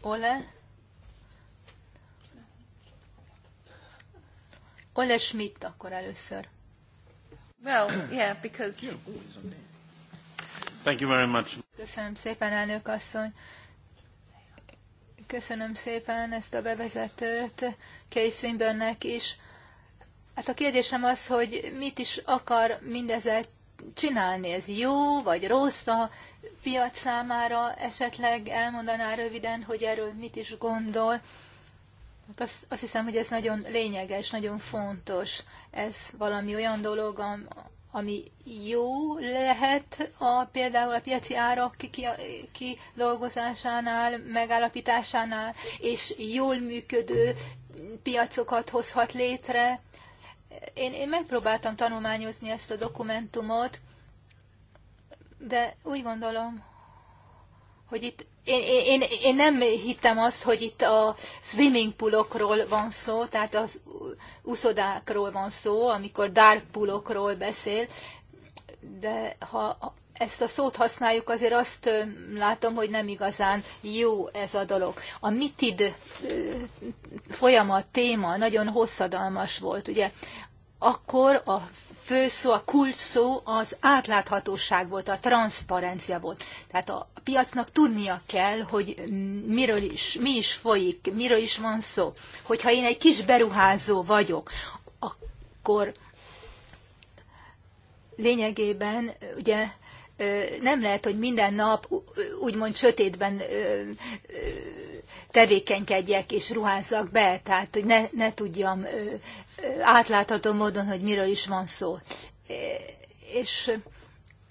[SPEAKER 3] Ole. Ole Schmidt akkor először. Well, yeah, because...
[SPEAKER 4] Thank you very much.
[SPEAKER 3] Köszönöm szépen, elnök asszony. Köszönöm szépen ezt a bevezetőt Kate Swinburne-nek is. Hát a kérdésem az, hogy mit is akar mindezet csinálni? Ez jó vagy rossz a piac számára? Esetleg elmondaná röviden, hogy erről mit is gondol? Hát azt, azt hiszem, hogy ez nagyon lényeges, nagyon fontos. Ez valami olyan dolog, ami jó lehet a, például a piaci árak kidolgozásánál, megállapításánál, és jól működő piacokat hozhat létre. Én, én megpróbáltam tanulmányozni ezt a dokumentumot, de úgy gondolom, hogy itt én, én, én nem hittem azt, hogy itt a swimming poolokról van szó, tehát az úszodákról van szó, amikor dark poolokról beszél, de ha ezt a szót használjuk, azért azt látom, hogy nem igazán jó ez a dolog. A mitid folyamat, téma nagyon hosszadalmas volt, ugye? Akkor a fő szó, a kulcs szó az átláthatóság volt, a transzparencia volt. Tehát a, piacnak tudnia kell, hogy miről is, mi is folyik, miről is van szó. Hogyha én egy kis beruházó vagyok, akkor lényegében ugye nem lehet, hogy minden nap úgymond sötétben tevékenykedjek és ruházzak be, tehát hogy ne, ne tudjam átlátható módon, hogy miről is van szó. És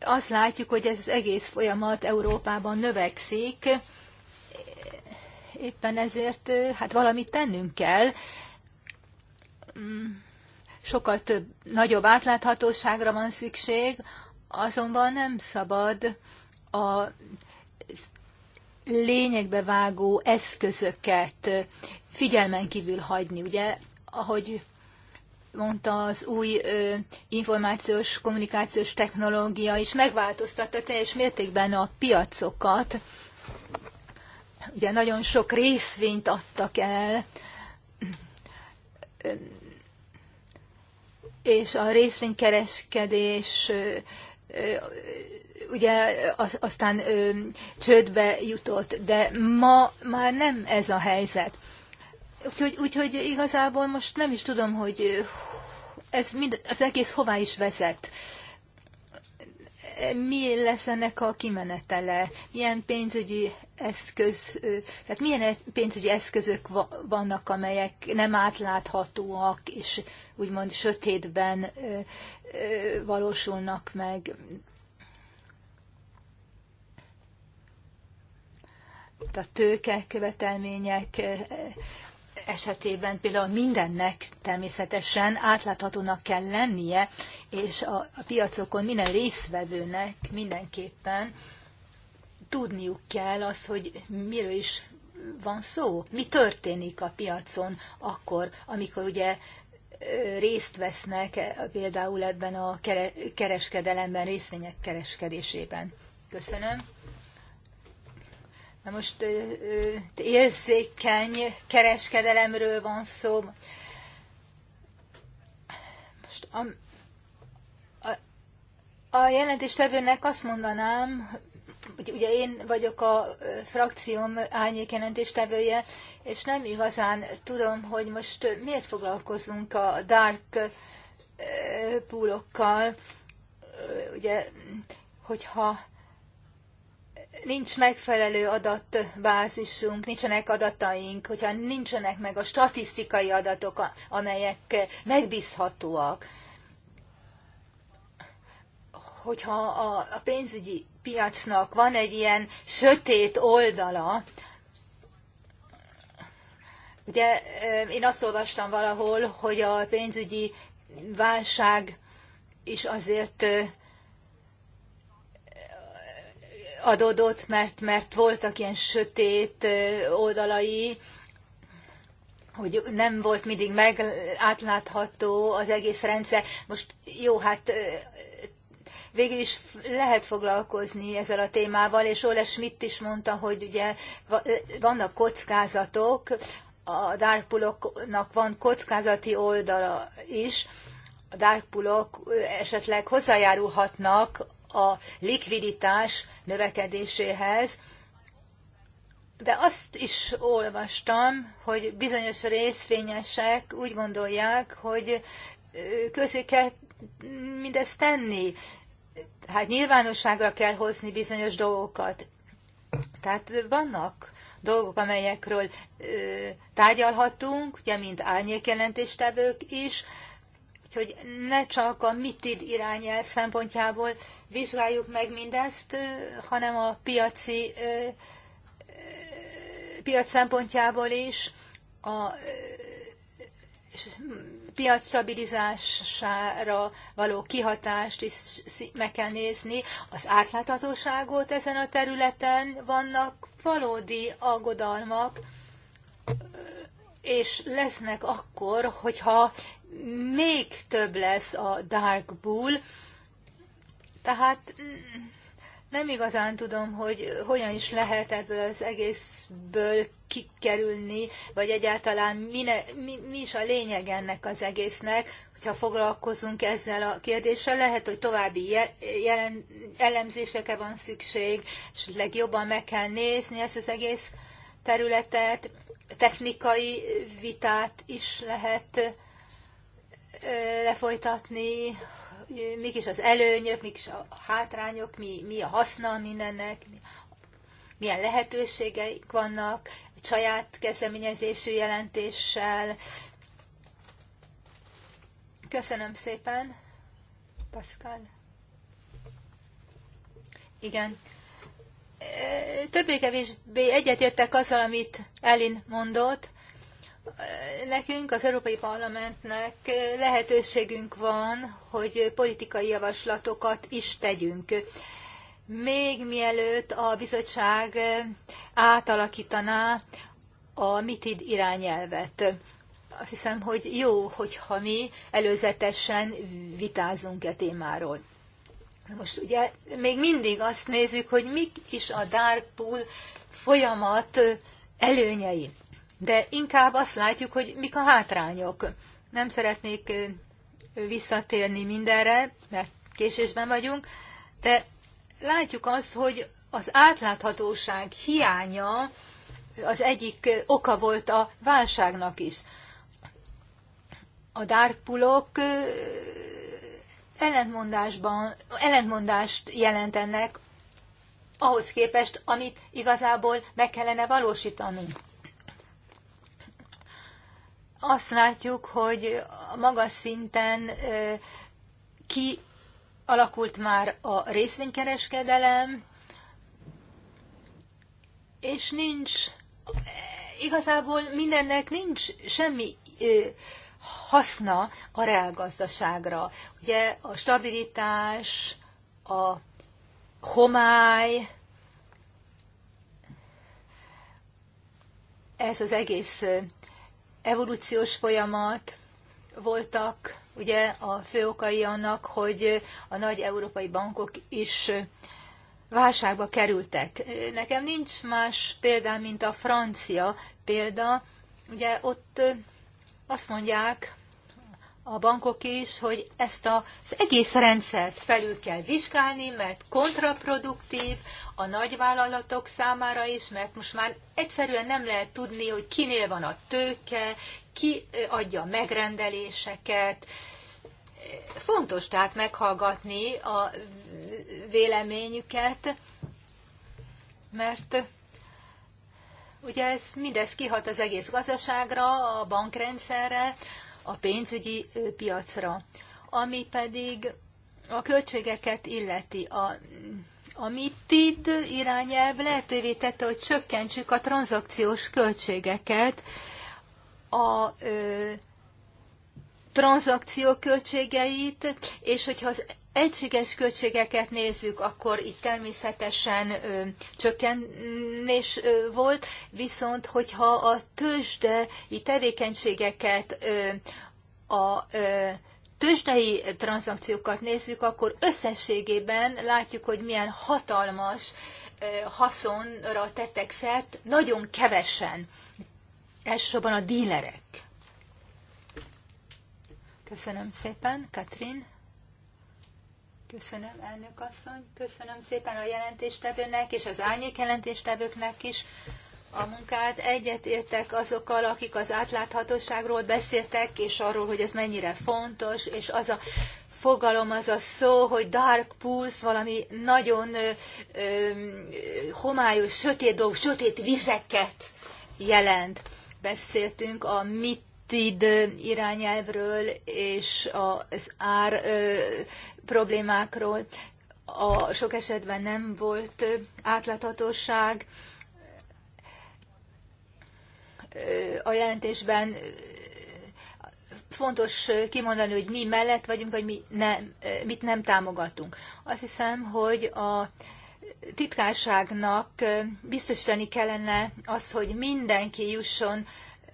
[SPEAKER 3] azt látjuk, hogy ez az egész folyamat Európában növekszik, éppen ezért hát valamit tennünk kell. Sokkal több, nagyobb átláthatóságra van szükség, azonban nem szabad a lényegbe vágó eszközöket figyelmen kívül hagyni. Ugye, ahogy mondta, az új ö, információs, kommunikációs technológia is megváltoztatta teljes mértékben a piacokat. Ugye nagyon sok részvényt adtak el, és a részvénykereskedés ugye az, aztán ö, csődbe jutott, de ma már nem ez a helyzet. Úgyhogy, úgyhogy igazából most nem is tudom, hogy ez mind, az egész hová is vezet? Mi lesz ennek a kimenetele? Milyen pénzügyi eszköz, tehát milyen pénzügyi eszközök vannak, amelyek nem átláthatóak, és úgymond sötétben valósulnak meg? a tőke követelmények esetében például mindennek természetesen átláthatónak kell lennie, és a, a piacokon minden részvevőnek mindenképpen tudniuk kell az, hogy miről is van szó, mi történik a piacon akkor, amikor ugye részt vesznek e, például ebben a kereskedelemben, részvények kereskedésében. Köszönöm. Na most érzékeny kereskedelemről van szó. Most a, a, a jelentéstevőnek azt mondanám, hogy ugye én vagyok a frakcióm árnyék jelentéstevője, és nem igazán tudom, hogy most miért foglalkozunk a dark púlokkal, ugye, hogyha nincs megfelelő adatbázisunk, nincsenek adataink, hogyha nincsenek meg a statisztikai adatok, amelyek megbízhatóak, hogyha a pénzügyi piacnak van egy ilyen sötét oldala, Ugye eh, én azt olvastam valahol, hogy a pénzügyi válság is azért eh, adódott, mert, mert voltak ilyen sötét oldalai, hogy nem volt mindig meg átlátható az egész rendszer. Most jó, hát végül is lehet foglalkozni ezzel a témával, és Ole Schmidt is mondta, hogy ugye vannak kockázatok, a dárpuloknak van kockázati oldala is, a dárpulok esetleg hozzájárulhatnak a likviditás növekedéséhez, de azt is olvastam, hogy bizonyos részvényesek úgy gondolják, hogy közé kell mindezt tenni. Hát nyilvánosságra kell hozni bizonyos dolgokat. Tehát vannak dolgok, amelyekről ö, tárgyalhatunk, ugye, mint árnyékjelentéstevők is, Úgyhogy ne csak a MITID irányelv szempontjából vizsgáljuk meg mindezt, hanem a piaci piac szempontjából is a piac stabilizására való kihatást is meg kell nézni. Az átláthatóságot ezen a területen vannak valódi aggodalmak, és lesznek akkor, hogyha még több lesz a dark bull, tehát nem igazán tudom, hogy hogyan is lehet ebből az egészből kikerülni, vagy egyáltalán ne, mi, mi is a lényeg ennek az egésznek, hogyha foglalkozunk ezzel a kérdéssel, lehet, hogy további jelen, elemzésekre van szükség, és legjobban meg kell nézni ezt az egész területet, technikai vitát is lehet lefolytatni, mik is az előnyök, mik is a hátrányok, mi, mi a haszna mindennek, milyen lehetőségeik vannak, egy saját kezdeményezésű jelentéssel. Köszönöm szépen, Pascal. Igen. Többé-kevésbé egyetértek azzal, amit Elin mondott nekünk, az Európai Parlamentnek lehetőségünk van, hogy politikai javaslatokat is tegyünk. Még mielőtt a bizottság átalakítaná a MITID irányelvet. Azt hiszem, hogy jó, hogyha mi előzetesen vitázunk e témáról. Most ugye még mindig azt nézzük, hogy mik is a Dark Pool folyamat előnyei de inkább azt látjuk, hogy mik a hátrányok. Nem szeretnék visszatérni mindenre, mert késésben vagyunk, de látjuk azt, hogy az átláthatóság hiánya az egyik oka volt a válságnak is. A dárpulok ellentmondásban, ellentmondást jelentenek ahhoz képest, amit igazából meg kellene valósítanunk azt látjuk, hogy magas szinten ki alakult már a részvénykereskedelem, és nincs, igazából mindennek nincs semmi haszna a reálgazdaságra. Ugye a stabilitás, a homály, ez az egész evolúciós folyamat voltak, ugye a fő okai annak, hogy a nagy európai bankok is válságba kerültek. Nekem nincs más példa, mint a francia példa. Ugye ott azt mondják a bankok is, hogy ezt az egész rendszert felül kell vizsgálni, mert kontraproduktív, a nagyvállalatok számára is, mert most már egyszerűen nem lehet tudni, hogy kinél van a tőke, ki adja megrendeléseket. Fontos tehát meghallgatni a véleményüket, mert ugye ez mindez kihat az egész gazdaságra, a bankrendszerre, a pénzügyi piacra. Ami pedig a költségeket illeti, a a MITID irányelv lehetővé tette, hogy csökkentsük a tranzakciós költségeket. A ö, tranzakció költségeit, és hogyha az egységes költségeket nézzük, akkor itt természetesen ö, csökkenés ö, volt, viszont hogyha a tőzsdei tevékenységeket ö, a ö, tőzsdei tranzakciókat nézzük, akkor összességében látjuk, hogy milyen hatalmas haszonra tettek szert nagyon kevesen, elsősorban a dílerek. Köszönöm szépen, Katrin. Köszönöm, elnök asszony. Köszönöm szépen a jelentéstevőnek és az árnyék jelentéstevőknek is a munkát. Egyetértek azokkal, akik az átláthatóságról beszéltek, és arról, hogy ez mennyire fontos, és az a fogalom, az a szó, hogy dark pools, valami nagyon ö, ö, homályos, sötét dolg, sötét vizeket jelent. Beszéltünk a mit TID irányelvről és az ár ö, problémákról. A sok esetben nem volt átláthatóság, a jelentésben fontos kimondani, hogy mi mellett vagyunk, vagy mi nem, mit nem támogatunk. Azt hiszem, hogy a titkárságnak biztosítani kellene az, hogy mindenki jusson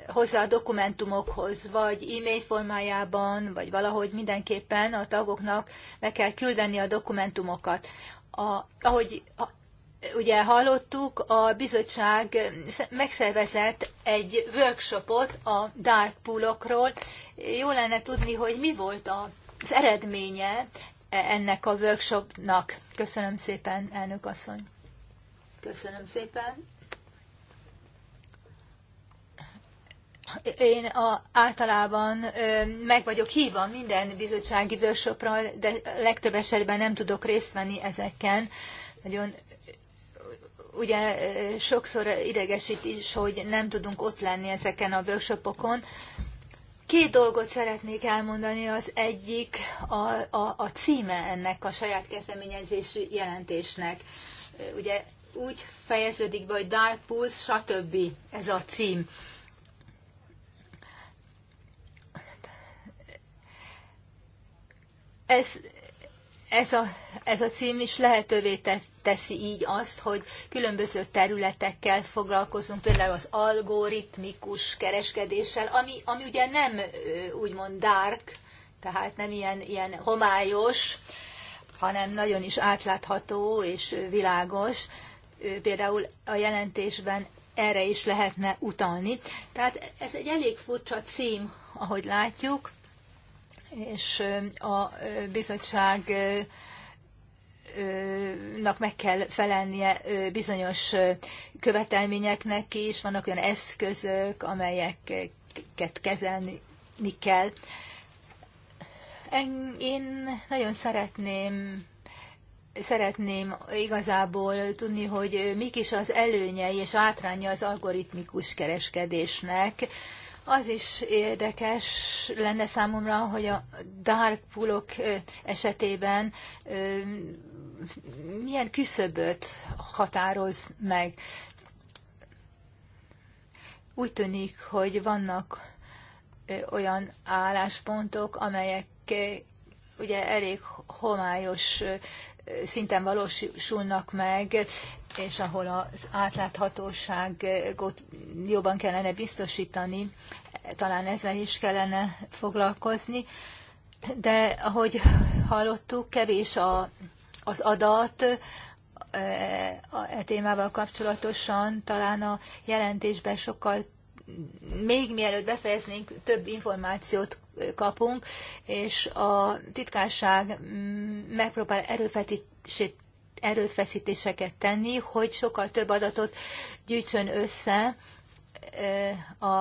[SPEAKER 3] hozzá a dokumentumokhoz, vagy e-mail formájában, vagy valahogy mindenképpen a tagoknak le kell küldeni a dokumentumokat. A, ahogy ugye hallottuk, a bizottság megszervezett egy workshopot a dark poolokról. Jó lenne tudni, hogy mi volt az eredménye ennek a workshopnak. Köszönöm szépen, elnök asszony. Köszönöm szépen. Én a, általában ö, meg vagyok hívva minden bizottsági workshopra, de legtöbb esetben nem tudok részt venni ezeken. Nagyon ugye sokszor idegesít is, hogy nem tudunk ott lenni ezeken a workshopokon. Két dolgot szeretnék elmondani, az egyik a, a, a címe ennek a saját kezdeményezésű jelentésnek. Ugye úgy fejeződik be, hogy Dark Pulse, stb. ez a cím. Ez, ez, a, ez a cím is lehetővé tett teszi így azt, hogy különböző területekkel foglalkozunk, például az algoritmikus kereskedéssel, ami, ami ugye nem úgymond dark, tehát nem ilyen, ilyen homályos, hanem nagyon is átlátható és világos. Például a jelentésben erre is lehetne utalni. Tehát ez egy elég furcsa cím, ahogy látjuk, és a bizottság nak meg kell felelnie bizonyos követelményeknek is, vannak olyan eszközök, amelyeket kezelni kell. Én nagyon szeretném szeretném igazából tudni, hogy mik is az előnyei és átránya az algoritmikus kereskedésnek, az is érdekes lenne számomra, hogy a dark poolok esetében milyen küszöböt határoz meg. Úgy tűnik, hogy vannak olyan álláspontok, amelyek ugye elég homályos szinten valósulnak meg, és ahol az átláthatóságot jobban kellene biztosítani, talán ezzel is kellene foglalkozni. De ahogy hallottuk, kevés a, az adat e témával kapcsolatosan, talán a jelentésben sokkal még mielőtt befejeznénk, több információt kapunk, és a titkárság mm, megpróbál erőfetítését erőfeszítéseket tenni, hogy sokkal több adatot gyűjtsön össze, a,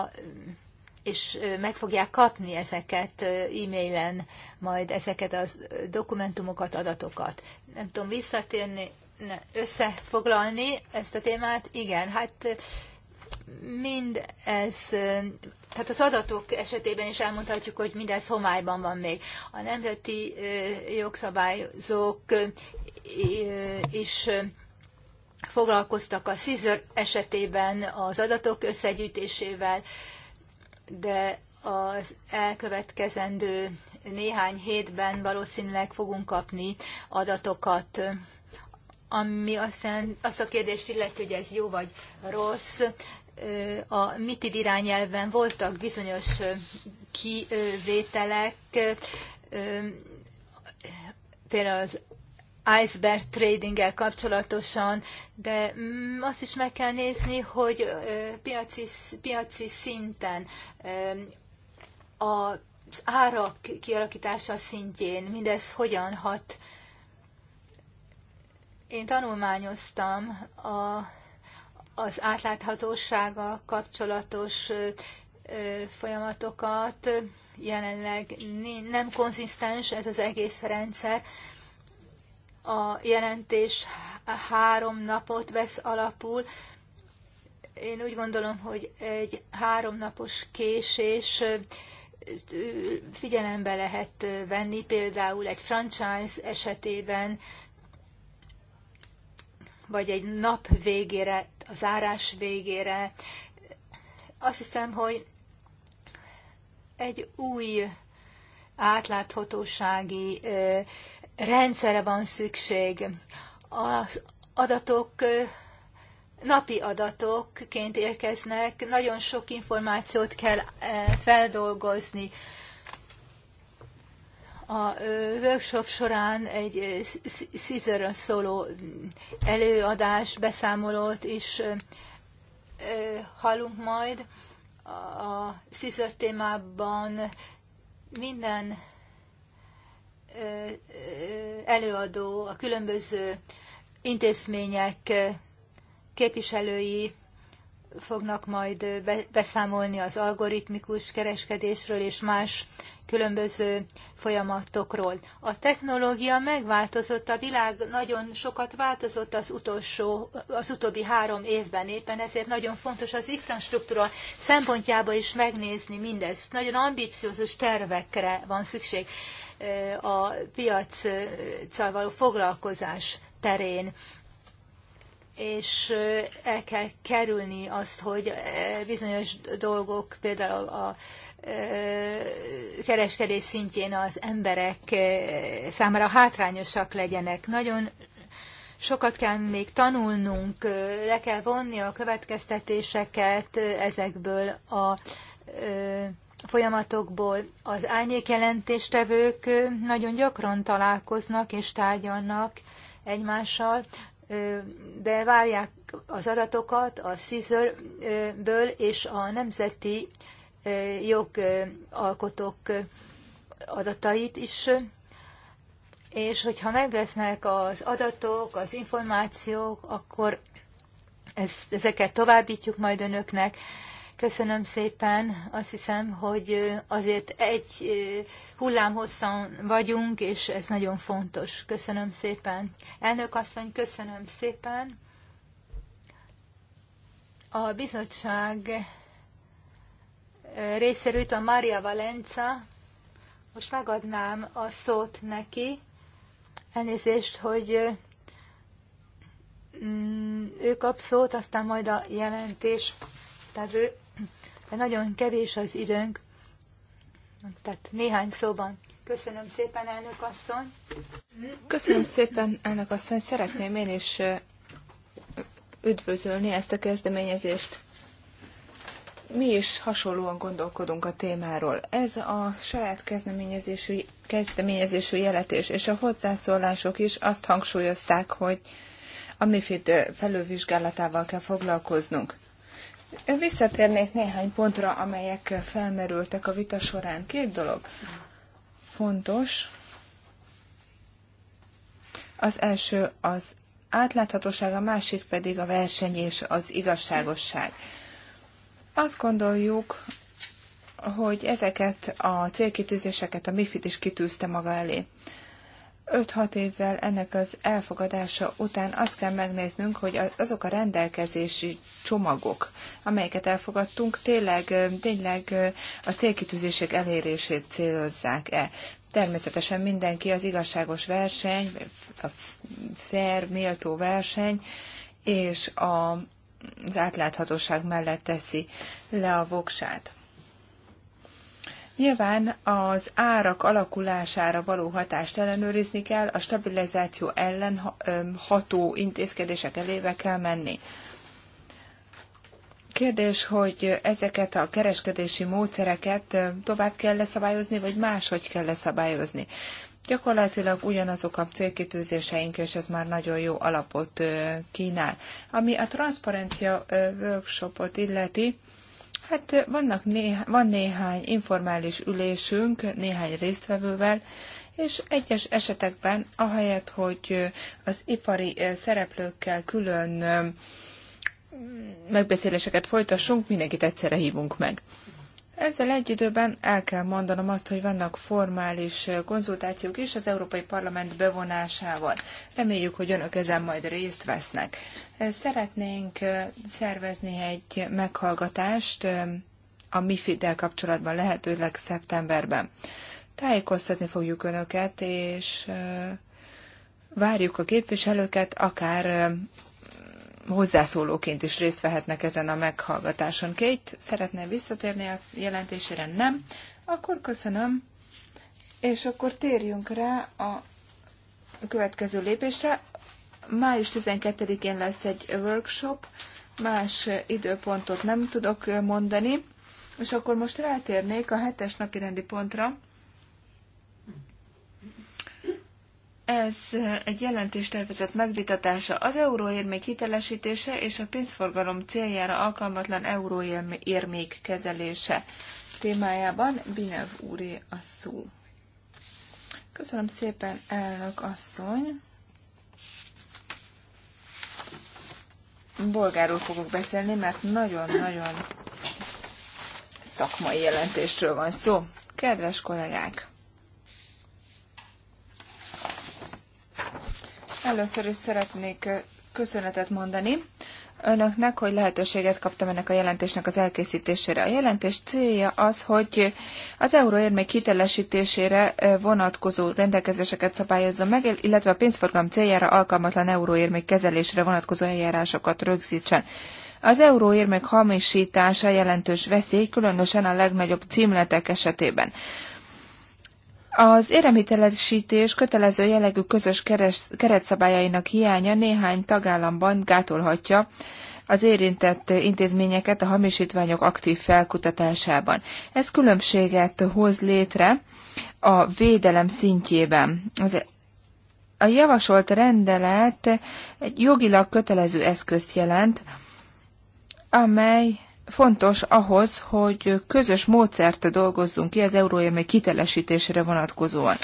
[SPEAKER 3] és meg fogják kapni ezeket e-mailen, majd ezeket a dokumentumokat, adatokat. Nem tudom visszatérni, ne, összefoglalni ezt a témát. Igen, hát mind ez, tehát az adatok esetében is elmondhatjuk, hogy mindez homályban van még. A nemzeti jogszabályzók is foglalkoztak a CISR esetében az adatok összegyűjtésével, de az elkövetkezendő néhány hétben valószínűleg fogunk kapni adatokat, ami azt a kérdést illeti, hogy ez jó vagy rossz a MITID irányelven voltak bizonyos kivételek, például az iceberg tradinggel kapcsolatosan, de mm, azt is meg kell nézni, hogy piaci, piaci szinten az árak kialakítása szintjén mindez hogyan hat. Én tanulmányoztam a az átláthatósága kapcsolatos folyamatokat. Jelenleg nem konzisztens ez az egész rendszer. A jelentés három napot vesz alapul. Én úgy gondolom, hogy egy háromnapos késés figyelembe lehet venni, például egy franchise esetében vagy egy nap végére, a zárás végére. Azt hiszem, hogy egy új átláthatósági rendszere van szükség. Az adatok napi adatokként érkeznek, nagyon sok információt kell feldolgozni a workshop során egy Caesar szóló mm, előadás, beszámolót is hallunk majd. A Caesar témában minden előadó, a különböző intézmények képviselői fognak majd beszámolni az algoritmikus kereskedésről és más különböző folyamatokról. A technológia megváltozott, a világ nagyon sokat változott az, utolsó, az utóbbi három évben, éppen ezért nagyon fontos az infrastruktúra szempontjába is megnézni mindezt. Nagyon ambiciózus tervekre van szükség a piaccal való foglalkozás terén és el kell kerülni azt, hogy bizonyos dolgok, például a kereskedés szintjén az emberek számára hátrányosak legyenek. Nagyon sokat kell még tanulnunk, le kell vonni a következtetéseket ezekből a folyamatokból. Az árnyékjelentéstevők nagyon gyakran találkoznak és tárgyalnak egymással de várják az adatokat a CISR-ből és a nemzeti jogalkotók adatait is, és hogyha meg lesznek az adatok, az információk, akkor ezeket továbbítjuk majd önöknek, Köszönöm szépen. Azt hiszem, hogy azért egy hullámhosszan vagyunk, és ez nagyon fontos. Köszönöm szépen. Elnök asszony, köszönöm szépen. A bizottság részéről a Maria Valenca. Most megadnám a szót neki. Elnézést, hogy mm, ő kap szót, aztán majd a jelentés tehát ő de nagyon kevés az időnk, tehát néhány szóban. Köszönöm szépen, elnök asszony.
[SPEAKER 2] Köszönöm szépen, elnök asszony. Szeretném én is üdvözölni ezt a kezdeményezést. Mi is hasonlóan gondolkodunk a témáról. Ez a saját kezdeményezésű, kezdeményezésű jeletés és a hozzászólások is azt hangsúlyozták, hogy a MIFID felülvizsgálatával kell foglalkoznunk. Visszatérnék néhány pontra, amelyek felmerültek a vita során. Két dolog fontos. Az első az átláthatóság, a másik pedig a verseny és az igazságosság. Azt gondoljuk, hogy ezeket a célkitűzéseket a MIFID is kitűzte maga elé. 5-6 évvel ennek az elfogadása után azt kell megnéznünk, hogy azok a rendelkezési csomagok, amelyeket elfogadtunk, tényleg, tényleg a célkitűzések elérését célozzák-e. Természetesen mindenki az igazságos verseny, a fair, méltó verseny, és a, az átláthatóság mellett teszi le a voksát. Nyilván az árak alakulására való hatást ellenőrizni kell, a stabilizáció ellen ható intézkedések elébe kell menni. Kérdés, hogy ezeket a kereskedési módszereket tovább kell leszabályozni, vagy máshogy kell leszabályozni. Gyakorlatilag ugyanazok a célkitűzéseink, és ez már nagyon jó alapot kínál. Ami a transzparencia workshopot illeti, Hát vannak néha, van néhány informális ülésünk néhány résztvevővel, és egyes esetekben, ahelyett, hogy az ipari szereplőkkel külön megbeszéléseket folytassunk, mindenkit egyszerre hívunk meg. Ezzel egy időben el kell mondanom azt, hogy vannak formális konzultációk is az Európai Parlament bevonásával. Reméljük, hogy önök ezen majd részt vesznek. Szeretnénk szervezni egy meghallgatást a MIFID-del kapcsolatban lehetőleg szeptemberben. Tájékoztatni fogjuk önöket, és várjuk a képviselőket, akár hozzászólóként is részt vehetnek ezen a meghallgatáson. Kate, szeretnél visszatérni a jelentésére? Nem? Akkor köszönöm. És akkor térjünk rá a következő lépésre. Május 12-én lesz egy workshop, más időpontot nem tudok mondani. És akkor most rátérnék a hetes napi rendi pontra, Ez egy jelentéstervezet megvitatása az euróérmék hitelesítése és a pénzforgalom céljára alkalmatlan euróérmék kezelése témájában Binev úré a szó. Köszönöm szépen, elnök asszony. Bolgáról fogok beszélni, mert nagyon-nagyon szakmai jelentésről van szó. Kedves kollégák! Először is szeretnék köszönetet mondani önöknek, hogy lehetőséget kaptam ennek a jelentésnek az elkészítésére. A jelentés célja az, hogy az euróérmék hitelesítésére vonatkozó rendelkezéseket szabályozza meg, illetve a pénzforgalom céljára alkalmatlan euróérmék kezelésre vonatkozó eljárásokat rögzítsen. Az euróérmék hamisítása jelentős veszély, különösen a legnagyobb címletek esetében. Az éremitelesítés kötelező jellegű közös keretszabályainak hiánya néhány tagállamban gátolhatja az érintett intézményeket a hamisítványok aktív felkutatásában. Ez különbséget hoz létre a védelem szintjében. Az a javasolt rendelet egy jogilag kötelező eszközt jelent, amely fontos ahhoz, hogy közös módszert dolgozzunk ki az euróérmék kitelesítésére vonatkozóan.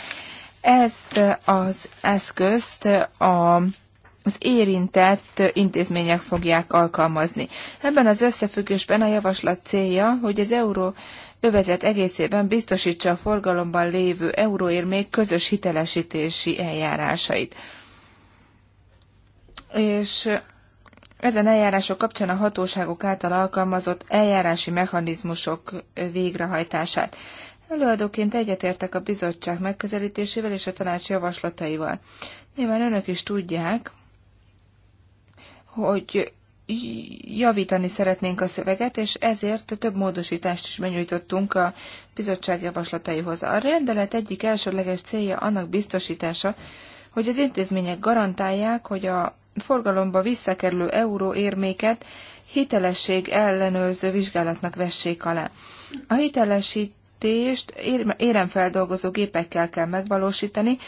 [SPEAKER 2] Ezt eh, az eszközt eh, a az érintett intézmények fogják alkalmazni. Ebben az összefüggésben a javaslat célja, hogy az euró övezet egészében biztosítsa a forgalomban lévő euróérmék közös hitelesítési eljárásait. És ezen eljárások kapcsán a hatóságok által alkalmazott eljárási mechanizmusok végrehajtását. Előadóként egyetértek a bizottság megközelítésével és a tanács javaslataival. Nyilván önök is tudják, hogy javítani szeretnénk a szöveget, és ezért több módosítást is benyújtottunk a bizottság javaslataihoz. A rendelet egyik elsőleges célja annak biztosítása, hogy az intézmények garantálják, hogy a forgalomba visszakerülő euró érméket hitelesség ellenőrző vizsgálatnak vessék alá. A hitelesítést éremfeldolgozó gépekkel kell megvalósítani,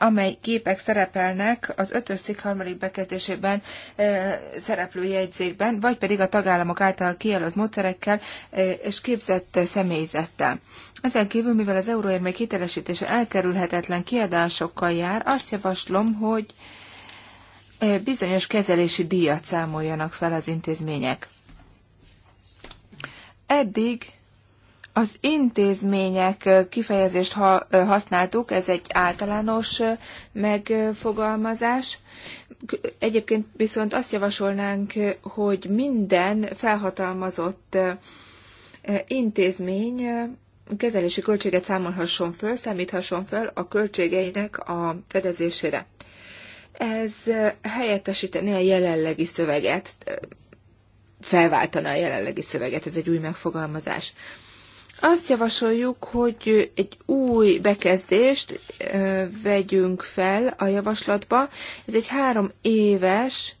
[SPEAKER 2] amely gépek szerepelnek az ötös cikk harmadik bekezdésében e, szereplő jegyzékben, vagy pedig a tagállamok által kijelölt módszerekkel e, és képzett személyzettel. Ezen kívül, mivel az euróérmék hitelesítése elkerülhetetlen kiadásokkal jár, azt javaslom, hogy e, bizonyos kezelési díjat számoljanak fel az intézmények. Eddig az intézmények kifejezést használtuk, ez egy általános megfogalmazás. Egyébként viszont azt javasolnánk, hogy minden felhatalmazott intézmény kezelési költséget számolhasson föl, számíthasson föl a költségeinek a fedezésére. Ez helyettesíteni a jelenlegi szöveget, felváltana a jelenlegi szöveget, ez egy új megfogalmazás. Azt javasoljuk, hogy egy új bekezdést vegyünk fel a javaslatba. Ez egy három éves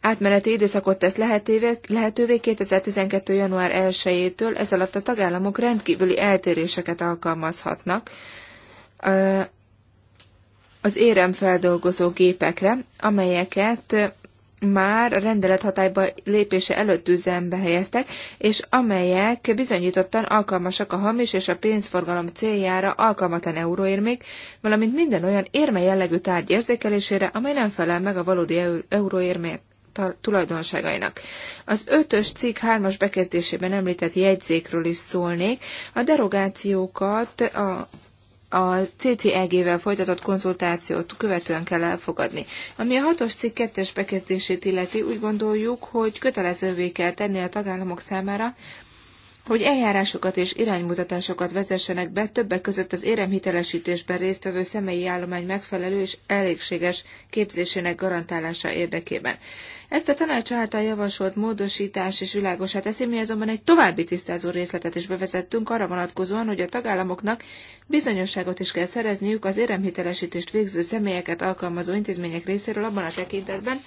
[SPEAKER 2] átmeneti időszakot tesz lehetővé, lehetővé 2012. január 1-től, ez alatt a tagállamok rendkívüli eltéréseket alkalmazhatnak az éremfeldolgozó gépekre, amelyeket már a rendelet hatályba lépése előtt üzembe helyeztek, és amelyek bizonyítottan alkalmasak a hamis és a pénzforgalom céljára alkalmatlan euróérmék, valamint minden olyan érme jellegű tárgy érzékelésére, amely nem felel meg a valódi euróérmék tulajdonságainak. Az ötös cikk hármas bekezdésében említett jegyzékről is szólnék. A derogációkat a a CCEG-vel folytatott konzultációt követően kell elfogadni. Ami a hatos cikk kettes bekezdését illeti, úgy gondoljuk, hogy kötelezővé kell tenni a tagállamok számára, hogy eljárásokat és iránymutatásokat vezessenek be többek között az éremhitelesítésben résztvevő személyi állomány megfelelő és elégséges képzésének garantálása érdekében. Ezt a tanács által javasolt módosítás és világosát teszi, mi azonban egy további tisztázó részletet is bevezettünk arra vonatkozóan, hogy a tagállamoknak bizonyosságot is kell szerezniük az éremhitelesítést végző személyeket alkalmazó intézmények részéről abban a tekintetben,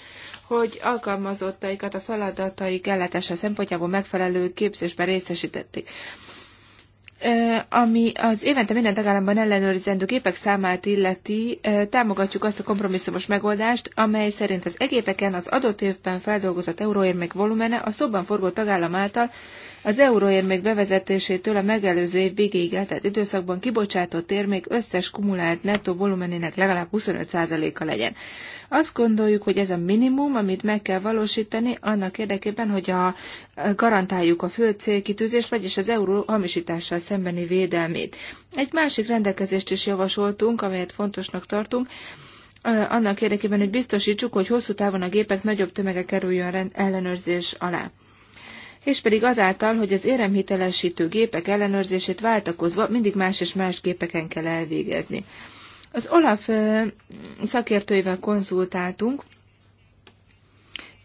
[SPEAKER 2] hogy alkalmazottaikat a feladataik ellátása szempontjából megfelelő képzésben részesítették ami az évente minden tagállamban ellenőrizendő gépek számát illeti, támogatjuk azt a kompromisszumos megoldást, amely szerint az egépeken az adott évben feldolgozott euróérmék volumene a szobban forgó tagállam által az euróérmék bevezetésétől a megelőző év végéig eltelt időszakban kibocsátott érmék összes kumulált nettó volumenének legalább 25%-a legyen. Azt gondoljuk, hogy ez a minimum, amit meg kell valósítani annak érdekében, hogy a, garantáljuk a fő célkitűzés, vagyis az euró hamisítással szembeni védelmét. Egy másik rendelkezést is javasoltunk, amelyet fontosnak tartunk, annak érdekében, hogy biztosítsuk, hogy hosszú távon a gépek nagyobb tömege kerüljön ellenőrzés alá és pedig azáltal, hogy az éremhitelesítő gépek ellenőrzését váltakozva mindig más és más gépeken kell elvégezni. Az OLAF szakértőivel konzultáltunk,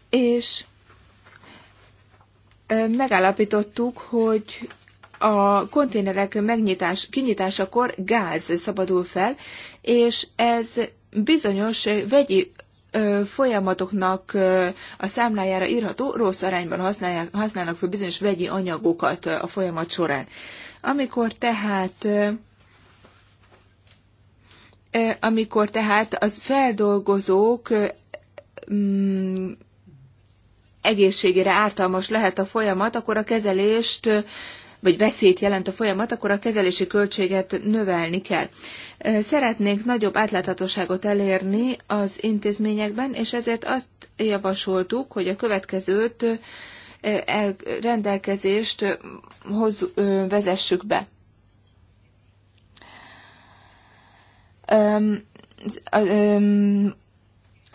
[SPEAKER 2] és megállapítottuk, hogy a konténerek megnyitás, kinyitásakor gáz szabadul fel, és ez bizonyos vegyi folyamatoknak a számlájára írható rossz arányban használják, használnak fel bizonyos vegyi anyagokat a folyamat során. Amikor tehát amikor tehát az feldolgozók mm, egészségére ártalmas lehet a folyamat, akkor a kezelést vagy veszélyt jelent a folyamat, akkor a kezelési költséget növelni kell. Szeretnénk nagyobb átláthatóságot elérni az intézményekben, és ezért azt javasoltuk, hogy a következőt rendelkezést hoz, vezessük be.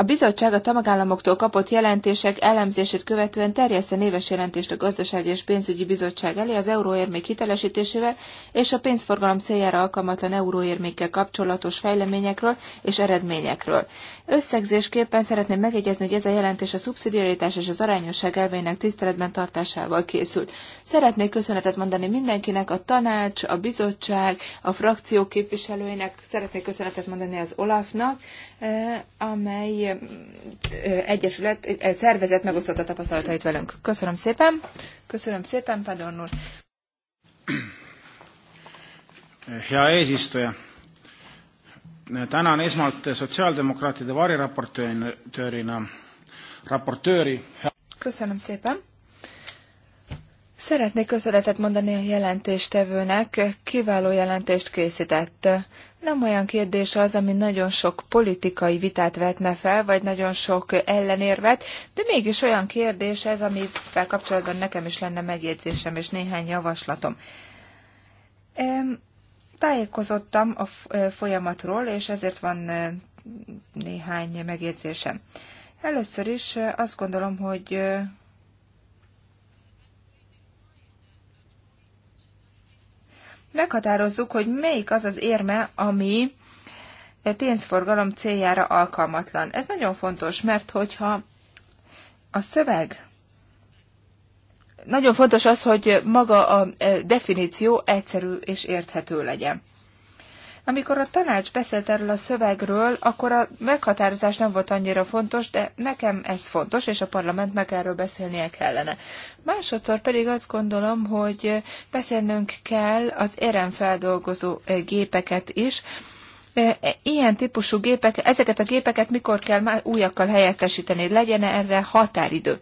[SPEAKER 2] A bizottság a tagállamoktól kapott jelentések elemzését követően terjeszte néves jelentést a Gazdasági és Pénzügyi Bizottság elé az euróérmék hitelesítésével és a pénzforgalom céljára alkalmatlan euróérmékkel kapcsolatos fejleményekről és eredményekről. Összegzésképpen szeretném megjegyezni, hogy ez a jelentés a szubszidiaritás és az arányosság elvének tiszteletben tartásával készült. Szeretnék köszönetet mondani mindenkinek, a tanács, a bizottság, a frakció képviselőinek, szeretnék köszönetet mondani az Olafnak, eh, amely eh, egyesület, eh, szervezet megosztotta tapasztalatait velünk. Köszönöm szépen, köszönöm szépen, Padornul.
[SPEAKER 4] Hea eesistuja tänan esmalt sotsiaaldemokraatide variraportöörina raportööri.
[SPEAKER 2] Köszönöm szépen. Szeretnék köszönetet mondani a jelentéstevőnek, kiváló jelentést készített. Nem olyan kérdés az, ami nagyon sok politikai vitát vetne fel, vagy nagyon sok ellenérvet, de mégis olyan kérdés ez, amivel kapcsolatban nekem is lenne megjegyzésem és néhány javaslatom tájékozottam a folyamatról, és ezért van néhány megjegyzésem. Először is azt gondolom, hogy meghatározzuk, hogy melyik az az érme, ami pénzforgalom céljára alkalmatlan. Ez nagyon fontos, mert hogyha a szöveg nagyon fontos az, hogy maga a e, definíció egyszerű és érthető legyen. Amikor a tanács beszélt erről a szövegről, akkor a meghatározás nem volt annyira fontos, de nekem ez fontos, és a parlamentnek erről beszélnie kellene. Másodszor pedig azt gondolom, hogy beszélnünk kell az éremfeldolgozó e, gépeket is, e, Ilyen típusú gépek, ezeket a gépeket mikor kell újakkal helyettesíteni, legyen -e erre határidő.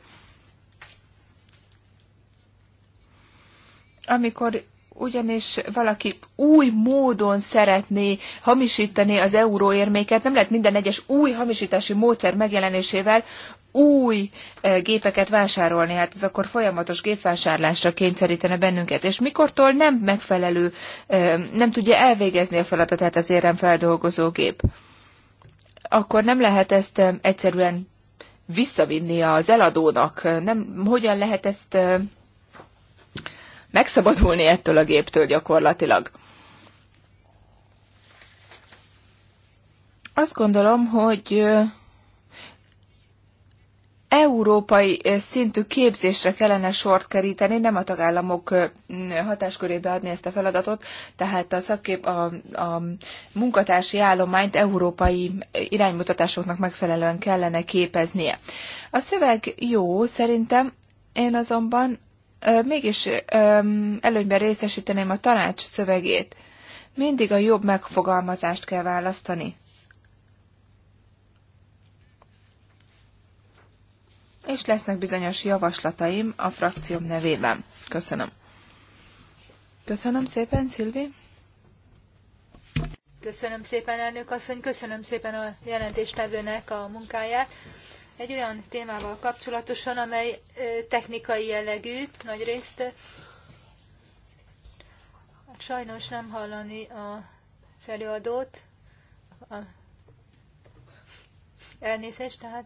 [SPEAKER 2] amikor ugyanis valaki új módon szeretné hamisítani az euróérméket, nem lehet minden egyes új hamisítási módszer megjelenésével új eh, gépeket vásárolni, hát ez akkor folyamatos gépvásárlásra kényszerítene bennünket, és mikortól nem megfelelő, eh, nem tudja elvégezni a feladatát az gép, akkor nem lehet ezt eh, egyszerűen visszavinni az eladónak, nem, hogyan lehet ezt megszabadulni ettől a géptől gyakorlatilag. Azt gondolom, hogy európai szintű képzésre kellene sort keríteni, nem a tagállamok hatáskörébe adni ezt a feladatot, tehát a szakkép, a, a munkatársi állományt európai iránymutatásoknak megfelelően kellene képeznie. A szöveg jó, szerintem én azonban mégis előnyben részesíteném a tanács szövegét. Mindig a jobb megfogalmazást kell választani. És lesznek bizonyos javaslataim a frakcióm nevében. Köszönöm. Köszönöm szépen, Szilvi.
[SPEAKER 3] Köszönöm szépen, elnök asszony, köszönöm szépen a jelentéstevőnek a munkáját egy olyan témával kapcsolatosan, amely technikai jellegű nagyrészt. Sajnos nem hallani a felőadót. A elnézést, tehát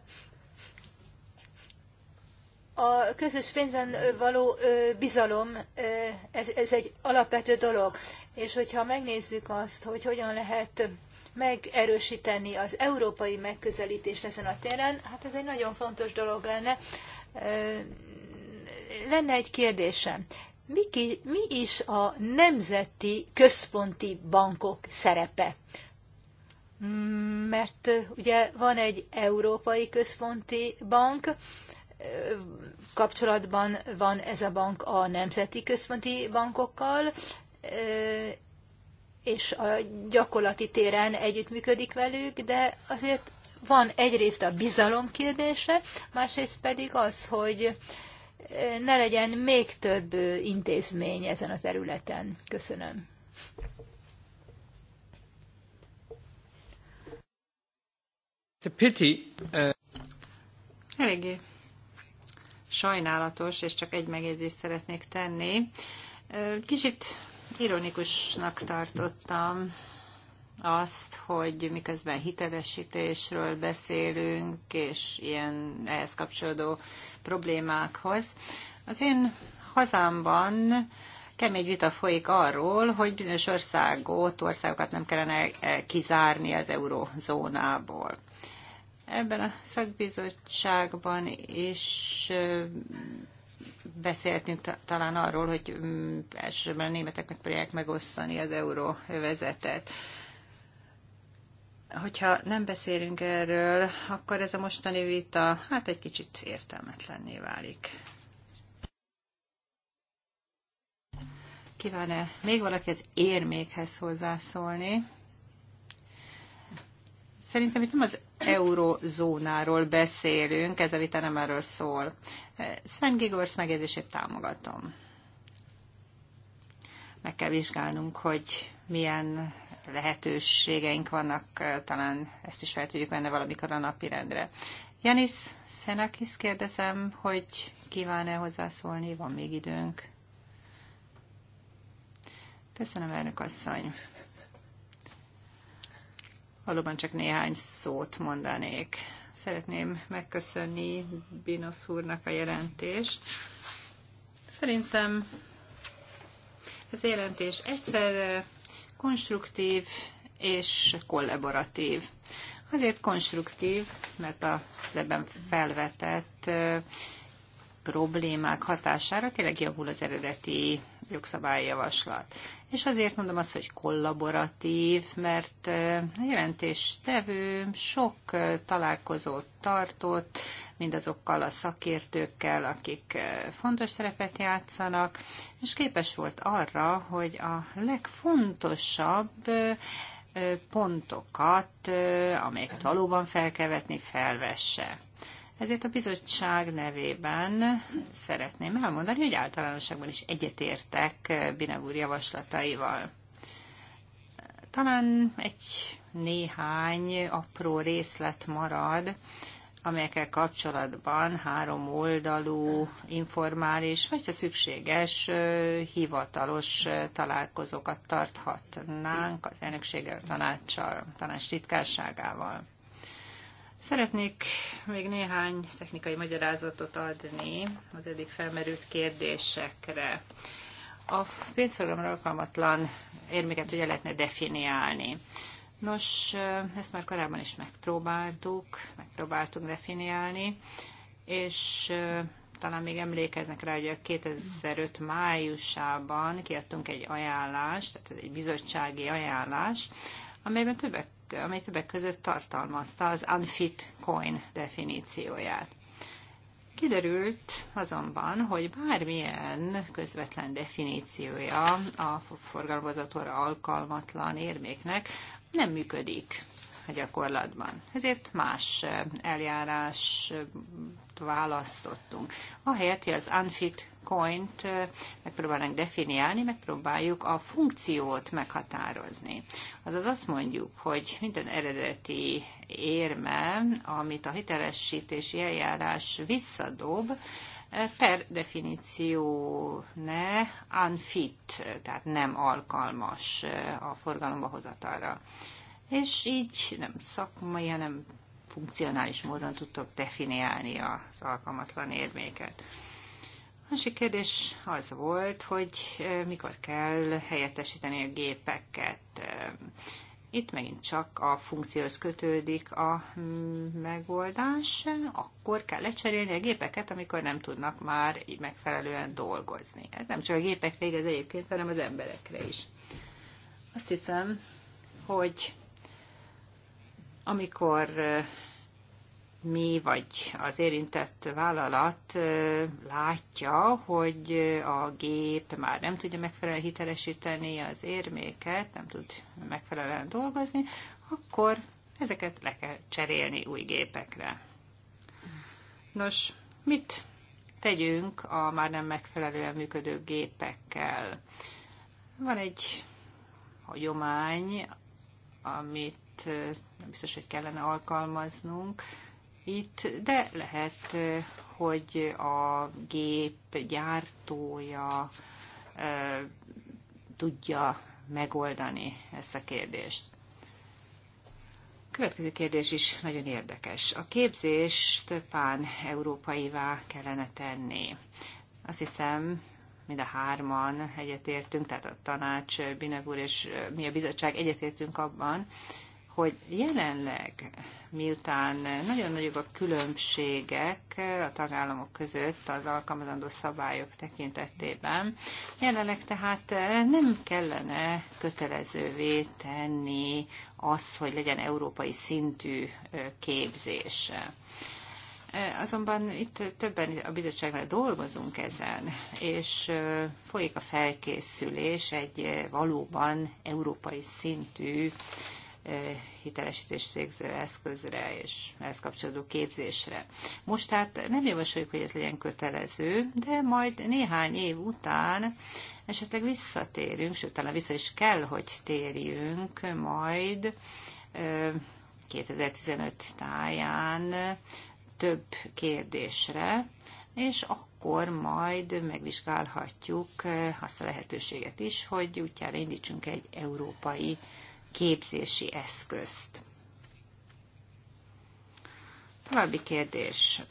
[SPEAKER 3] a közös pénzben való bizalom, ez, ez egy alapvető dolog. És hogyha megnézzük azt, hogy hogyan lehet megerősíteni az európai megközelítést ezen a téren, hát ez egy nagyon fontos dolog lenne. Lenne egy kérdésem. Mi, mi is a nemzeti központi bankok szerepe? Mert ugye van egy európai központi bank, kapcsolatban van ez a bank a nemzeti központi bankokkal, és a gyakorlati téren együttműködik velük, de azért van egyrészt a bizalom kérdése, másrészt pedig az, hogy eh, ne legyen még több eh, intézmény ezen a területen. Köszönöm. It's a pity. Uh...
[SPEAKER 1] Eléggé sajnálatos, és csak egy megjegyzést szeretnék tenni. Kicsit ironikusnak tartottam azt, hogy miközben hitelesítésről beszélünk, és ilyen ehhez kapcsolódó problémákhoz. Az én hazámban kemény vita folyik arról, hogy bizonyos országot, országokat nem kellene kizárni az eurozónából. Ebben a szakbizottságban is beszéltünk talán arról, hogy mm, elsősorban a németek megpróbálják megosztani az euróvezetet. Hogyha nem beszélünk erről, akkor ez a mostani vita hát egy kicsit értelmetlenné válik. Kíván-e még valaki az érmékhez hozzászólni? Szerintem itt nem az eurozónáról beszélünk, ez a vita nem erről szól. Sven Gigors megjegyzését támogatom. Meg kell vizsgálnunk, hogy milyen lehetőségeink vannak, eh, talán ezt is fel tudjuk venni valamikor a napirendre. Janis Szenakis kérdezem, hogy kíván-e hozzászólni, van még időnk. Köszönöm, elnök asszony. Valóban csak néhány szót mondanék. Szeretném megköszönni Binoff úrnak a jelentést. Szerintem ez jelentés egyszerre konstruktív és kollaboratív. Azért konstruktív, mert a ebben felvetett problémák hatására tényleg javul az eredeti jogszabályjavaslat. És azért mondom azt, hogy kollaboratív, mert a jelentéstevő sok találkozót tartott, mindazokkal a szakértőkkel, akik fontos szerepet játszanak, és képes volt arra, hogy a legfontosabb pontokat, amelyeket valóban fel kell vetni, felvesse. Ezért a bizottság nevében szeretném elmondani, hogy általánosságban is egyetértek Binev úr javaslataival. Talán egy néhány apró részlet marad, amelyekkel kapcsolatban három oldalú, informális, vagy ha szükséges, hivatalos találkozókat tarthatnánk az elnökséggel, tanácssal, tanács titkárságával. Szeretnék még néhány technikai magyarázatot adni az eddig felmerült kérdésekre. A pénzforgalomra alkalmatlan érméket ugye lehetne definiálni. Nos, ezt már korábban is megpróbáltuk, megpróbáltunk definiálni, és talán még emlékeznek rá, hogy a 2005 májusában kiadtunk egy ajánlást, tehát egy bizottsági ajánlás, amelyben többek amely többek között tartalmazta az unfit coin definícióját. Kiderült azonban, hogy bármilyen közvetlen definíciója a forgalmazatóra alkalmatlan érméknek nem működik a gyakorlatban. Ezért más eljárás választottunk. Ahelyett, hogy az unfit coint megpróbálnánk definiálni, megpróbáljuk a funkciót meghatározni. Azaz azt mondjuk, hogy minden eredeti érme, amit a hitelesítési eljárás visszadob, per definíció ne unfit, tehát nem alkalmas a forgalomba hozatalra. És így nem szakmai, hanem funkcionális módon tudtok definiálni az alkalmatlan érméket. Másik kérdés az volt, hogy mikor kell helyettesíteni a gépeket. Itt megint csak a funkcióhoz kötődik a megoldás, akkor kell lecserélni a gépeket, amikor nem tudnak már így megfelelően dolgozni. Ez nem csak a gépekre az egyébként, hanem az emberekre is. Azt hiszem, hogy amikor mi vagy az érintett vállalat látja, hogy a gép már nem tudja megfelelően hitelesíteni az érméket, nem tud megfelelően dolgozni, akkor ezeket le kell cserélni új gépekre. Nos, mit tegyünk a már nem megfelelően működő gépekkel? Van egy hagyomány, amit nem biztos, hogy kellene alkalmaznunk, itt, de lehet, hogy a gép gyártója tudja megoldani ezt a kérdést. Következő kérdés is nagyon érdekes. A képzés pán európaivá kellene tenni. Azt hiszem, mind a hárman egyetértünk, tehát a tanács, Binev és mi a bizottság egyetértünk abban, hogy jelenleg, miután nagyon nagyobb a különbségek a tagállamok között az alkalmazandó szabályok tekintetében, jelenleg tehát nem kellene kötelezővé tenni az, hogy legyen európai szintű képzés. Azonban itt többen a bizottságnál dolgozunk ezen, és folyik a felkészülés egy valóban európai szintű hitelesítést végző eszközre és ehhez kapcsolódó képzésre. Most hát nem javasoljuk, hogy ez legyen kötelező, de majd néhány év után esetleg visszatérünk, sőt, talán vissza is kell, hogy térjünk majd 2015 táján több kérdésre, és akkor majd megvizsgálhatjuk azt a lehetőséget is, hogy útjára indítsunk egy európai képzési eszközt. További kérdés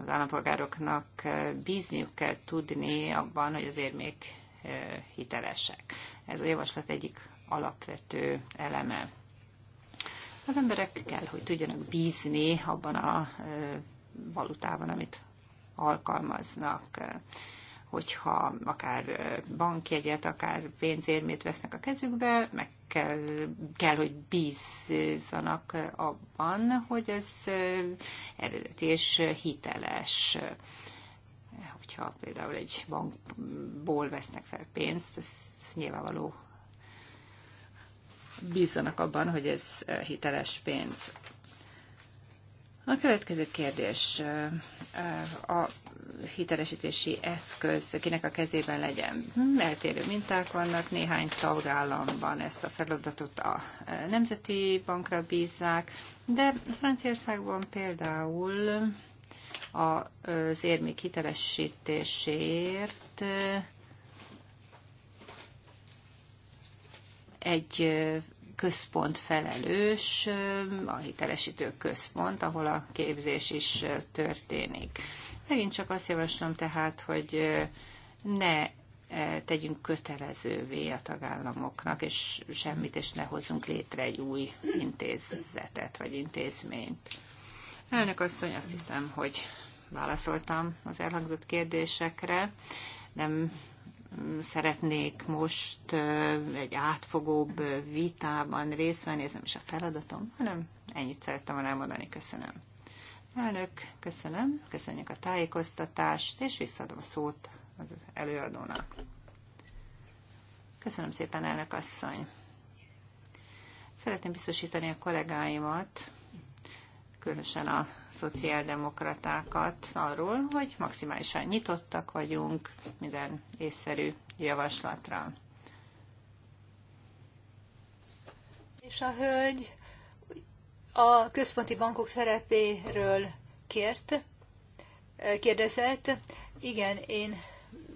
[SPEAKER 1] az állampolgároknak eh, bízniuk kell tudni abban, hogy azért még eh, hitelesek. Ez a javaslat egyik alapvető eleme. Az emberek kell, hogy tudjanak bízni abban a eh, valutában, amit alkalmaznak hogyha akár bankjegyet, akár pénzérmét vesznek a kezükbe, meg kell, kell, hogy bízzanak abban, hogy ez eredeti és hiteles. Hogyha például egy bankból vesznek fel pénzt, ez nyilvánvaló bízzanak abban, hogy ez hiteles pénz. A következő kérdés a hitelesítési eszköz, kinek a kezében legyen. Hm, eltérő minták vannak, néhány tagállamban ezt a feladatot a Nemzeti Bankra bízzák, de Franciaországban például az érmék hitelesítésért egy központ felelős, a hitelesítő központ, ahol a képzés is történik. Megint csak azt javaslom tehát, hogy ne e, tegyünk kötelezővé a tagállamoknak, és semmit, és ne hozzunk létre egy új intézetet vagy intézményt. Elnök asszony, azt hiszem, hogy válaszoltam az elhangzott kérdésekre. Nem szeretnék most egy átfogóbb vitában részt venni, ez nem is a feladatom, hanem ennyit szerettem volna elmondani. Köszönöm. Elnök, köszönöm, köszönjük a tájékoztatást, és visszadom a szót az előadónak. Köszönöm szépen, elnök asszony. Szeretném biztosítani a kollégáimat különösen a szociáldemokratákat arról, hogy maximálisan nyitottak vagyunk minden észszerű javaslatra. És a hölgy
[SPEAKER 3] a központi bankok szerepéről kért, kérdezett. Igen, én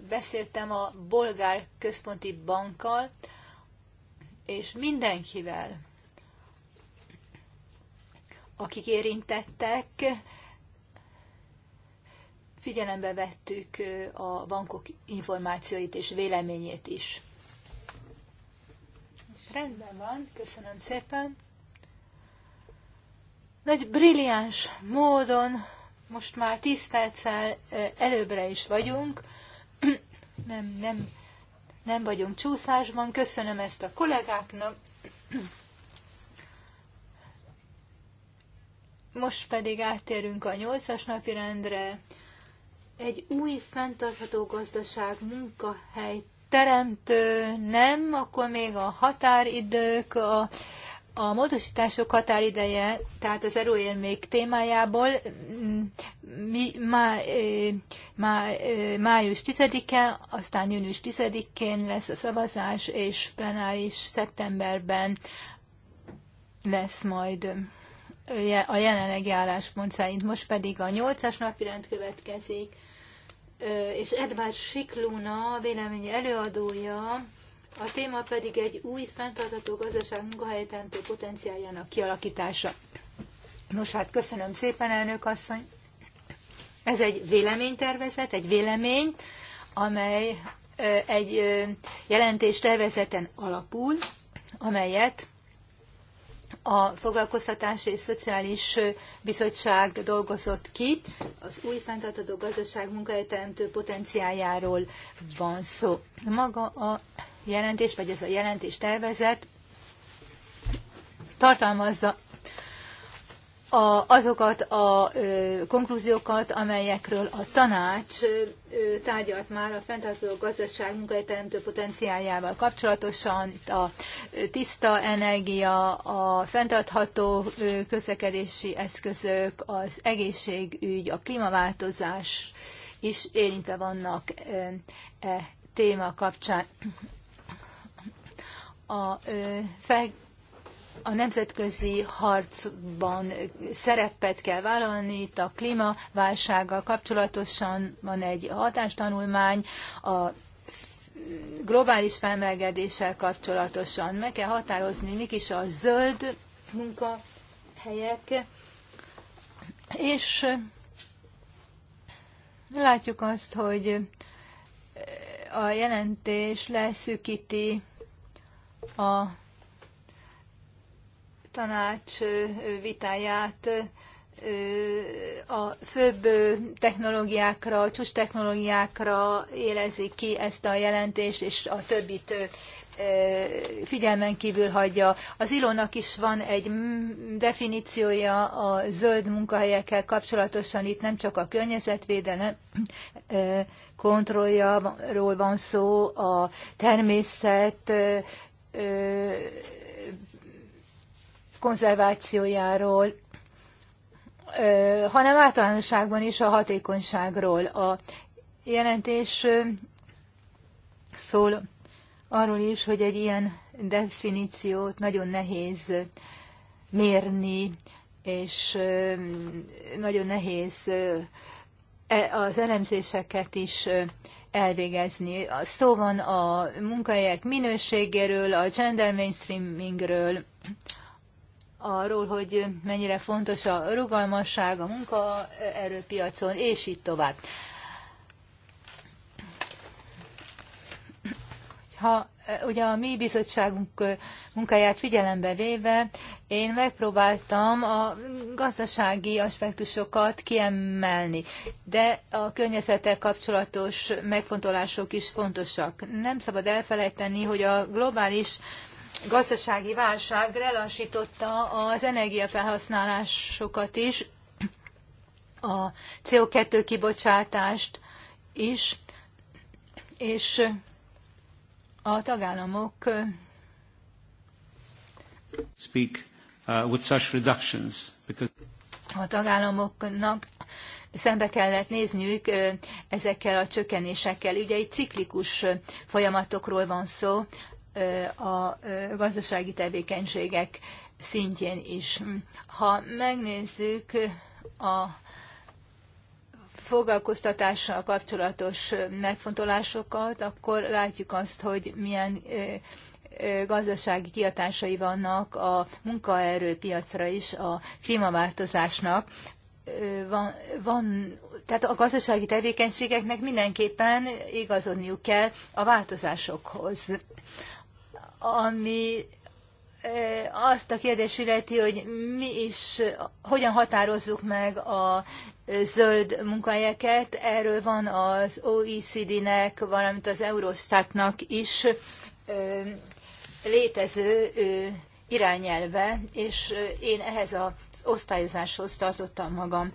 [SPEAKER 3] beszéltem a bolgár központi bankkal, és mindenkivel, akik érintettek, figyelembe vettük a bankok információit és véleményét is. Rendben van, köszönöm szépen. Nagy brilliáns módon most már 10 perccel előbbre is vagyunk. Nem, nem, nem vagyunk csúszásban. Köszönöm ezt a kollégáknak. Most pedig áttérünk a nyolcas napi rendre. Egy új fenntartható gazdaság munkahely teremtő, nem, akkor még a határidők, a, a módosítások határideje, tehát az erőérmék témájából mm, mi, má, má, május 10-e, aztán június 10-én lesz a szavazás, és plenáris szeptemberben lesz majd a jelenlegi álláspont szerint. Most pedig a nyolcas napirend következik, és Edvard Sikluna vélemény előadója, a téma pedig egy új fenntartható gazdaság munkahelyteremtő potenciáljának kialakítása. Nos hát köszönöm szépen, elnök asszony. Ez egy véleménytervezet, egy vélemény, amely egy jelentéstervezeten alapul, amelyet a Foglalkoztatási és Szociális Bizottság dolgozott ki. Az új fenntartható gazdaság munkahelyteremtő potenciáljáról van szó. Maga a jelentés, vagy ez a jelentés tervezet tartalmazza a, azokat a ö, konklúziókat, amelyekről a tanács ö, tárgyalt már a fenntartható gazdaság munkahelyteremtő potenciáljával kapcsolatosan, itt a tiszta energia, a fenntartható ö, közlekedési eszközök, az egészségügy, a klímaváltozás is érintve vannak ö, e téma kapcsán. A ö, fel, a nemzetközi harcban szerepet kell vállalni. Itt a klímaválsággal kapcsolatosan van egy hatástanulmány, a globális felmelegedéssel kapcsolatosan meg kell határozni, mik is a zöld munkahelyek, és látjuk azt, hogy a jelentés leszűkíti a tanács vitáját a főbb technológiákra, a csúcs technológiákra élezik ki ezt a jelentést, és a többit figyelmen kívül hagyja. Az Ilónak is van egy mm, definíciója a zöld munkahelyekkel kapcsolatosan, itt nem csak a környezetvédelem kontrolljáról van szó, a természet konzervációjáról, hanem általánosságban is a hatékonyságról. A jelentés szól arról is, hogy egy ilyen definíciót nagyon nehéz mérni, és nagyon nehéz e, az elemzéseket is elvégezni. Szó van a munkahelyek minőségéről, a gender mainstreamingről, arról, hogy mennyire fontos a rugalmasság a munkaerőpiacon, és így tovább. Ha ugye a mi bizottságunk munkáját figyelembe véve, én megpróbáltam a gazdasági aspektusokat kiemelni, de a környezettel kapcsolatos megfontolások is fontosak. Nem szabad elfelejteni, hogy a globális gazdasági válság relansította az energiafelhasználásokat is, a CO2 kibocsátást is, és a tagállamok
[SPEAKER 4] speak uh, with such reductions because
[SPEAKER 3] a tagállamoknak szembe kellett nézniük ezekkel a csökkenésekkel. Ugye itt ciklikus folyamatokról van szó, a gazdasági tevékenységek szintjén is. Ha megnézzük a foglalkoztatással kapcsolatos megfontolásokat, akkor látjuk azt, hogy milyen gazdasági kiatásai vannak a munkaerőpiacra is a klímaváltozásnak. Van, van, tehát a gazdasági tevékenységeknek mindenképpen igazodniuk kell a változásokhoz ami azt a kérdést illeti, hogy mi is, hogyan határozzuk meg a zöld munkahelyeket. Erről van az OECD-nek, valamint az Eurostatnak is létező irányelve, és én ehhez az osztályozáshoz tartottam magam.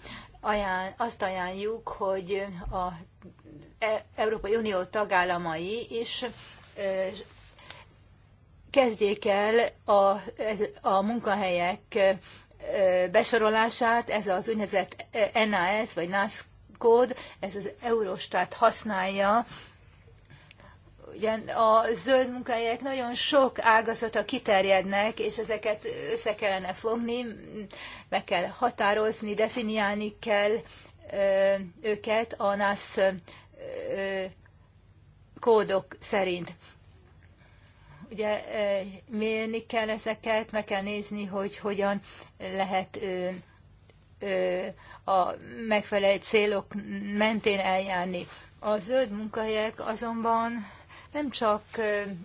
[SPEAKER 3] azt ajánljuk, hogy az e, Európai Unió tagállamai is kezdjék el a, a munkahelyek besorolását, ez az úgynevezett NAS vagy NAS kód, ez az Eurostat használja, ugye a zöld munkahelyek nagyon sok ágazatra kiterjednek, és ezeket össze kellene fogni, meg kell határozni, definiálni kell őket a NASZ kódok szerint ugye e, mérni kell ezeket, meg kell nézni, hogy hogyan lehet a megfelelő célok mentén eljárni. A zöld munkahelyek azonban nem csak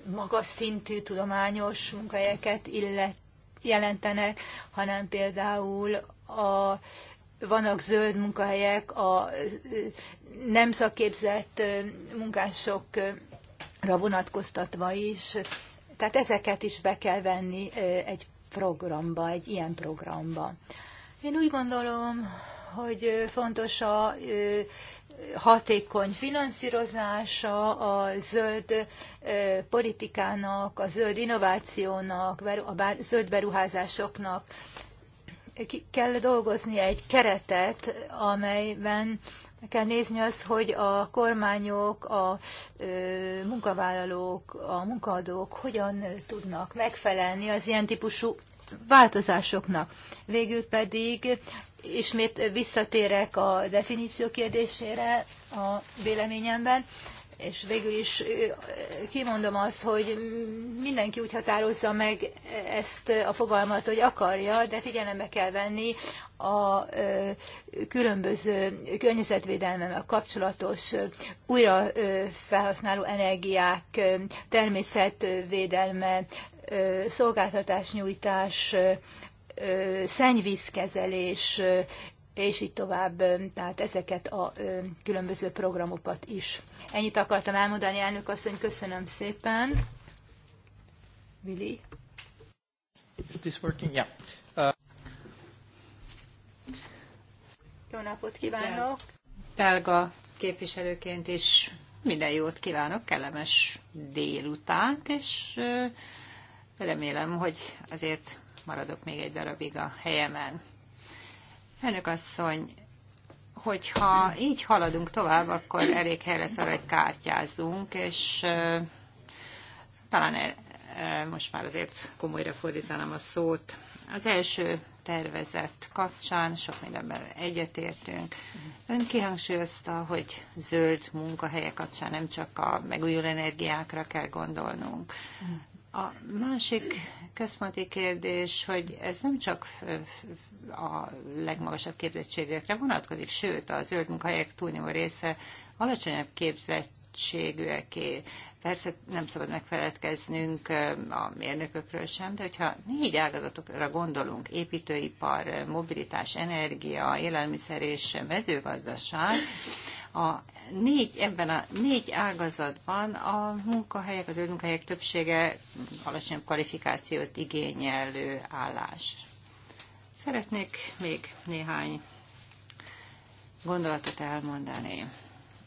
[SPEAKER 3] magas szintű tudományos munkahelyeket illet, jelentenek, hanem például a, vannak zöld munkahelyek a nem szakképzett munkásokra vonatkoztatva is, tehát ezeket is be kell venni egy programba, egy ilyen programba. Én úgy gondolom, hogy fontos a hatékony finanszírozása a zöld politikának, a zöld innovációnak, a zöld beruházásoknak. Ki kell dolgozni egy keretet, amelyben meg kell nézni az, hogy a kormányok, a munkavállalók, a munkaadók hogyan tudnak megfelelni az ilyen típusú változásoknak. Végül pedig ismét visszatérek a definíció kérdésére a véleményemben és végül is kimondom azt, hogy mindenki úgy határozza meg ezt a fogalmat, hogy akarja, de figyelembe kell venni a különböző környezetvédelmemmel kapcsolatos újra felhasználó energiák, természetvédelme, szolgáltatásnyújtás, szennyvízkezelés és így tovább, tehát ezeket a különböző programokat is. Ennyit akartam elmondani, elnök asszony, köszönöm szépen. Vili? Is this working? Yeah. Uh... Jó napot kívánok!
[SPEAKER 1] Belga képviselőként is minden jót kívánok, kellemes délutánt, és remélem, hogy azért maradok még egy darabig a helyemen. Elnök asszony, hogyha így haladunk tovább, akkor elég hely lesz arra, hogy kártyázunk, és talán most már azért komolyra fordítanám a szót. Az első tervezett kapcsán sok mindenben egyetértünk. Ön kihangsúlyozta, hogy zöld munkahelye kapcsán nem csak a megújuló energiákra kell gondolnunk. A másik központi kérdés, hogy ez nem csak a legmagasabb képzettségekre vonatkozik, sőt, a zöld munkahelyek túlnyomó része alacsonyabb képzett Persze nem szabad megfeledkeznünk a mérnökökről sem, de hogyha négy ágazatokra gondolunk, építőipar, mobilitás, energia, élelmiszer és mezőgazdaság, a négy, ebben a négy ágazatban a munkahelyek, az munkahelyek többsége alacsonyabb kvalifikációt igényelő állás. Szeretnék még néhány gondolatot elmondani.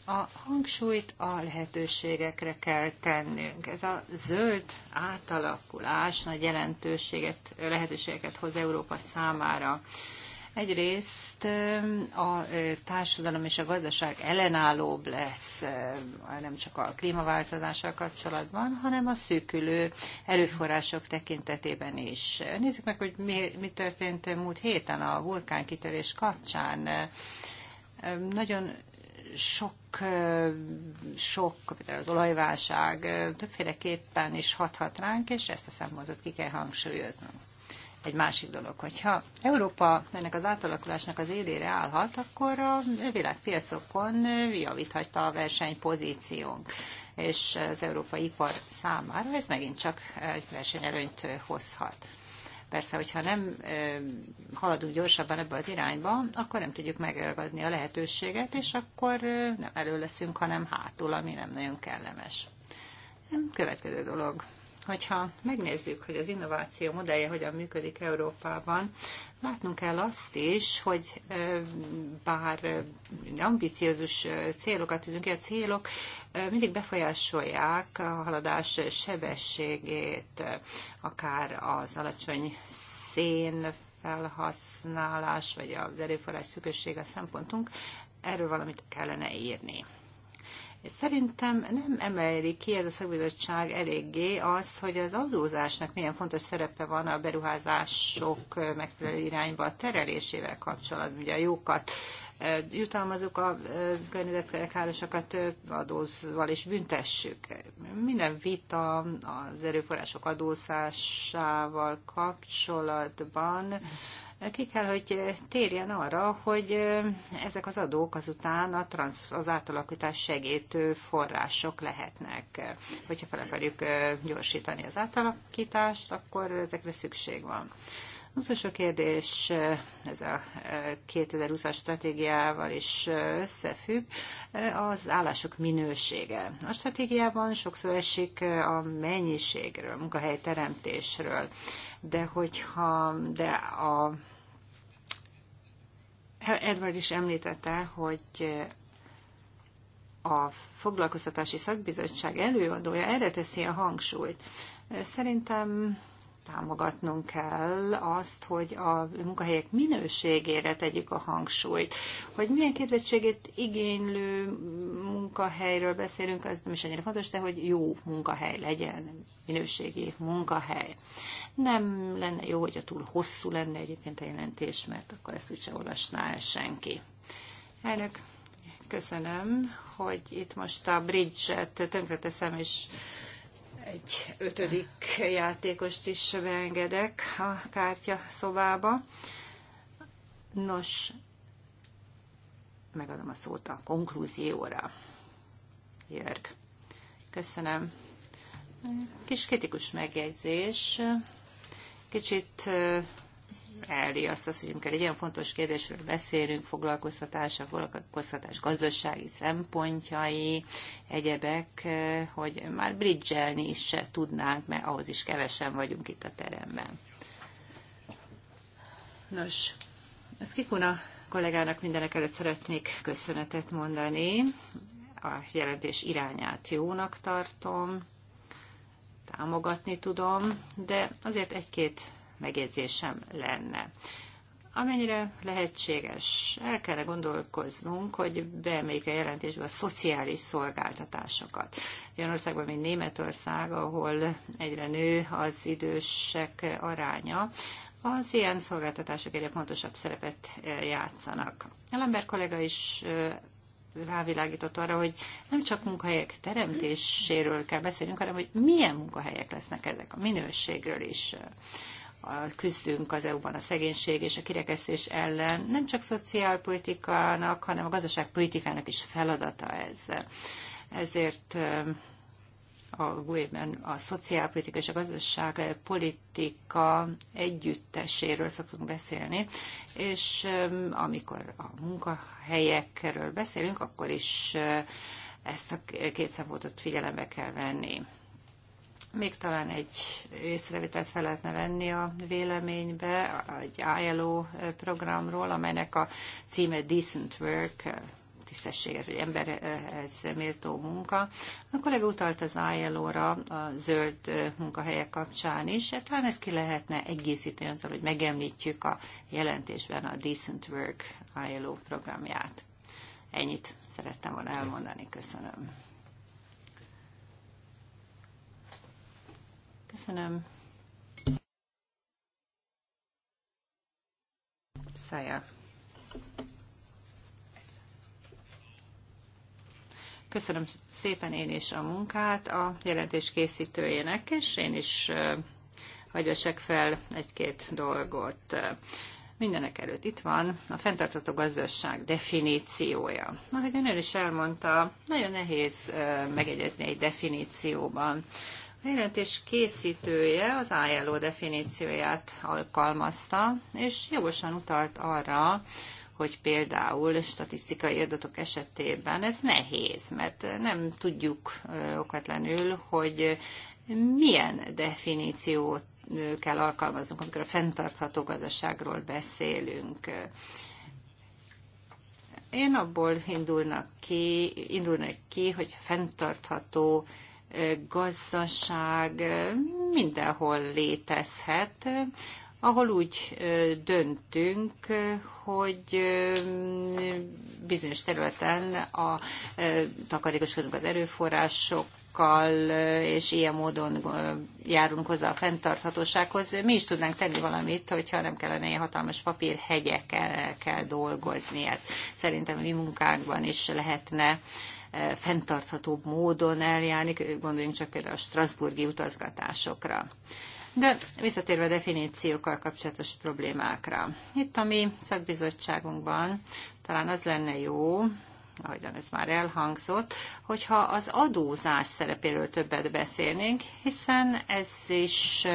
[SPEAKER 1] A hangsúlyt a lehetőségekre kell tennünk. Ez a zöld átalakulás nagy jelentőséget, lehetőségeket hoz Európa számára. Egyrészt a társadalom és a gazdaság ellenállóbb lesz, nem csak a klímaváltozással kapcsolatban, hanem a szűkülő erőforrások tekintetében is. Nézzük meg, hogy mi, mi történt múlt héten a vulkánkitörés kapcsán. Nagyon sok sok, például az olajválság többféleképpen is hathat ránk, és ezt a szempontot ki kell hangsúlyoznunk egy másik dolog, hogyha Európa ennek az átalakulásnak az élére állhat, akkor a világpiacokon javíthatja a versenypozíciónk és az európai ipar számára ez megint csak egy versenyelőnyt hozhat. Persze, hogyha nem haladunk gyorsabban ebbe az irányba, akkor nem tudjuk megragadni a lehetőséget, és akkor nem elő leszünk, hanem hátul, ami nem nagyon kellemes. Következő dolog. Hogyha megnézzük, hogy az innováció modellje hogyan működik Európában, látnunk kell azt is, hogy bár ambiciózus célokat tűzünk ki, a célok mindig befolyásolják a haladás sebességét, akár az alacsony szén felhasználás, vagy az erőforrás szükség a szempontunk, erről valamit kellene írni szerintem nem emeli ki ez a szakbizottság eléggé az, hogy az adózásnak milyen fontos szerepe van a beruházások megfelelő irányba a terelésével kapcsolatban. Ugye a jókat jutalmazunk a környezetkárosokat adózval és büntessük. Minden vita az erőforrások adózásával kapcsolatban ki kell, hogy térjen arra, hogy ezek az adók azután a transz, az átalakítás segítő források lehetnek. Hogyha fel akarjuk gyorsítani az átalakítást, akkor ezekre szükség van. Az utolsó kérdés, ez a 2020-as stratégiával is összefügg, az állások minősége. A stratégiában sokszor esik a mennyiségről, munkahelyteremtésről de hogyha de a Edward is említette, hogy a foglalkoztatási szakbizottság előadója erre teszi a hangsúlyt. Szerintem támogatnunk kell azt, hogy a munkahelyek minőségére tegyük a hangsúlyt, hogy milyen képzettségét igénylő munkahelyről beszélünk, az nem is annyira fontos, de hogy jó munkahely legyen, minőségi munkahely. Nem lenne jó, hogyha túl hosszú lenne egyébként a jelentés, mert akkor ezt úgyse olvasná el senki. Elnök, köszönöm, hogy itt most a bridge-et tönkreteszem, és egy ötödik játékost is beengedek a kártya szobába. Nos, megadom a szót a konklúzióra. Jörg. Köszönöm. Kis kritikus megjegyzés kicsit elriaszt az, hogy amikor egy ilyen fontos kérdésről beszélünk, foglalkoztatása, foglalkoztatás gazdasági szempontjai, egyebek, hogy már bridgelni is se tudnánk, mert ahhoz is kevesen vagyunk itt a teremben. Nos, ez Kikuna kollégának mindenek előtt szeretnék köszönetet mondani. A jelentés irányát jónak tartom támogatni tudom, de azért egy-két megjegyzésem lenne. Amennyire lehetséges, el kell gondolkoznunk, hogy beemeljük a jelentésbe a szociális szolgáltatásokat. Olyan országban, mint Németország, ahol egyre nő az idősek aránya, az ilyen szolgáltatások egyre fontosabb szerepet játszanak. Lambert kollega is rávilágított arra, hogy nem csak munkahelyek teremtéséről kell beszélnünk, hanem hogy milyen munkahelyek lesznek ezek, a minőségről is küzdünk az EU-ban a szegénység és a kirekesztés ellen. Nem csak szociálpolitikának, hanem a gazdaságpolitikának is feladata ez. Ezért a Women, a szociálpolitika és a gazdaságpolitika együtteséről szoktunk beszélni, és um, amikor a munkahelyekről beszélünk, akkor is uh, ezt a két szempontot figyelembe kell venni. Még talán egy észrevételt fel lehetne venni a véleménybe, egy ILO programról, amelynek a címe Decent Work, tisztességes, vagy emberhez méltó munka. A kollega utalt az ILO-ra a zöld munkahelyek kapcsán is, hát talán ezt ki lehetne egészíteni azzal, hogy megemlítjük a jelentésben a Decent Work ILO programját. Ennyit szerettem volna elmondani. Köszönöm. Köszönöm. Szia. Köszönöm szépen én is a munkát a jelentés készítőjének, és én is hagyjasak fel egy-két dolgot. Mindenek előtt itt van a fenntartható gazdaság definíciója. Ahogy ön is elmondta, nagyon nehéz megegyezni egy definícióban. A jelentés készítője az ILO definícióját alkalmazta, és jogosan utalt arra, hogy például statisztikai adatok esetében ez nehéz, mert nem tudjuk okvetlenül, hogy milyen definíciót kell alkalmaznunk, amikor a fenntartható gazdaságról beszélünk. Én abból indulnak ki, indulnak ki, hogy fenntartható gazdaság mindenhol létezhet, ahol úgy döntünk, hogy bizonyos területen a takarékosodunk az erőforrások, és ilyen módon járunk hozzá a fenntarthatósághoz. Mi is tudnánk tenni valamit, hogyha nem kellene ilyen hatalmas papírhegyekkel kell dolgozni. Hát szerintem mi munkánkban is lehetne fenntarthatóbb módon eljárni, gondoljunk csak például a Strasburgi utazgatásokra. De visszatérve a definíciókkal kapcsolatos problémákra. Itt a mi szakbizottságunkban talán az lenne jó, ahogyan ez már elhangzott, hogyha az adózás szerepéről többet beszélnénk, hiszen ez is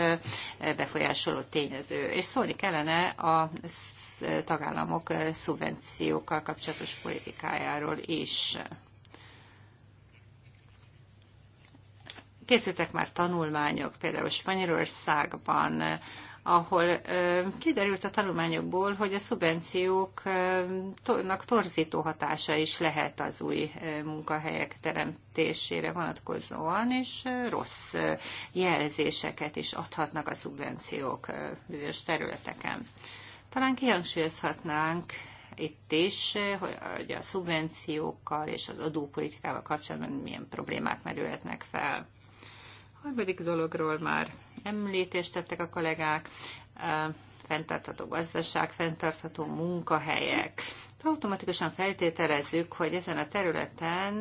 [SPEAKER 1] befolyásoló tényező, és szólni kellene a tagállamok szubvenciókkal kapcsolatos politikájáról is. Készültek már tanulmányok, például Spanyolországban, ahol kiderült a tanulmányokból, hogy a szubvencióknak torzító hatása is lehet az új munkahelyek teremtésére vonatkozóan, és rossz jelzéseket is adhatnak a szubvenciók bizonyos területeken. Talán kihangsúlyozhatnánk itt is, hogy a szubvenciókkal és az adópolitikával kapcsolatban milyen problémák merülhetnek fel harmadik dologról már említést tettek a kollégák, fenntartható gazdaság, fenntartható munkahelyek. Automatikusan feltételezzük, hogy ezen a területen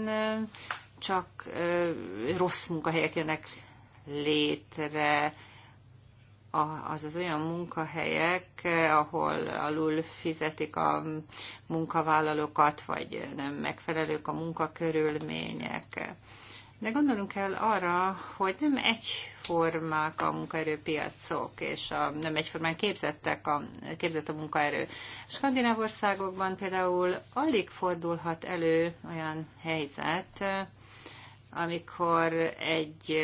[SPEAKER 1] csak rossz munkahelyek jönnek létre, az az olyan munkahelyek, ahol alul fizetik a munkavállalókat, vagy nem megfelelők a munkakörülmények. De gondolunk kell arra, hogy nem egyformák a munkaerőpiacok, és a, nem egyformán képzettek a, képzett a munkaerő. Skandináv országokban például alig fordulhat elő olyan helyzet, amikor egy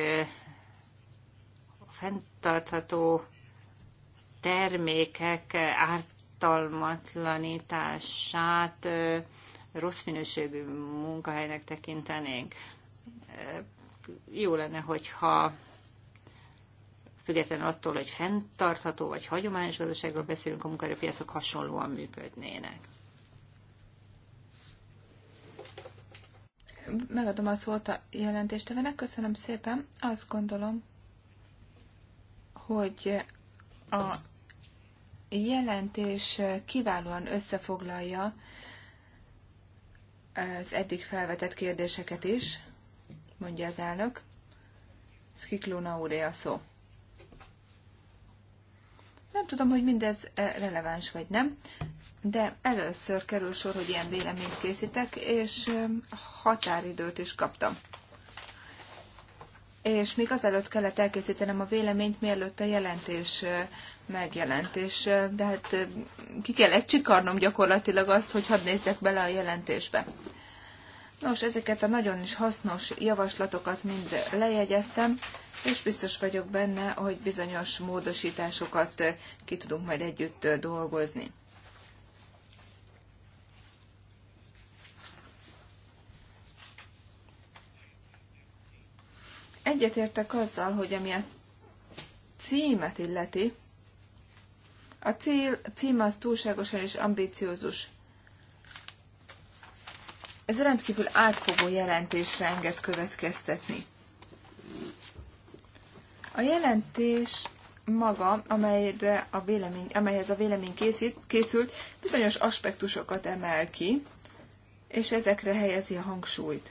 [SPEAKER 1] fenntartható termékek ártalmatlanítását rossz minőségű munkahelynek tekintenénk jó lenne, hogyha függetlenül attól, hogy fenntartható vagy hagyományos gazdaságról beszélünk, a munkaerőpiacok hasonlóan működnének.
[SPEAKER 2] Megadom a szót a jelentéstevenek. Köszönöm szépen. Azt gondolom, hogy a jelentés kiválóan összefoglalja az eddig felvetett kérdéseket is mondja az elnök. Skiklóna úré a szó. Nem tudom, hogy mindez eh, releváns vagy nem, de először kerül sor, hogy ilyen véleményt készítek, és határidőt is kaptam. És még azelőtt kellett elkészítenem a véleményt, mielőtt a jelentés eh, megjelent, és eh, de hát ki kellett csikarnom gyakorlatilag azt, hogy hadd nézzek bele a jelentésbe. Nos, ezeket a nagyon is hasznos javaslatokat mind lejegyeztem, és biztos vagyok benne, hogy bizonyos módosításokat eh, ki tudunk majd együtt eh, dolgozni. Egyetértek azzal, hogy ami a címet illeti, a cél, a cím az túlságosan és ambiciózus ez rendkívül átfogó jelentésre enged következtetni. A jelentés maga, amelyre a vélemény, amelyhez a vélemény készít, készült, bizonyos aspektusokat emel ki, és ezekre helyezi a hangsúlyt.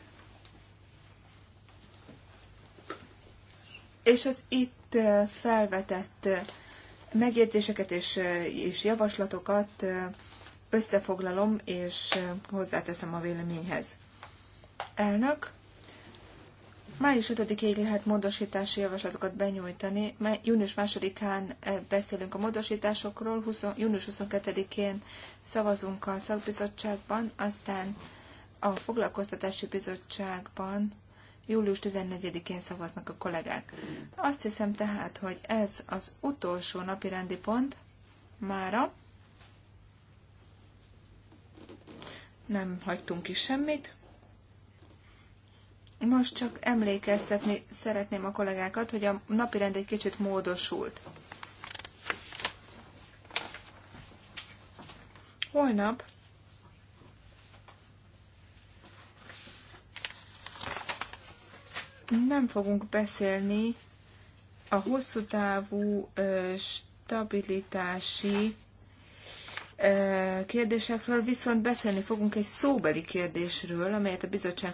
[SPEAKER 2] És az itt felvetett megjegyzéseket és, és javaslatokat összefoglalom és hozzáteszem a véleményhez. Elnök, május 5-ig lehet módosítási javaslatokat benyújtani, mert június 2-án beszélünk a módosításokról, 20, június 22-én szavazunk a szakbizottságban, aztán a foglalkoztatási bizottságban július 14-én szavaznak a kollégák. Azt hiszem tehát, hogy ez az utolsó napi rendi pont mára. nem hagytunk ki semmit. Most csak emlékeztetni szeretném a kollégákat, hogy a napirend egy kicsit módosult. Holnap nem fogunk beszélni a hosszú távú stabilitási kérdésekről, viszont beszélni fogunk egy szóbeli kérdésről, amelyet a
[SPEAKER 3] bizottság